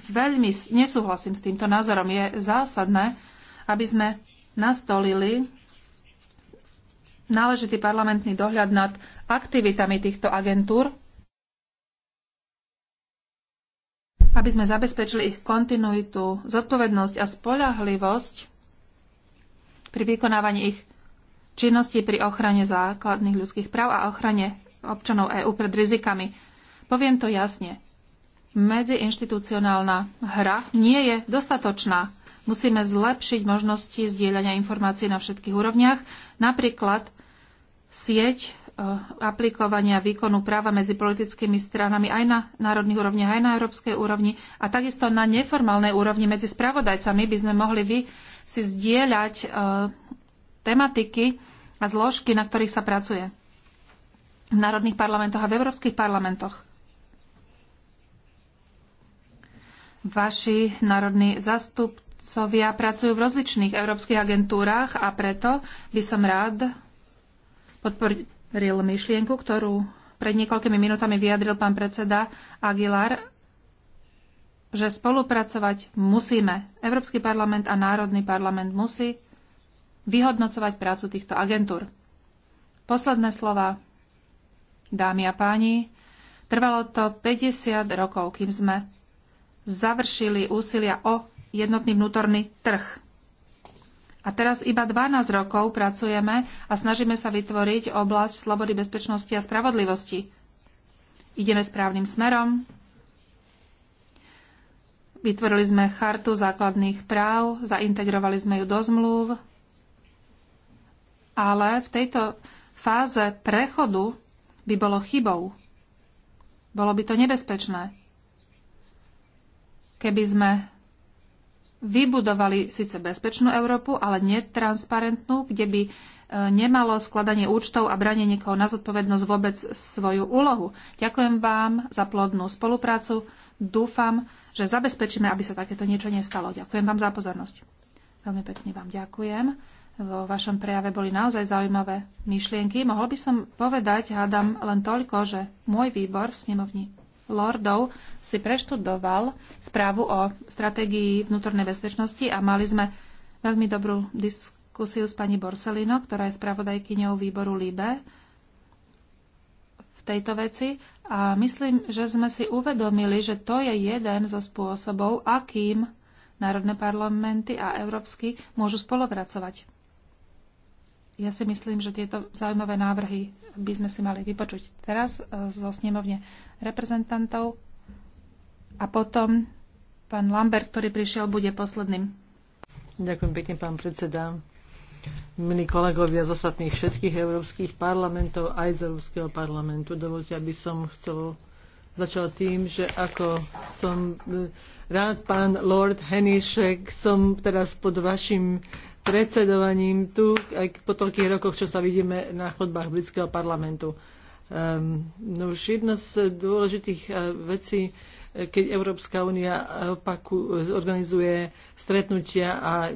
veľmi nesúhlasím s týmto názorom. Je zásadné, aby sme nastolili náležitý parlamentný dohľad nad aktivitami týchto agentúr, aby sme zabezpečili ich kontinuitu, zodpovednosť a spoľahlivosť pri vykonávaní ich činnosti pri ochrane základných ľudských práv a ochrane občanov EÚ pred rizikami. Poviem to jasne. Medziinštitucionálna hra nie je dostatočná. Musíme zlepšiť možnosti zdieľania informácií na všetkých úrovniach, napríklad sieť e, aplikovania výkonu práva medzi politickými stranami aj na národných úrovniach, aj na európskej úrovni a takisto na neformálnej úrovni medzi spravodajcami by sme mohli vy si zdieľať e, tematiky a zložky, na ktorých sa pracuje v národných parlamentoch a v európskych parlamentoch. Vaši národní zastupcovia pracujú v rozličných európskych agentúrach a preto by som rád podporil myšlienku, ktorú pred niekoľkými minutami vyjadril pán predseda Aguilar, že spolupracovať musíme. Európsky parlament a Národný parlament musí vyhodnocovať prácu týchto agentúr. Posledné slova, dámy a páni, trvalo to 50 rokov, kým sme završili úsilia o jednotný vnútorný trh. A teraz iba 12 rokov pracujeme a snažíme sa vytvoriť oblasť slobody, bezpečnosti a spravodlivosti. Ideme správnym smerom. Vytvorili sme chartu základných práv, zaintegrovali sme ju do zmluv, ale v tejto fáze prechodu by bolo chybou. Bolo by to nebezpečné, keby sme vybudovali síce bezpečnú Európu, ale netransparentnú, kde by e, nemalo skladanie účtov a branie niekoho na zodpovednosť vôbec svoju úlohu. Ďakujem vám za plodnú spoluprácu. Dúfam, že zabezpečíme, aby sa takéto niečo nestalo. Ďakujem vám za pozornosť. Veľmi pekne vám ďakujem. Vo vašom prejave boli naozaj zaujímavé myšlienky. Mohol by som povedať, hádam len toľko, že môj výbor v snemovni lordov si preštudoval správu o stratégii vnútornej bezpečnosti a mali sme veľmi dobrú diskusiu s pani Borselino, ktorá je spravodajkyňou výboru LIBE v tejto veci. A myslím, že sme si uvedomili, že to je jeden zo spôsobov, akým národné parlamenty a európsky môžu spolupracovať. Ja si myslím, že tieto zaujímavé návrhy by sme si mali vypočuť teraz e, zo snemovne reprezentantov a potom pán Lambert, ktorý prišiel, bude posledným. Ďakujem pekne, pán predseda. Milí kolegovia z ostatných všetkých európskych parlamentov, aj z Európskeho parlamentu, dovolte, aby som chcel začal tým, že ako som e, rád, pán Lord Henišek, som teraz pod vašim predsedovaním tu, aj po toľkých rokoch, čo sa vidíme na chodbách britského parlamentu. Um, no už jedna z dôležitých eh, vecí, eh, keď Európska únia eh, opaku, zorganizuje stretnutia a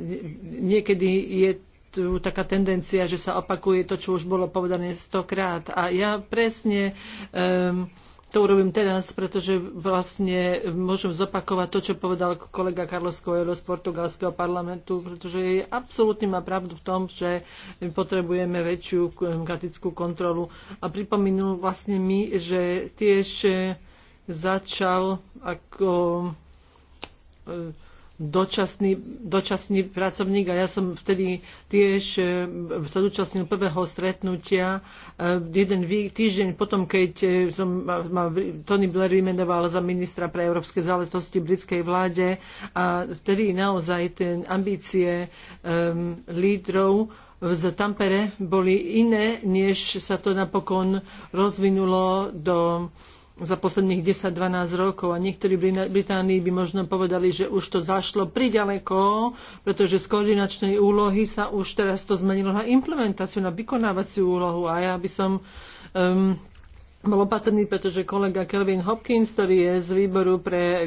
niekedy je tu taká tendencia, že sa opakuje to, čo už bolo povedané stokrát. A ja presne um, to urobím teraz, pretože vlastne môžem zopakovať to, čo povedal kolega Carlos Coelho z portugalského parlamentu, pretože absolútne má pravdu v tom, že potrebujeme väčšiu demokratickú kontrolu. A pripomenul vlastne mi, že tiež začal ako e, dočasný, dočasný pracovník a ja som vtedy tiež e, sa zúčastnil prvého stretnutia e, jeden týždeň potom, keď e, som ma Tony Blair vymenoval za ministra pre európske záležitosti britskej vláde a vtedy naozaj ten ambície um, lídrov z Tampere boli iné, než sa to napokon rozvinulo do za posledných 10-12 rokov a niektorí Británii by možno povedali, že už to zašlo priďaleko, pretože z koordinačnej úlohy sa už teraz to zmenilo na implementáciu, na vykonávaciu úlohu a ja by som um, bol opatrný, pretože kolega Kelvin Hopkins, ktorý je z výboru pre um,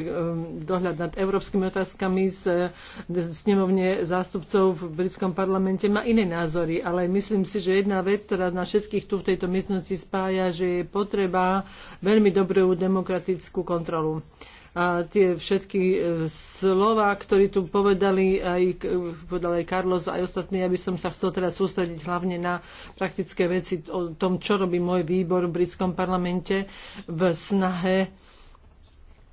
dohľad nad európskymi otázkami z, z snemovne zástupcov v britskom parlamente, má iné názory. Ale myslím si, že jedna vec, ktorá na všetkých tu v tejto miestnosti spája, že je potreba veľmi dobrú demokratickú kontrolu a tie všetky e, slova, ktoré tu povedali aj, povedal aj Carlos aj ostatní, aby som sa chcel teraz sústrediť hlavne na praktické veci o tom, čo robí môj výbor v britskom parlamente v snahe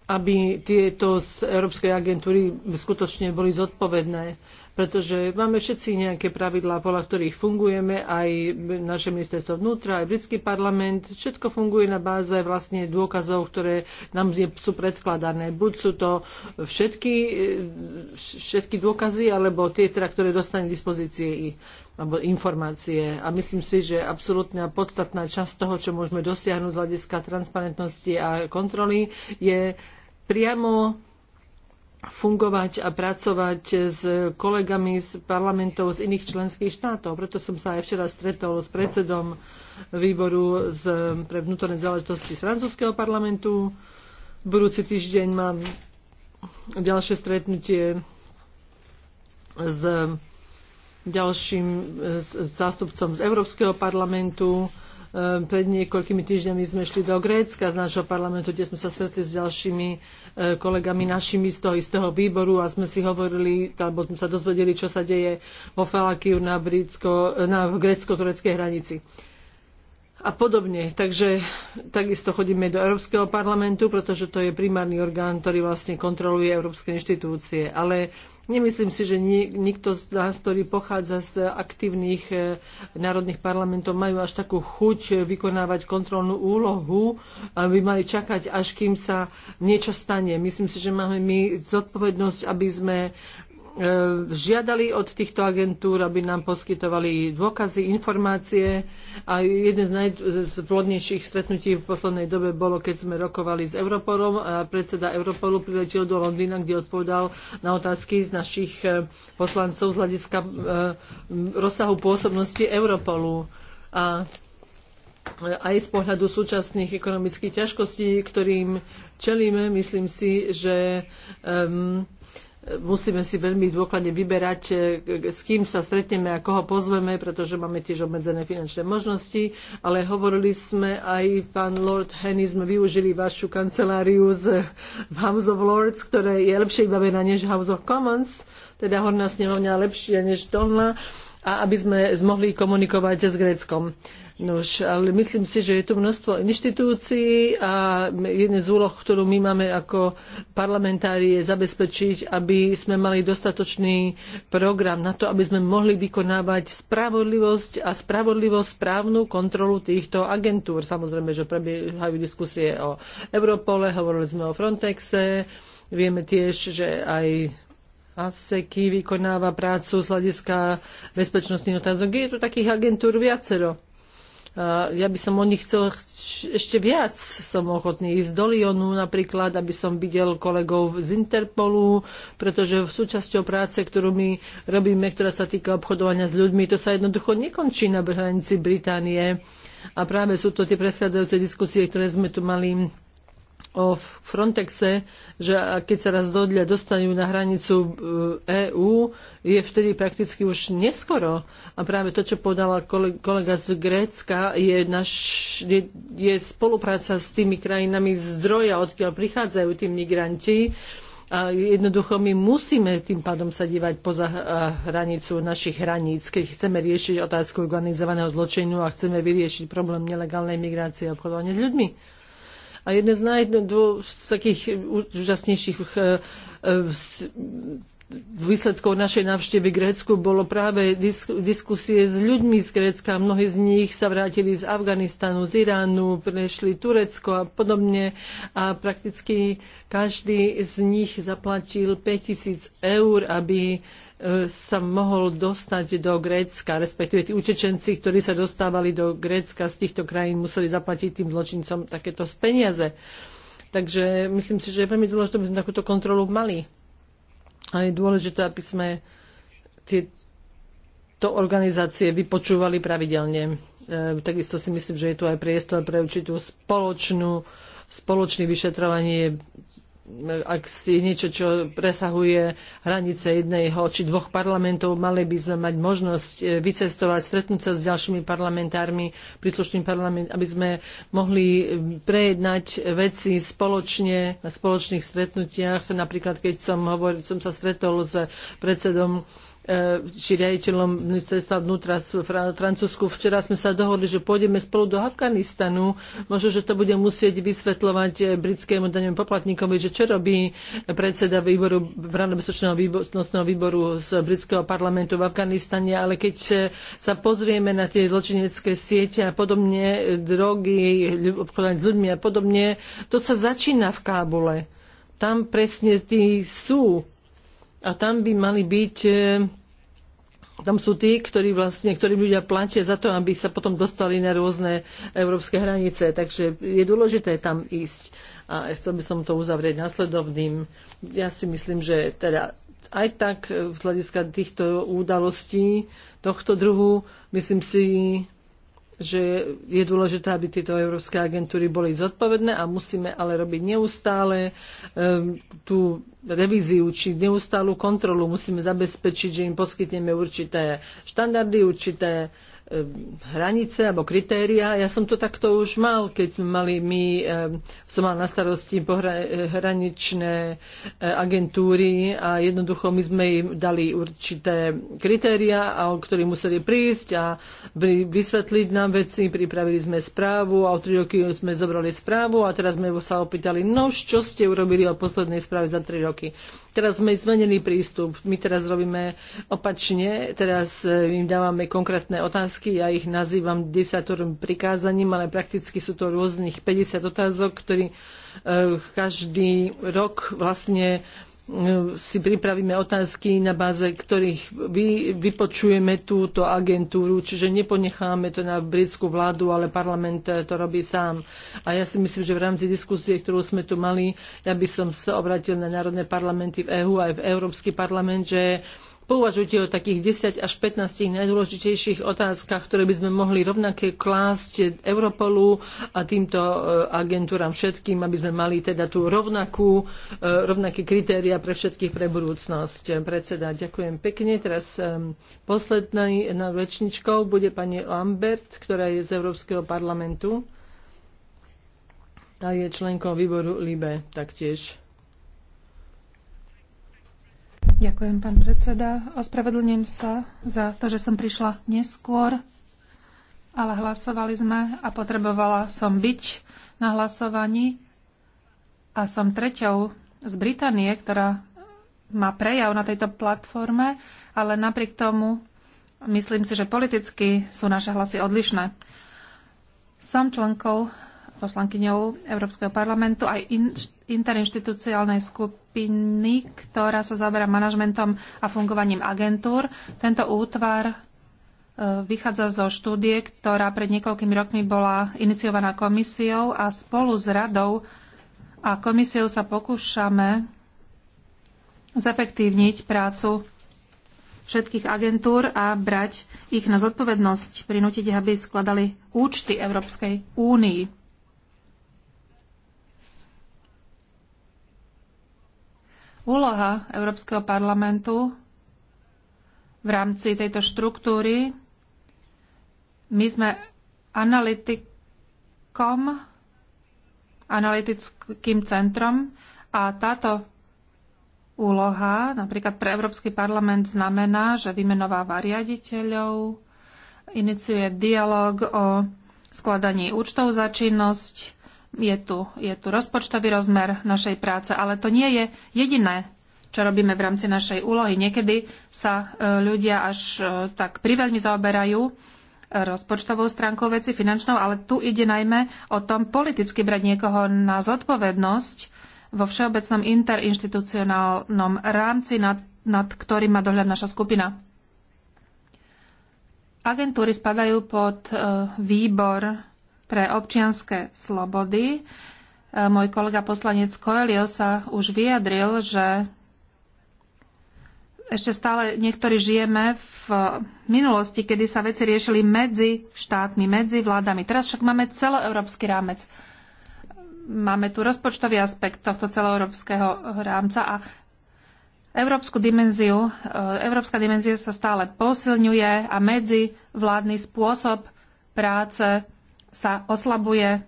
aby tieto z Európskej agentúry skutočne boli zodpovedné pretože máme všetci nejaké pravidlá, podľa ktorých fungujeme, aj naše ministerstvo vnútra, aj britský parlament. Všetko funguje na báze vlastne dôkazov, ktoré nám sú predkladané. Buď sú to všetky, všetky dôkazy, alebo tie, teda, ktoré dostane k dispozícii alebo informácie. A myslím si, že absolútna podstatná časť toho, čo môžeme dosiahnuť z hľadiska transparentnosti a kontroly, je priamo fungovať a pracovať s kolegami z parlamentov z iných členských štátov. Preto som sa aj včera stretol s predsedom výboru z, pre vnútorné záležitosti z francúzského parlamentu. Budúci týždeň mám ďalšie stretnutie s ďalším zástupcom z Európskeho parlamentu Ehm, pred niekoľkými týždňami sme šli do Grécka z nášho parlamentu, kde sme sa stretli s ďalšími eh, kolegami našimi z toho istého výboru a sme si hovorili, alebo sme sa dozvedeli, čo sa deje vo Falakiu na, Britsko, eh, na grécko-tureckej hranici a podobne. Takže takisto chodíme do Európskeho parlamentu, pretože to je primárny orgán, ktorý vlastne kontroluje európske inštitúcie. Ale Nemyslím si, že nie, nikto z nás, ktorý pochádza z aktívnych e, národných parlamentov, majú až takú chuť vykonávať kontrolnú úlohu, aby mali čakať, až kým sa niečo stane. Myslím si, že máme my zodpovednosť, aby sme E, žiadali od týchto agentúr, aby nám poskytovali dôkazy, informácie a jedne z najvlodnejších stretnutí v poslednej dobe bolo, keď sme rokovali s Europolom a predseda Europolu priletil do Londýna, kde odpovedal na otázky z našich e, poslancov z hľadiska e, rozsahu pôsobnosti Europolu. A aj z pohľadu súčasných ekonomických ťažkostí, ktorým čelíme, myslím si, že um, musíme si veľmi dôkladne vyberať, e, s kým sa stretneme a koho pozveme, pretože máme tiež obmedzené finančné možnosti, ale hovorili sme aj, pán Lord Henny, sme využili vašu kanceláriu z House of Lords, ktoré je lepšie vybavená než House of Commons, teda horná snemovňa lepšie než dolná a aby sme mohli komunikovať s Gréckom. Nož, ale myslím si, že je tu množstvo inštitúcií a jedna z úloh, ktorú my máme ako parlamentári, je zabezpečiť, aby sme mali dostatočný program na to, aby sme mohli vykonávať spravodlivosť a spravodlivosť správnu kontrolu týchto agentúr. Samozrejme, že prebiehajú diskusie o Europole, hovorili sme o Frontexe, vieme tiež, že aj ASEKI vykonáva prácu z hľadiska bezpečnostných otázok. Je tu takých agentúr viacero. Ja by som o nich chcel ešte viac. Som ochotný ísť do Lyonu napríklad, aby som videl kolegov z Interpolu, pretože v súčasťou práce, ktorú my robíme, ktorá sa týka obchodovania s ľuďmi, to sa jednoducho nekončí na hranici Británie. A práve sú to tie predchádzajúce diskusie, ktoré sme tu mali o Frontexe, že keď sa raz dodľa dostanú na hranicu EÚ, e je vtedy prakticky už neskoro. A práve to, čo podala kolega z Grécka, je, naš, je, je spolupráca s tými krajinami zdroja, odkiaľ prichádzajú tí migranti. A jednoducho my musíme tým pádom sa dívať poza hranicu našich hraníc, keď chceme riešiť otázku organizovaného zločinu a chceme vyriešiť problém nelegálnej migrácie a obchodovania s ľuďmi. A jedna z takých úžasnejších eh, eh, výsledkov našej návštevy Grécku bolo práve disk- diskusie s ľuďmi z Grécka. Mnohí z nich sa vrátili z Afganistanu, z Iránu, prešli Turecko a podobne. A prakticky každý z nich zaplatil 5000 eur, aby sa mohol dostať do Grécka, respektíve tí utečenci, ktorí sa dostávali do Grécka z týchto krajín, museli zaplatiť tým zločincom takéto peniaze. Takže myslím si, že je veľmi dôležité, aby sme takúto kontrolu mali. A je dôležité, aby sme tieto organizácie vypočúvali pravidelne. E, takisto si myslím, že je tu aj priestor pre určitú spoločnú, spoločné vyšetrovanie ak si niečo, čo presahuje hranice jedného či dvoch parlamentov, mali by sme mať možnosť e, vycestovať, stretnúť sa s ďalšími parlamentármi, príslušným parlament, aby sme mohli e, prejednať veci spoločne na spoločných stretnutiach. Napríklad, keď som, hovor, som sa stretol s predsedom E, či riaditeľom ministerstva vnútra v Francúzsku. Včera sme sa dohodli, že pôjdeme spolu do Afganistanu. Možno, že to bude musieť vysvetľovať e, britskému daňovému poplatníkovi, že čo robí predseda výboru, bránobezpečného výbornostného výboru z britského parlamentu v Afganistane, ale keď e, sa pozrieme na tie zločinecké siete a podobne, drogy, obchodovanie s ľuďmi a podobne, to sa začína v Kábule. Tam presne tí sú a tam by mali byť e, tam sú tí, ktorí vlastne, ktorí ľudia platia za to, aby sa potom dostali na rôzne európske hranice. Takže je dôležité tam ísť. A chcel by som to uzavrieť následovným. Ja si myslím, že teda aj tak e, z hľadiska týchto udalostí tohto druhu, myslím si, že je dôležité, aby tieto európske agentúry boli zodpovedné a musíme ale robiť neustále um, tú revíziu či neustálu kontrolu. Musíme zabezpečiť, že im poskytneme určité štandardy, určité uh, E, hranice alebo kritéria. Ja som to takto už mal, keď sme mali my, e, som mal na starosti hraničné e, agentúry a jednoducho my sme im dali určité kritéria, o ktorých museli prísť a vysvetliť nám veci. Pripravili sme správu a o tri roky sme zobrali správu a teraz sme sa opýtali, no čo ste urobili o poslednej správe za tri roky. Teraz sme zmenili prístup. My teraz robíme opačne, teraz im dávame konkrétne otázky otázky, ja ich nazývam desatorom prikázaním, ale prakticky sú to rôznych 50 otázok, ktorý e, každý rok vlastne e, si pripravíme otázky, na báze ktorých vy, vypočujeme túto agentúru, čiže neponecháme to na britskú vládu, ale parlament e, to robí sám. A ja si myslím, že v rámci diskusie, ktorú sme tu mali, ja by som sa obratil na národné parlamenty v EÚ aj v Európsky parlament, že Pouvažujte o takých 10 až 15 najdôležitejších otázkach, ktoré by sme mohli rovnaké klásť Europolu a týmto e, agentúram všetkým, aby sme mali teda tú rovnakú, e, rovnaké kritéria pre všetkých pre budúcnosť. Predseda, ďakujem pekne. Teraz posledná na väčšničkou bude pani Lambert, ktorá je z Európskeho parlamentu. Tá je členkou výboru LIBE taktiež. Ďakujem, pán predseda. Ospravedlňujem sa za to, že som prišla neskôr, ale hlasovali sme a potrebovala som byť na hlasovaní. A som treťou z Británie, ktorá má prejav na tejto platforme, ale napriek tomu myslím si, že politicky sú naše hlasy odlišné. Som členkou poslankyňou Európskeho parlamentu aj in, interinstitucionálnej skupiny, ktorá sa zaoberá manažmentom a fungovaním agentúr. Tento útvar e, vychádza zo štúdie, ktorá pred niekoľkými rokmi bola iniciovaná komisiou a spolu s radou a komisiou sa pokúšame zefektívniť prácu všetkých agentúr a brať ich na zodpovednosť, prinútiť, aby skladali účty Európskej únii. Úloha Európskeho parlamentu v rámci tejto štruktúry, my sme analytikom, analytickým centrom a táto úloha napríklad pre Európsky parlament znamená, že vymenováva riaditeľov, iniciuje dialog o skladaní účtov za činnosť, je tu, je tu rozpočtový rozmer našej práce, ale to nie je jediné, čo robíme v rámci našej úlohy. Niekedy sa e, ľudia až e, tak priveľmi zaoberajú e, rozpočtovou stránkou veci, finančnou, ale tu ide najmä o tom politicky brať niekoho na zodpovednosť vo všeobecnom interinstitucionálnom rámci, nad, nad ktorým má dohľad naša skupina. Agentúry spadajú pod výbor pre občianské slobody. E, môj kolega poslanec Coelho sa už vyjadril, že ešte stále niektorí žijeme v minulosti, kedy sa veci riešili medzi štátmi, medzi vládami. Teraz však máme celoeurópsky rámec. Máme tu rozpočtový aspekt tohto celoeurópskeho rámca a Európsku dimenziu, e, európska dimenzia sa stále posilňuje a medzi vládny spôsob práce sa oslabuje.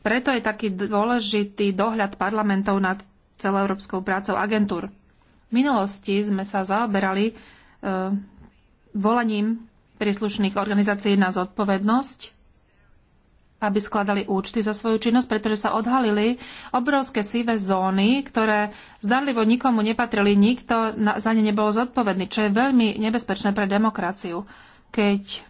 Preto je taký dôležitý dohľad parlamentov nad celoeurópskou prácou agentúr. V minulosti sme sa zaoberali e, volaním príslušných organizácií na zodpovednosť aby skladali účty za svoju činnosť, pretože sa odhalili obrovské sivé zóny, ktoré zdanlivo nikomu nepatrili, nikto za ne nebol zodpovedný, čo je veľmi nebezpečné pre demokraciu. Keď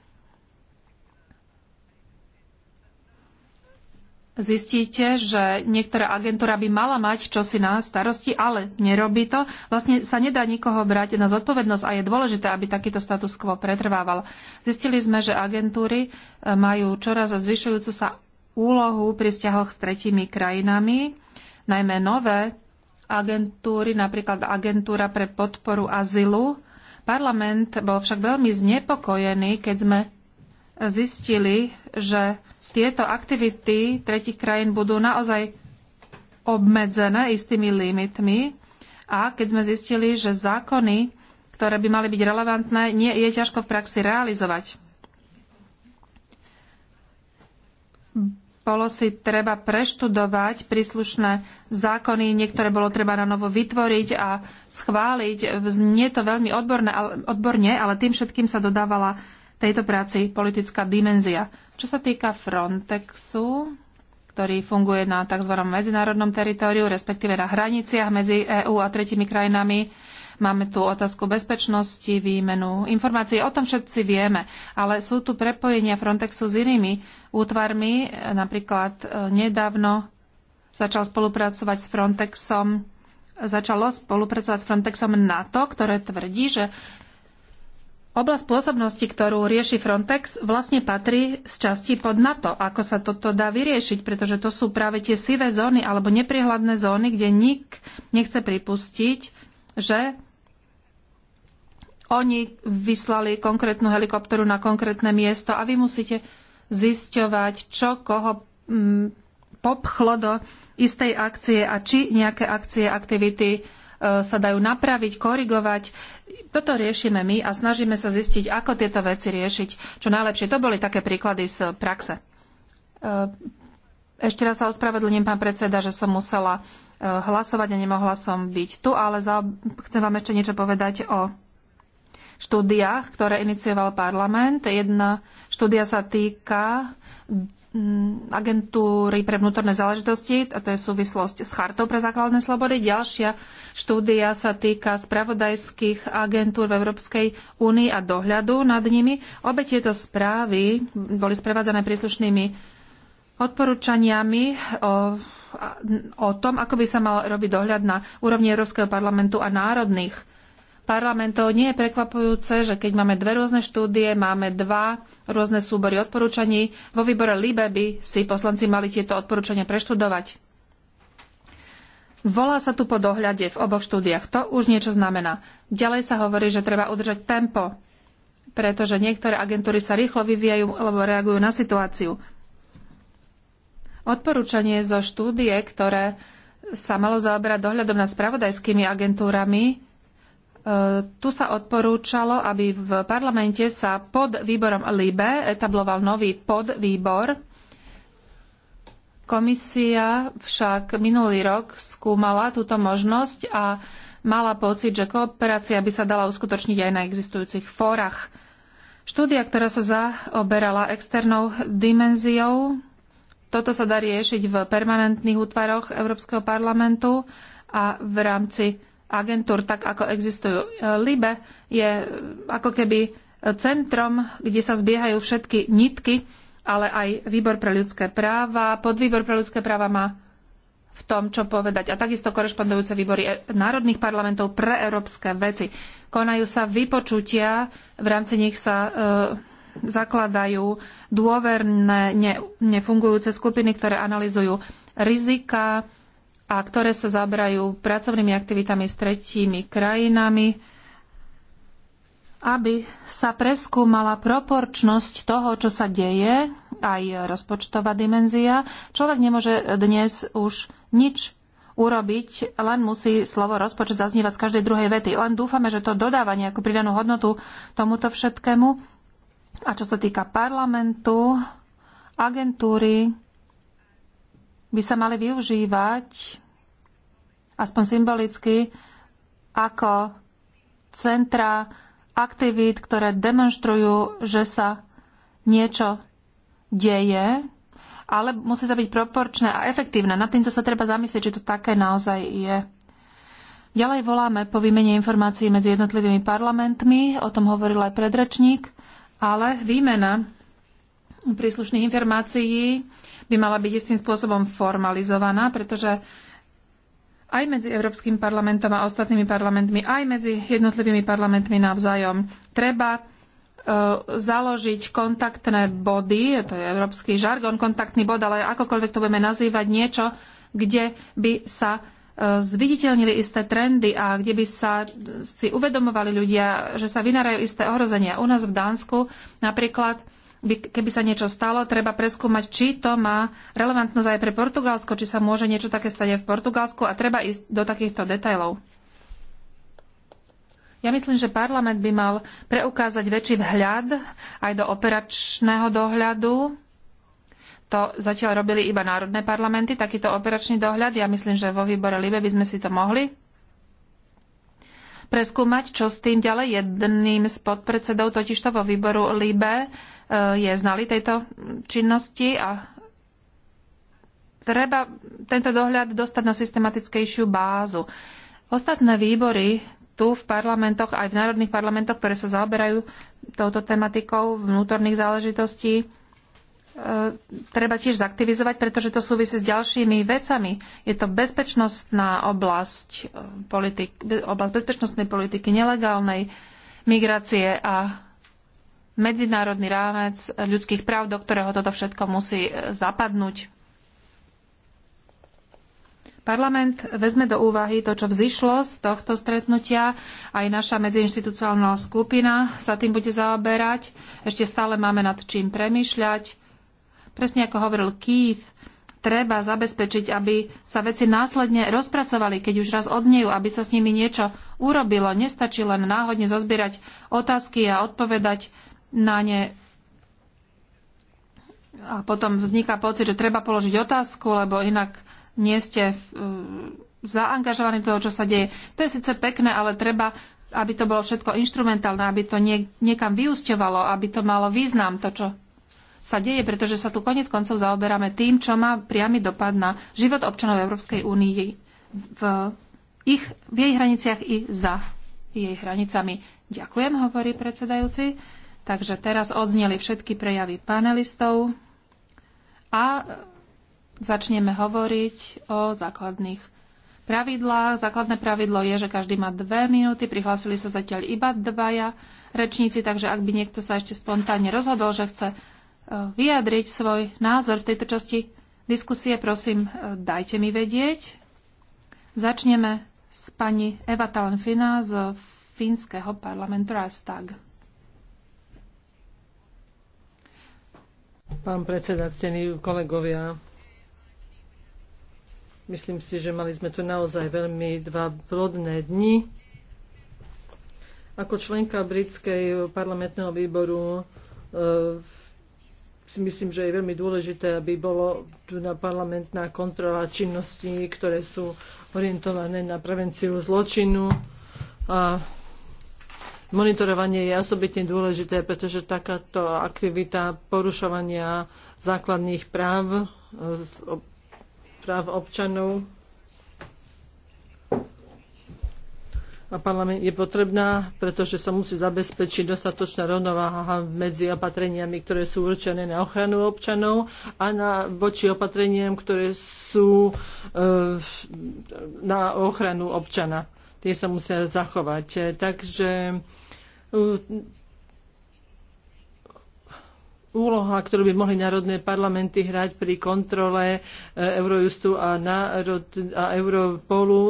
zistíte, že niektorá agentúra by mala mať čosi na starosti, ale nerobí to, vlastne sa nedá nikoho brať na zodpovednosť a je dôležité, aby takýto status quo pretrvával. Zistili sme, že agentúry e, majú čoraz zvyšujúcu sa úlohu pri vzťahoch s tretími krajinami, najmä nové agentúry, napríklad agentúra pre podporu azylu. Parlament bol však veľmi znepokojený, keď sme zistili, že tieto aktivity tretich krajín budú naozaj obmedzené istými limitmi a keď sme zistili, že zákony, ktoré by mali byť relevantné, nie je ťažko v praxi realizovať. Bolo si treba preštudovať príslušné zákony, niektoré bolo treba na novo vytvoriť a schváliť. Znie to veľmi odborné, odborne, ale tým všetkým sa dodávala tejto práci politická dimenzia. Čo sa týka Frontexu, ktorý funguje na tzv. medzinárodnom teritoriu, respektíve na hraniciach medzi EÚ a tretimi krajinami, Máme tu otázku bezpečnosti, výmenu informácií, o tom všetci vieme, ale sú tu prepojenia Frontexu s inými útvarmi. Napríklad e, nedávno začal spolupracovať s Frontexom začalo spolupracovať s Frontexom NATO, ktoré tvrdí, že Oblasť pôsobnosti, ktorú rieši Frontex, vlastne patrí z časti pod NATO. Ako sa toto dá vyriešiť? Pretože to sú práve tie sivé zóny alebo neprihľadné zóny, kde nik nechce pripustiť, že oni vyslali konkrétnu helikopteru na konkrétne miesto a vy musíte zisťovať, čo koho mm, popchlo do istej akcie a či nejaké akcie, aktivity E, sa dajú napraviť, korigovať. Toto riešime my a snažíme sa zistiť, ako tieto veci riešiť čo najlepšie. To boli také príklady z praxe. E, ešte raz sa ospravedlním, pán predseda, že som musela e, hlasovať a nemohla som byť tu, ale za... chcem vám ešte niečo povedať o štúdiách, ktoré inicioval parlament. Jedna štúdia sa týka Mm, agentúry pre vnútorné záležitosti, a to je súvislosť s chartou pre základné slobody. Ďalšia štúdia sa týka spravodajských agentúr v Európskej únii a dohľadu nad nimi. Obe tieto správy boli sprevádzané príslušnými odporúčaniami o, o tom, ako by sa mal robiť dohľad na úrovni Európskeho parlamentu a národných parlamentov nie je prekvapujúce, že keď máme dve rôzne štúdie, máme dva rôzne súbory odporúčaní, vo výbore LIBE by si poslanci mali tieto odporúčania preštudovať. Volá sa tu po dohľade v oboch štúdiách. To už niečo znamená. Ďalej sa hovorí, že treba udržať tempo, pretože niektoré agentúry sa rýchlo vyvíjajú alebo reagujú na situáciu. Odporúčanie zo štúdie, ktoré sa malo zaoberať dohľadom nad spravodajskými agentúrami, tu sa odporúčalo, aby v parlamente sa pod výborom LIBE etabloval nový podvýbor. Komisia však minulý rok skúmala túto možnosť a mala pocit, že kooperácia by sa dala uskutočniť aj na existujúcich fórach. Štúdia, ktorá sa zaoberala externou dimenziou, toto sa dá riešiť v permanentných útvaroch Európskeho parlamentu a v rámci agentúr, tak ako existujú. E, LIBE je e, ako keby e, centrom, kde sa zbiehajú všetky nitky, ale aj výbor pre ľudské práva, podvýbor pre ľudské práva má v tom, čo povedať. A takisto korešpondujúce výbory národných parlamentov pre európske veci. Konajú sa vypočutia, v rámci nich sa e, zakladajú dôverné, ne, nefungujúce skupiny, ktoré analizujú rizika, a ktoré sa zabrajú pracovnými aktivitami s tretími krajinami, aby sa preskúmala proporčnosť toho, čo sa deje, aj rozpočtová dimenzia. Človek nemôže dnes už nič urobiť, len musí slovo rozpočet zaznívať z každej druhej vety. Len dúfame, že to dodáva nejakú pridanú hodnotu tomuto všetkému. A čo sa týka parlamentu, agentúry, by sa mali využívať aspoň symbolicky ako centra aktivít, ktoré demonstrujú, že sa niečo deje, ale musí to byť proporčné a efektívne. Nad týmto sa treba zamyslieť, či to také naozaj je. Ďalej voláme po výmene informácií medzi jednotlivými parlamentmi, o tom hovoril aj predrečník, ale výmena príslušných informácií by mala byť istým spôsobom formalizovaná, pretože aj medzi Európskym parlamentom a ostatnými parlamentmi, aj medzi jednotlivými parlamentmi navzájom treba e, založiť kontaktné body, to je európsky žargon, kontaktný bod, ale akokoľvek to budeme nazývať, niečo, kde by sa e, zviditeľnili isté trendy a kde by sa si uvedomovali ľudia, že sa vynárajú isté ohrozenia. U nás v Dánsku napríklad keby sa niečo stalo, treba preskúmať, či to má relevantnosť aj pre Portugalsko, či sa môže niečo také stať aj v Portugalsku a treba ísť do takýchto detailov. Ja myslím, že parlament by mal preukázať väčší vhľad aj do operačného dohľadu. To zatiaľ robili iba národné parlamenty, takýto operačný dohľad. Ja myslím, že vo výbore LIBE by sme si to mohli preskúmať, čo s tým ďalej jedným z podpredsedov, totižto vo výboru LIBE, Eh, je znalý tejto činnosti a treba tento dohľad dostať na systematickejšiu bázu. Ostatné výbory tu v parlamentoch, aj v národných parlamentoch, ktoré sa zaoberajú touto tematikou vnútorných záležitostí, eh, treba tiež zaktivizovať, pretože to súvisí s ďalšími vecami. Je to bezpečnostná oblasť, eh, politik, oblasť bezpečnostnej politiky, nelegálnej migrácie a medzinárodný rámec ľudských práv, do ktorého toto všetko musí e, zapadnúť. Parlament vezme do úvahy to, čo vzýšlo z tohto stretnutia. Aj naša medziinstitucionálna skupina sa tým bude zaoberať. Ešte stále máme nad čím premyšľať. Presne ako hovoril Keith, treba zabezpečiť, aby sa veci následne rozpracovali, keď už raz odznejú, aby sa s nimi niečo urobilo. Nestačí len náhodne zozbierať otázky a odpovedať na ne a potom vzniká pocit, že treba položiť otázku, lebo inak nie ste e, zaangažovaní toho, čo sa deje. To je síce pekné, ale treba, aby to bolo všetko instrumentálne, aby to nie, niekam vyústovalo, aby to malo význam, to, čo sa deje, pretože sa tu konec koncov zaoberáme tým, čo má priamy dopad na život občanov Európskej únii. v, ich, v jej hraniciach i za jej hranicami. Ďakujem, hovorí predsedajúci. Takže teraz odzneli všetky prejavy panelistov a začneme hovoriť o základných pravidlách. Základné pravidlo je, že každý má dve minúty. Prihlásili sa zatiaľ iba dvaja rečníci, takže ak by niekto sa ešte spontánne rozhodol, že chce e, vyjadriť svoj názor v tejto časti diskusie, prosím, e, dajte mi vedieť. Začneme s pani Eva Talenfina z fínskeho parlamentu Rastag. Pán predseda, cení kolegovia, myslím si, že mali sme tu naozaj veľmi dva plodné dni. Ako členka britskej parlamentného výboru eh, si myslím, že je veľmi dôležité, aby bolo tu na parlamentná kontrola činností, ktoré sú orientované na prevenciu zločinu a Monitorovanie je osobitne dôležité, pretože takáto aktivita porušovania základných práv, e, práv občanov a parlament je potrebná, pretože sa musí zabezpečiť dostatočná rovnováha medzi opatreniami, ktoré sú určené na ochranu občanov a na voči opatreniam, ktoré sú e, na ochranu občana. Tie sa musia zachovať. E, takže úloha, ktorú by mohli národné parlamenty hrať pri kontrole e, Eurojustu a, národ, a Europolu.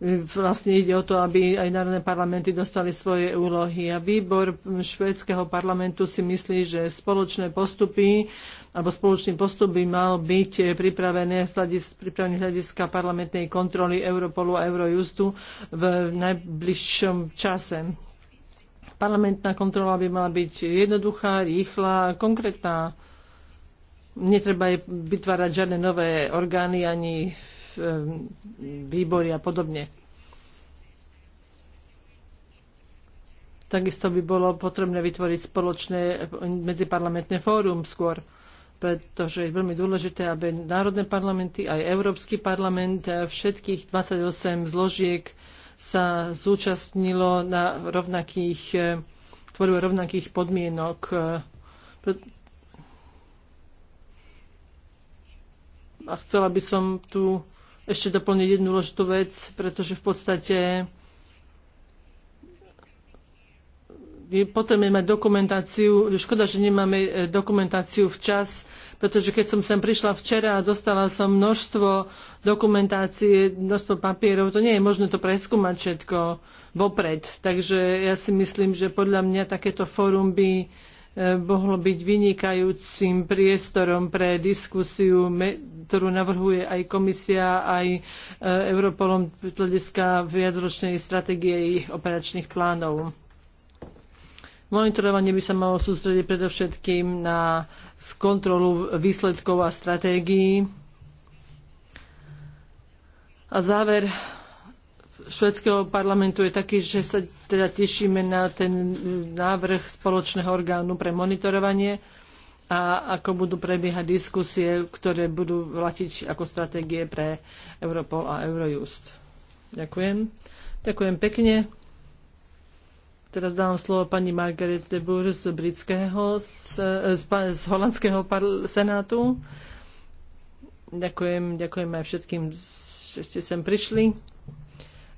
E, vlastne ide o to, aby aj národné parlamenty dostali svoje úlohy. A výbor švédskeho parlamentu si myslí, že spoločné postupy alebo spoločný postup by mal byť pripravený z hľadiska, hľadiska parlamentnej kontroly Europolu a Eurojustu v najbližšom čase parlamentná kontrola by mala byť jednoduchá, rýchla, konkrétna. Netreba vytvárať žiadne nové orgány ani ehm, výbory a podobne. Takisto by bolo potrebné vytvoriť spoločné medziparlamentné fórum skôr, pretože je veľmi dôležité, aby národné parlamenty, aj Európsky parlament, všetkých 28 zložiek sa zúčastnilo na rovnakých, e, tvorbe rovnakých podmienok. E, A chcela by som tu ešte doplniť jednu dôležitú vec, pretože v podstate potrebujeme mať dokumentáciu, škoda, že nemáme e, dokumentáciu včas, pretože keď som sem prišla včera a dostala som množstvo dokumentácie, množstvo papierov, to nie je možné to preskúmať všetko vopred. Takže ja si myslím, že podľa mňa takéto fórum by e, mohlo byť vynikajúcim priestorom pre diskusiu, ktorú navrhuje aj komisia, aj e, Europolom hľadiska viacročnej stratégie ich operačných plánov. Monitorovanie by sa malo sústrediť predovšetkým na kontrolu výsledkov a stratégií. A záver švedského parlamentu je taký, že sa teda tešíme na ten návrh spoločného orgánu pre monitorovanie a ako budú prebiehať diskusie, ktoré budú vlatiť ako stratégie pre Europol a Eurojust. Ďakujem. Ďakujem pekne. Teraz dávam slovo pani Margaret de Boer z britského, z, eh, z, z holandského senátu. Ďakujem, ďakujem aj všetkým, že ste sem prišli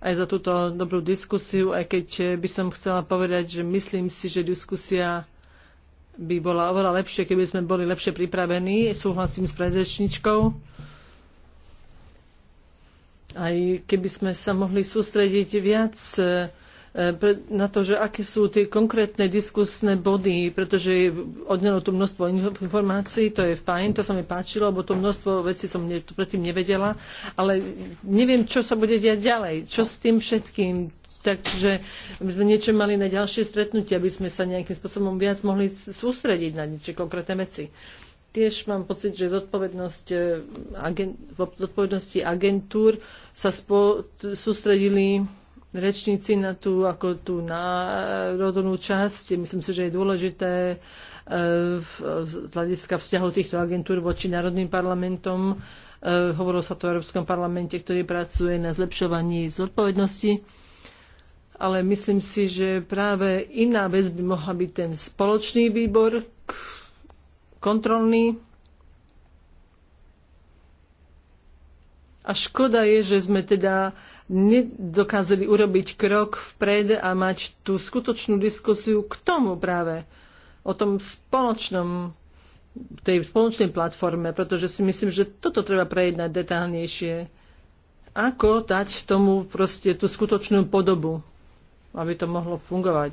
aj za túto dobrú diskusiu, aj keď eh, by som chcela povedať, že myslím si, že diskusia by bola oveľa lepšie, keby sme boli lepšie pripravení. Súhlasím s predrečničkou aj keby sme sa mohli sústrediť viac eh, E, na to, že aké sú tie konkrétne diskusné body, pretože odnelo tu množstvo informácií, to je fajn, to sa mi páčilo, lebo to množstvo vecí som ne, predtým nevedela, ale neviem, čo sa bude diať ďalej, čo s tým všetkým, takže my sme niečo mali na ďalšie stretnutie, aby sme sa nejakým spôsobom viac mohli sústrediť na niečo konkrétne veci. Tiež mám pocit, že zodpovednosť, e, agen, zodpovednosti agentúr sa spo, sústredili rečníci na tú, ako tú národnú časť. Myslím si, že je dôležité e, z hľadiska vzťahu týchto agentúr voči národným parlamentom. E, hovorilo sa to v Európskom parlamente, ktorý pracuje na zlepšovaní zodpovednosti. Ale myslím si, že práve iná vec by mohla byť ten spoločný výbor, kontrolný, A škoda je, že sme teda nedokázali urobiť krok vpred a mať tú skutočnú diskusiu k tomu práve, o tom spoločnom tej spoločnej platforme, pretože si myslím, že toto treba prejednať detálnejšie. Ako dať tomu proste tú skutočnú podobu, aby to mohlo fungovať.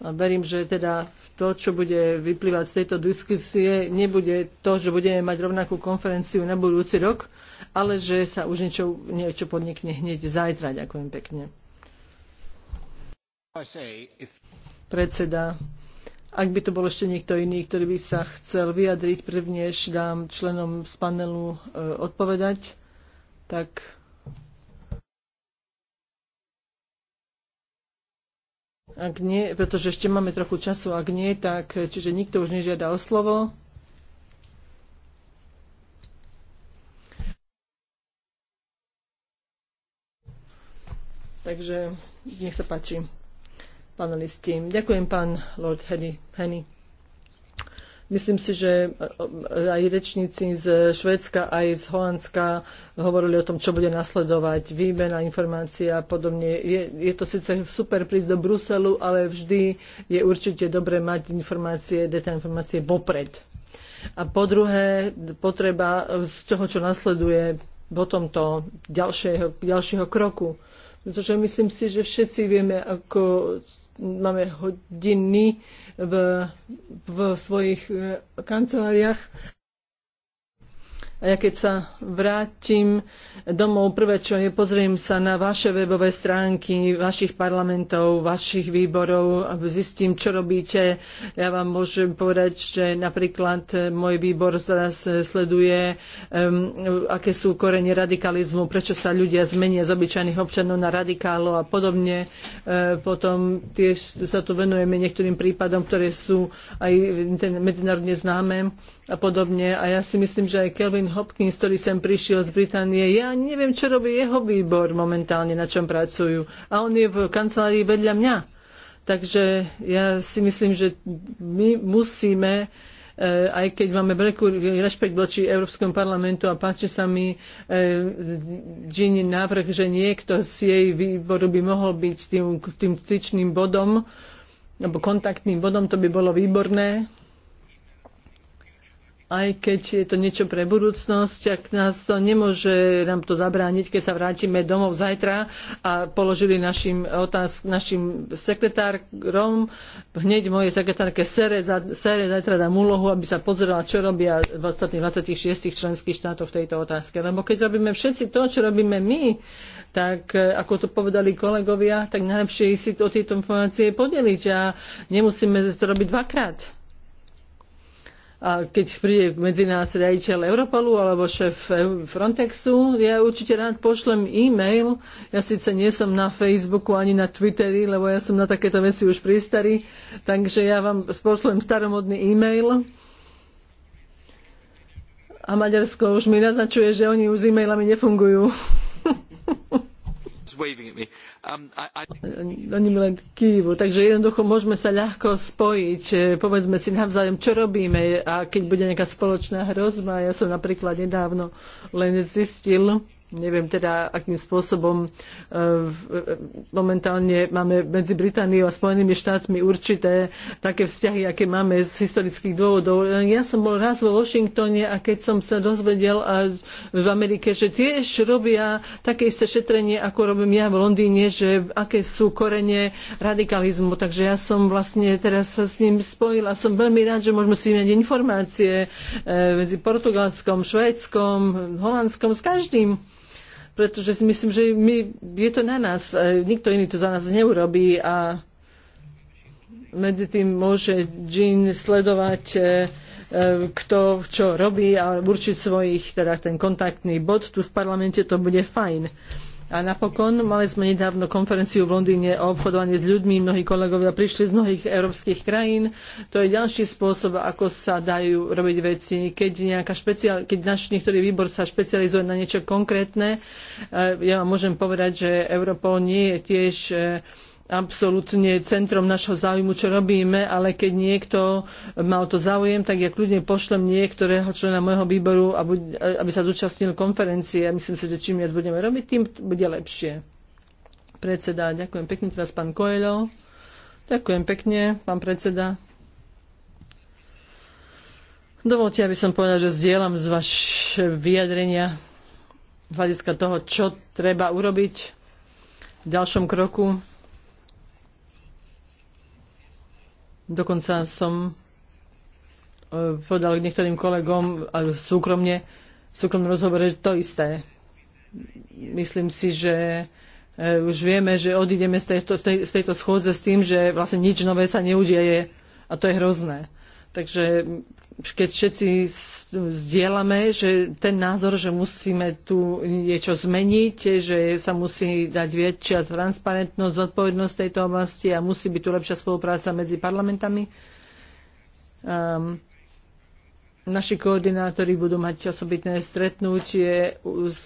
A verím, že teda to, čo bude vyplývať z tejto diskusie, nebude to, že budeme mať rovnakú konferenciu na budúci rok, ale že sa už niečo, niečo podnikne hneď zajtra. Ďakujem pekne. Predseda, ak by to bol ešte niekto iný, ktorý by sa chcel vyjadriť, prvnež dám členom z panelu e, odpovedať, tak Ak nie, pretože ešte máme trochu času, ak nie, tak čiže nikto už nežiada o slovo. Takže nech sa páči, panelisti. Ďakujem, pán Lord Henny. Henny. Myslím si, že e, e, aj rečníci z Švedska, aj z Holandska hovorili o tom, čo bude nasledovať, výmena informácií a podobne. Je, je to síce super prísť do Bruselu, ale vždy je určite dobré mať informácie, deta informácie vopred. A po druhé, potreba z toho, čo nasleduje po tomto ďalšieho, ďalšieho kroku. Pretože myslím si, že všetci vieme, ako máme hodiny v, v svojich eh, kanceláriách. A ja keď sa vrátim domov, prvé čo je, pozriem sa na vaše webové stránky, vašich parlamentov, vašich výborov a zistím, čo robíte. Ja vám môžem povedať, že napríklad môj výbor teraz sleduje, um, aké sú korene radikalizmu, prečo sa ľudia zmenia z obyčajných občanov na radikálov a podobne. E, potom tiež sa tu venujeme niektorým prípadom, ktoré sú aj medzinárodne známe a podobne. A ja si myslím, že aj Kelvin Hopkins, ktorý sem prišiel z Británie. Ja neviem, čo robí jeho výbor momentálne, na čom pracujú. A on je v kancelárii vedľa mňa. Takže ja si myslím, že my musíme e, aj keď máme veľký rešpekt voči Európskom parlamentu a páči sa mi Gini e, návrh, že niekto z jej výboru by mohol byť tým, tým styčným bodom alebo kontaktným bodom, to by bolo výborné aj keď je to niečo pre budúcnosť, ak nás to nemôže nám to zabrániť, keď sa vrátime domov zajtra a položili našim, otázk, našim sekretárom, hneď mojej sekretárke Sere, za, Sere zajtra dám úlohu, aby sa pozerala, čo robia v ostatných 26 členských štátoch v tejto otázke. Lebo keď robíme všetci to, čo robíme my, tak e, ako to povedali kolegovia, tak najlepšie si o tieto informácie podeliť a nemusíme to robiť dvakrát a keď príde medzi nás riaditeľ Europolu alebo šéf Frontexu, ja určite rád pošlem e-mail. Ja síce nie som na Facebooku ani na Twitteri, lebo ja som na takéto veci už pristarý. takže ja vám pošlem staromodný e-mail. A Maďarsko už mi naznačuje, že oni už s e-mailami nefungujú. Oni um, mi len kývu, takže jednoducho môžeme sa ľahko spojiť. Eh, povedzme si navzájom, čo robíme a keď bude nejaká spoločná hrozba. Ja som napríklad nedávno len zistil, neviem teda, akým spôsobom e, momentálne máme medzi Britániou a Spojenými štátmi určité také vzťahy, aké máme z historických dôvodov. Ja som bol raz vo Washingtone a keď som sa dozvedel a v Amerike, že tiež robia také isté šetrenie, ako robím ja v Londýne, že aké sú korene radikalizmu. Takže ja som vlastne teraz sa s ním spojila a som veľmi rád, že môžeme si mať informácie e, medzi Portugalskom, Švédskom, Holandskom, s každým pretože si myslím, že my, je to na nás, e, nikto iný to za nás neurobí a medzi tým môže Jean sledovať, e, e, kto čo robí a určiť svojich, teda ten kontaktný bod tu v parlamente, to bude fajn. A napokon mali sme nedávno konferenciu v Londýne o obchodovaní s ľuďmi. Mnohí kolegovia prišli z mnohých európskych krajín. To je ďalší spôsob, ako sa dajú robiť veci. Keď, nejaká špeciál, keď náš niektorý výbor sa špecializuje na niečo konkrétne, eh, ja vám môžem povedať, že Europol nie je tiež eh, absolútne centrom našho záujmu, čo robíme, ale keď niekto má o to záujem, tak ja kľudne pošlem niektorého člena môjho výboru, aby sa zúčastnil konferencie. Ja myslím si, že čím viac budeme robiť, tým bude lepšie. Predseda, ďakujem pekne. Teraz pán Koelo. Ďakujem pekne, pán predseda. Dovolte, aby som povedal, že zdieľam z vaše vyjadrenia hľadiska toho, čo treba urobiť v ďalšom kroku Dokonca som e, povedal k niektorým kolegom súkromne, v súkromnom rozhovore, že to isté. Myslím si, že e, už vieme, že odídeme z tejto, z tejto schôdze s tým, že vlastne nič nové sa neudieje a to je hrozné. Takže keď všetci zdieľame, že ten názor, že musíme tu niečo zmeniť, že sa musí dať väčšia transparentnosť, zodpovednosť tejto oblasti a musí byť tu lepšia spolupráca medzi parlamentami. Um, naši koordinátori budú mať osobitné stretnutie z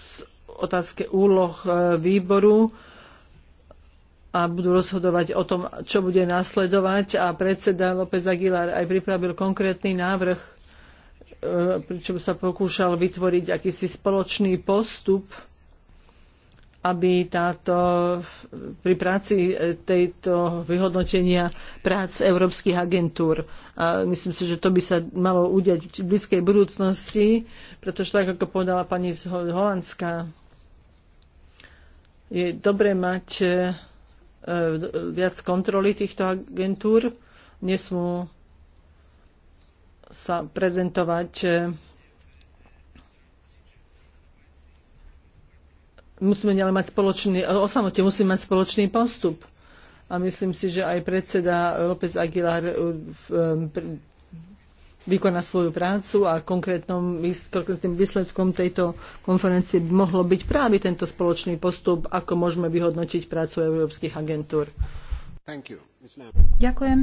otázke úloh e, výboru a budú rozhodovať o tom, čo bude nasledovať. A predseda López Aguilar aj pripravil konkrétny návrh, e, pričom sa pokúšal vytvoriť akýsi spoločný postup, aby táto, pri práci e, tejto vyhodnotenia prác európskych agentúr. A myslím si, že to by sa malo udiať v blízkej budúcnosti, pretože tak, ako povedala pani z Holandska, je dobre mať e, E, viac kontroly týchto agentúr. Nesmú sa prezentovať e, musíme ale mať spoločný, e, osamote musíme mať spoločný postup. A myslím si, že aj predseda López Aguilar vykoná svoju prácu a konkrétnom, konkrétnym výsledkom tejto konferencie by mohlo byť práve tento spoločný postup, ako môžeme vyhodnotiť prácu európskych agentúr. Ďakujem.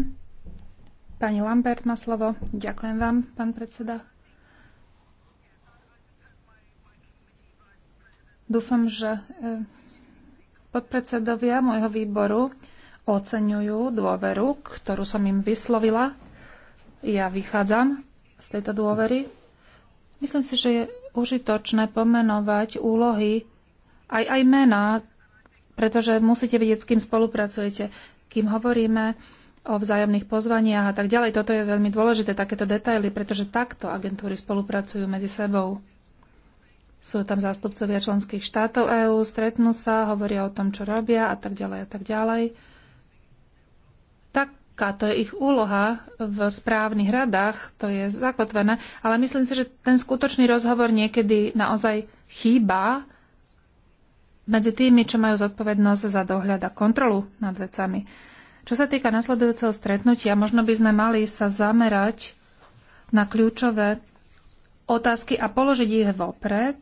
Pani Lambert má slovo. Ďakujem vám, pán predseda. Dúfam, že eh, podpredsedovia môjho výboru oceňujú dôveru, ktorú som im vyslovila ja vychádzam z tejto dôvery. Myslím si, že je užitočné pomenovať úlohy aj, aj mená, pretože musíte vedieť, s kým spolupracujete, kým hovoríme o vzájomných pozvaniach a tak ďalej. Toto je veľmi dôležité, takéto detaily, pretože takto agentúry spolupracujú medzi sebou. Sú tam zástupcovia členských štátov EÚ, stretnú sa, hovoria o tom, čo robia a tak ďalej a tak ďalej aká to je ich úloha v správnych radách, to je zakotvené, ale myslím si, že ten skutočný rozhovor niekedy naozaj chýba medzi tými, čo majú zodpovednosť za dohľad a kontrolu nad vecami. Čo sa týka nasledujúceho stretnutia, možno by sme mali sa zamerať na kľúčové otázky a položiť ich vopred.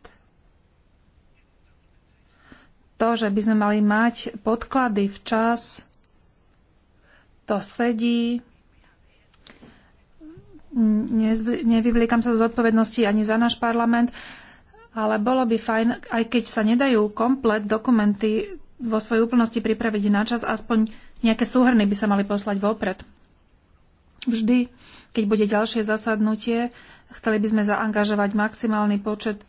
To, že by sme mali mať podklady včas, to sedí. Nevyvliekam sa z odpovednosti ani za náš parlament, ale bolo by fajn, aj keď sa nedajú komplet dokumenty vo svojej úplnosti pripraviť na čas, aspoň nejaké súhrny by sa mali poslať vopred. Vždy, keď bude ďalšie zasadnutie, chceli by sme zaangažovať maximálny počet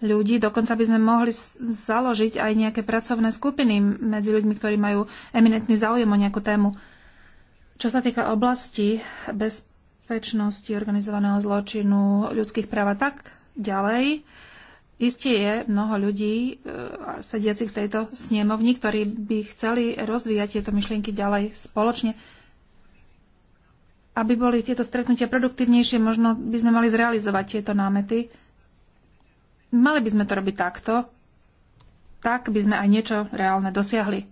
ľudí. Dokonca by sme mohli založiť aj nejaké pracovné skupiny medzi ľuďmi, ktorí majú eminentný záujem o nejakú tému. Čo sa týka oblasti bezpečnosti, organizovaného zločinu, ľudských práv a tak ďalej, Isté je mnoho ľudí e, sediacich v tejto snemovni, ktorí by chceli rozvíjať tieto myšlienky ďalej spoločne. Aby boli tieto stretnutia produktívnejšie, možno by sme mali zrealizovať tieto námety. Mali by sme to robiť takto, tak by sme aj niečo reálne dosiahli.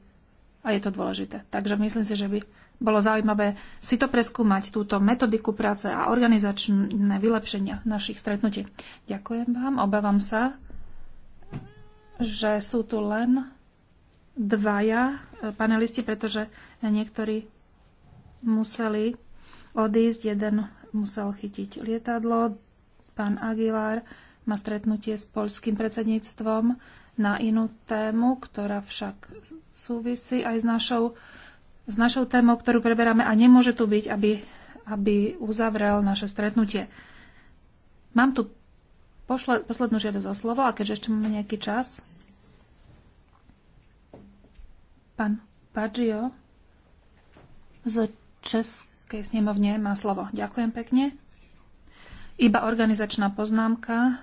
A je to dôležité. Takže myslím si, že by bolo zaujímavé si to preskúmať, túto metodiku práce a organizačné vylepšenia našich stretnutí. Ďakujem vám, obávam sa, že sú tu len dvaja e, panelisti, pretože niektorí museli odísť, jeden musel chytiť lietadlo, pán Aguilar má stretnutie s poľským predsedníctvom na inú tému, ktorá však súvisí aj s našou s našou témou, ktorú preberáme a nemôže tu byť, aby, aby uzavrel naše stretnutie. Mám tu pošle, poslednú žiadosť o slovo a keďže ešte máme nejaký čas. Pán Paggio z Českej snemovne má slovo. Ďakujem pekne. Iba organizačná poznámka.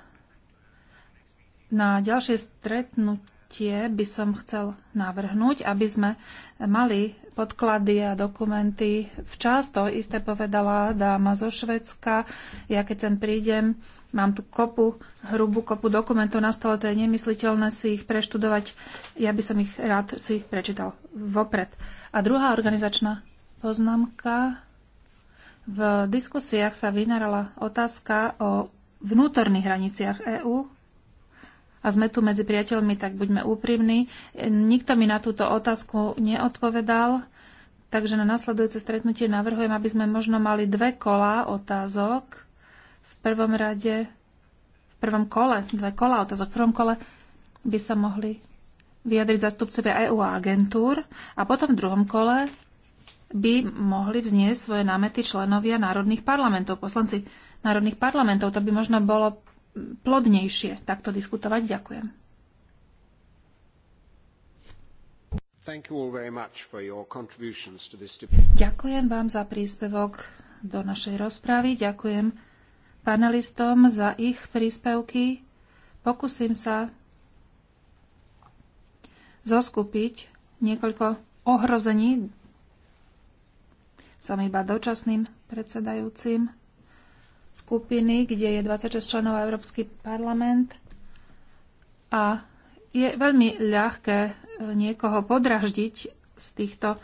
Na ďalšie stretnutie by som chcel navrhnúť, aby sme mali podklady a dokumenty včas. To isté povedala dáma zo Švedska. Ja keď sem prídem, mám tu kopu, hrubú kopu dokumentov na stole, to je nemysliteľné si ich preštudovať. Ja by som ich rád si prečítal vopred. A druhá organizačná poznámka. V diskusiách sa vynarala otázka o vnútorných hraniciach EÚ a sme tu medzi priateľmi, tak buďme úprimní. Nikto mi na túto otázku neodpovedal, takže na nasledujúce stretnutie navrhujem, aby sme možno mali dve kola otázok. V prvom rade, v prvom kole, dve kola otázok. V prvom kole by sa mohli vyjadriť zastupcovia EU a agentúr a potom v druhom kole by mohli vznieť svoje námety členovia národných parlamentov, poslanci národných parlamentov. To by možno bolo plodnejšie takto diskutovať. Ďakujem. Ďakujem vám za príspevok do našej rozpravy. Ďakujem panelistom za ich príspevky. Pokúsim sa zoskupiť niekoľko ohrození. Som iba dočasným predsedajúcim skupiny, kde je 26 členov Európsky parlament a je veľmi ľahké eh, niekoho podraždiť z týchto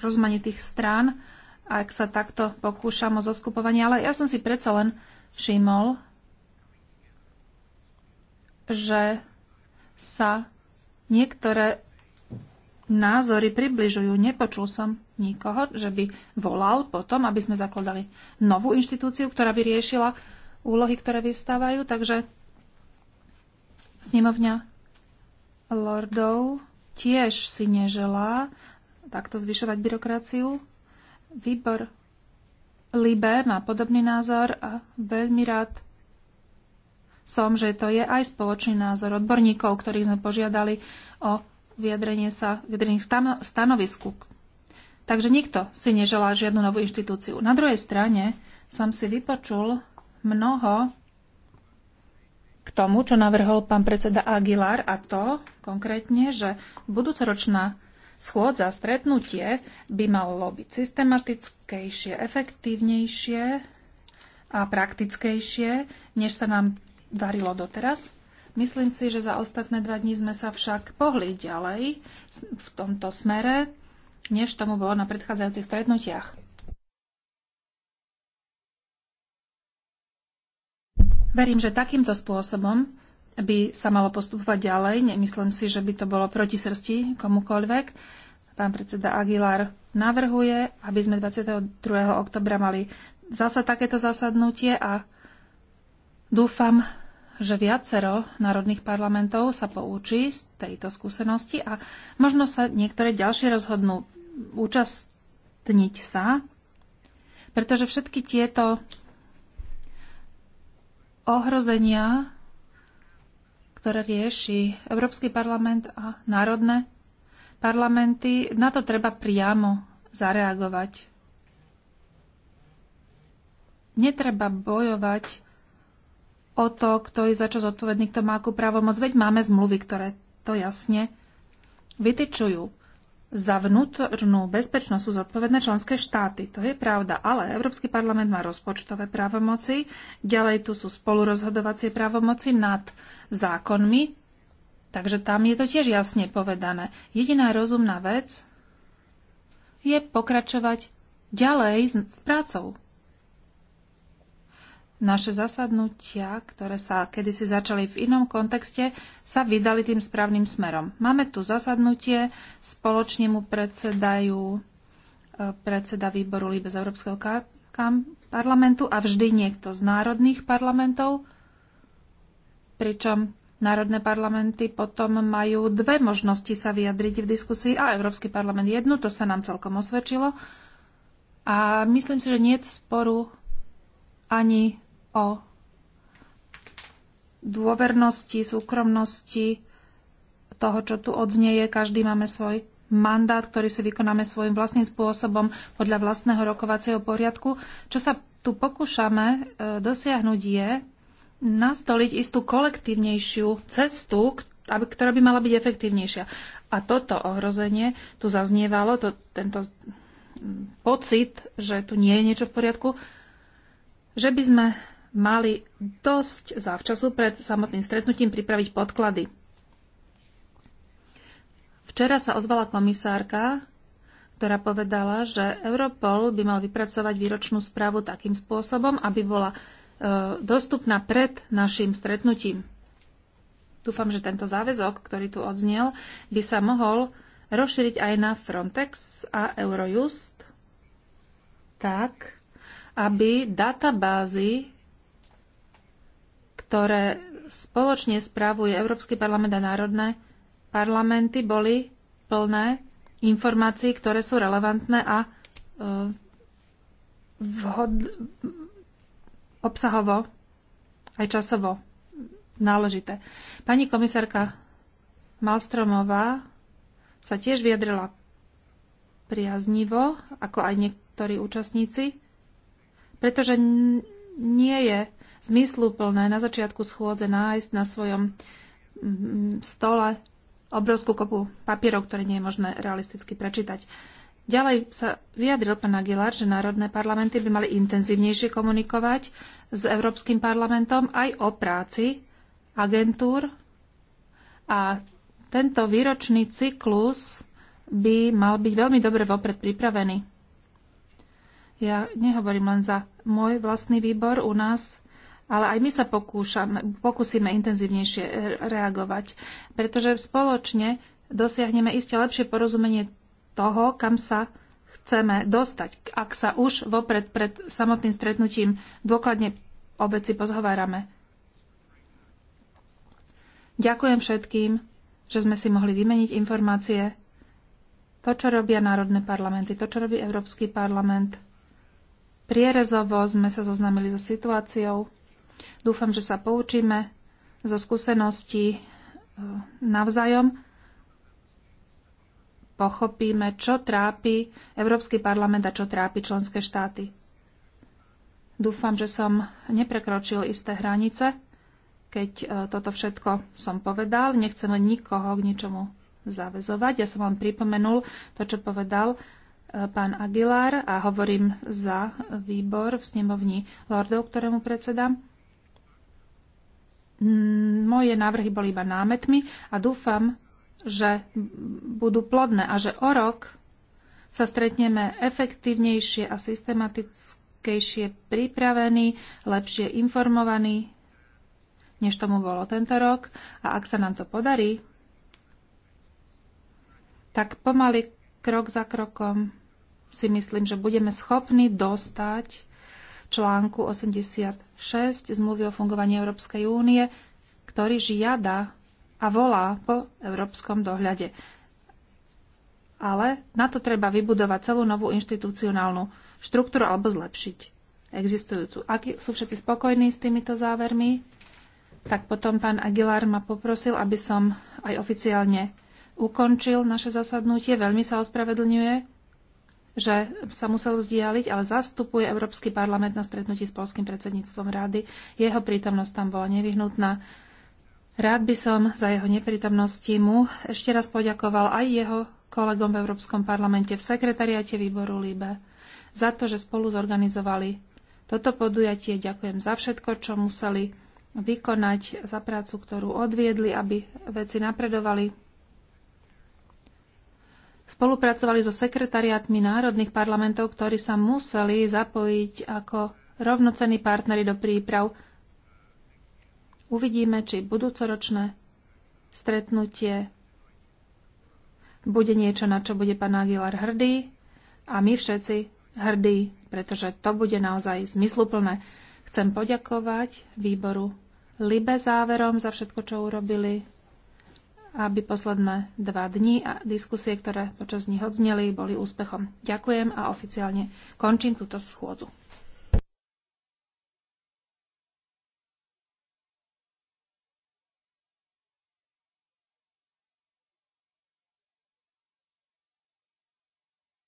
rozmanitých strán, ak sa takto pokúšam o zoskupovanie. Ale ja som si predsa len všimol, že sa niektoré názory približujú. Nepočul som nikoho, že by volal potom, aby sme zakladali novú inštitúciu, ktorá by riešila úlohy, ktoré vyvstávajú. Takže snemovňa lordov tiež si neželá takto zvyšovať byrokraciu. Výbor Libe má podobný názor a veľmi rád som, že to je aj spoločný názor odborníkov, ktorých sme požiadali o vyjadrenie sa, vyjadrenie stanovisku Takže nikto si neželá žiadnu novú inštitúciu. Na druhej strane som si vypočul mnoho k tomu, čo navrhol pán predseda Aguilar a to konkrétne, že budúcoročná schôdza, stretnutie by malo byť systematickejšie, efektívnejšie a praktickejšie, než sa nám darilo doteraz. Myslím si, že za ostatné dva dní sme sa však pohli ďalej v tomto smere než tomu bolo na predchádzajúcich stretnutiach. Verím, že takýmto spôsobom by sa malo postupovať ďalej. Nemyslím si, že by to bolo proti srsti komukoľvek. Pán predseda Aguilar navrhuje, aby sme 22. oktobra mali zasa takéto zasadnutie a dúfam, že viacero národných parlamentov sa poučí z tejto skúsenosti a možno sa niektoré ďalšie rozhodnú účastniť sa, pretože všetky tieto ohrozenia, ktoré rieši Európsky parlament a národné parlamenty, na to treba priamo zareagovať. Netreba bojovať o to, kto je za čo zodpovedný, kto má akú právomoc. Veď máme zmluvy, ktoré to jasne vytyčujú. Za vnútornú bezpečnosť sú zodpovedné členské štáty. To je pravda, ale Európsky parlament má rozpočtové právomoci, ďalej tu sú spolurozhodovacie právomoci nad zákonmi, takže tam je to tiež jasne povedané. Jediná rozumná vec je pokračovať ďalej s prácou naše zasadnutia, ktoré sa kedysi začali v inom kontexte, sa vydali tým správnym smerom. Máme tu zasadnutie, spoločne mu predsedajú e, predseda výboru Líbe z Európskeho parlamentu a vždy niekto z národných parlamentov, pričom národné parlamenty potom majú dve možnosti sa vyjadriť v diskusii a Európsky parlament jednu, to sa nám celkom osvedčilo. A myslím si, že nie je sporu ani o dôvernosti, súkromnosti toho, čo tu odznieje. Každý máme svoj mandát, ktorý si vykonáme svojim vlastným spôsobom podľa vlastného rokovacieho poriadku. Čo sa tu pokúšame e, dosiahnuť je nastoliť istú kolektívnejšiu cestu, ktorá by mala byť efektívnejšia. A toto ohrozenie tu zaznievalo, to, tento pocit, že tu nie je niečo v poriadku, že by sme mali dosť zavčasu pred samotným stretnutím pripraviť podklady. Včera sa ozvala komisárka, ktorá povedala, že Europol by mal vypracovať výročnú správu takým spôsobom, aby bola e, dostupná pred našim stretnutím. Dúfam, že tento záväzok, ktorý tu odznel, by sa mohol rozšíriť aj na Frontex a Eurojust tak, aby databázy ktoré spoločne správuje Európsky parlament a národné parlamenty, boli plné informácií, ktoré sú relevantné a e, vhod, obsahovo aj časovo náležité. Pani komisárka Malstromová sa tiež vyjadrila priaznivo, ako aj niektorí účastníci, pretože nie je zmysluplné na začiatku schôdze nájsť na svojom mm, stole obrovskú kopu papierov, ktoré nie je možné realisticky prečítať. Ďalej sa vyjadril pán Aguilar, že národné parlamenty by mali intenzívnejšie komunikovať s Európskym parlamentom aj o práci agentúr a tento výročný cyklus by mal byť veľmi dobre vopred pripravený. Ja nehovorím len za môj vlastný výbor. U nás ale aj my sa pokúšame, pokúsime intenzívnejšie e, reagovať, pretože spoločne dosiahneme iste lepšie porozumenie toho, kam sa chceme dostať, ak sa už vopred pred samotným stretnutím dôkladne o veci pozhovárame. Ďakujem všetkým, že sme si mohli vymeniť informácie. To, čo robia národné parlamenty, to, čo robí Európsky parlament. Prierezovo sme sa zoznamili so situáciou. Dúfam, že sa poučíme zo skúseností e, navzájom, pochopíme, čo trápi Európsky parlament a čo trápi členské štáty. Dúfam, že som neprekročil isté hranice, keď e, toto všetko som povedal. Nechcem len nikoho k ničomu zavezovať. Ja som vám pripomenul to, čo povedal e, pán Aguilar a hovorím za výbor v snemovni lordov, ktorému predsedám. Mm, moje návrhy boli iba námetmi a dúfam, že budú plodné a že o rok sa stretneme efektívnejšie a systematickejšie pripravení, lepšie informovaní, než tomu bolo tento rok. A ak sa nám to podarí, tak pomaly krok za krokom si myslím, že budeme schopní dostať článku 86 zmluvy o fungovaní Európskej únie, ktorý žiada a volá po európskom dohľade. Ale na to treba vybudovať celú novú inštitucionálnu štruktúru alebo zlepšiť existujúcu. Ak sú všetci spokojní s týmito závermi, tak potom pán Aguilar ma poprosil, aby som aj oficiálne ukončil naše zasadnutie. Veľmi sa ospravedlňuje že sa musel vzdialiť, ale zastupuje Európsky parlament na stretnutí s polským predsedníctvom rady. Jeho prítomnosť tam bola nevyhnutná. Rád by som za jeho neprítomnosti mu ešte raz poďakoval aj jeho kolegom v Európskom parlamente v sekretariate výboru LIBE za to, že spolu zorganizovali toto podujatie. Ďakujem za všetko, čo museli vykonať, za prácu, ktorú odviedli, aby veci napredovali spolupracovali so sekretariátmi národných parlamentov, ktorí sa museli zapojiť ako rovnocenní partnery do príprav. Uvidíme, či budúcoročné stretnutie bude niečo, na čo bude pán Aguilar hrdý a my všetci hrdí, pretože to bude naozaj zmysluplné. Chcem poďakovať výboru Libe záverom za všetko, čo urobili aby posledné dva dni a diskusie, ktoré počas nich odzneli, boli úspechom. Ďakujem a oficiálne končím túto schôdzu.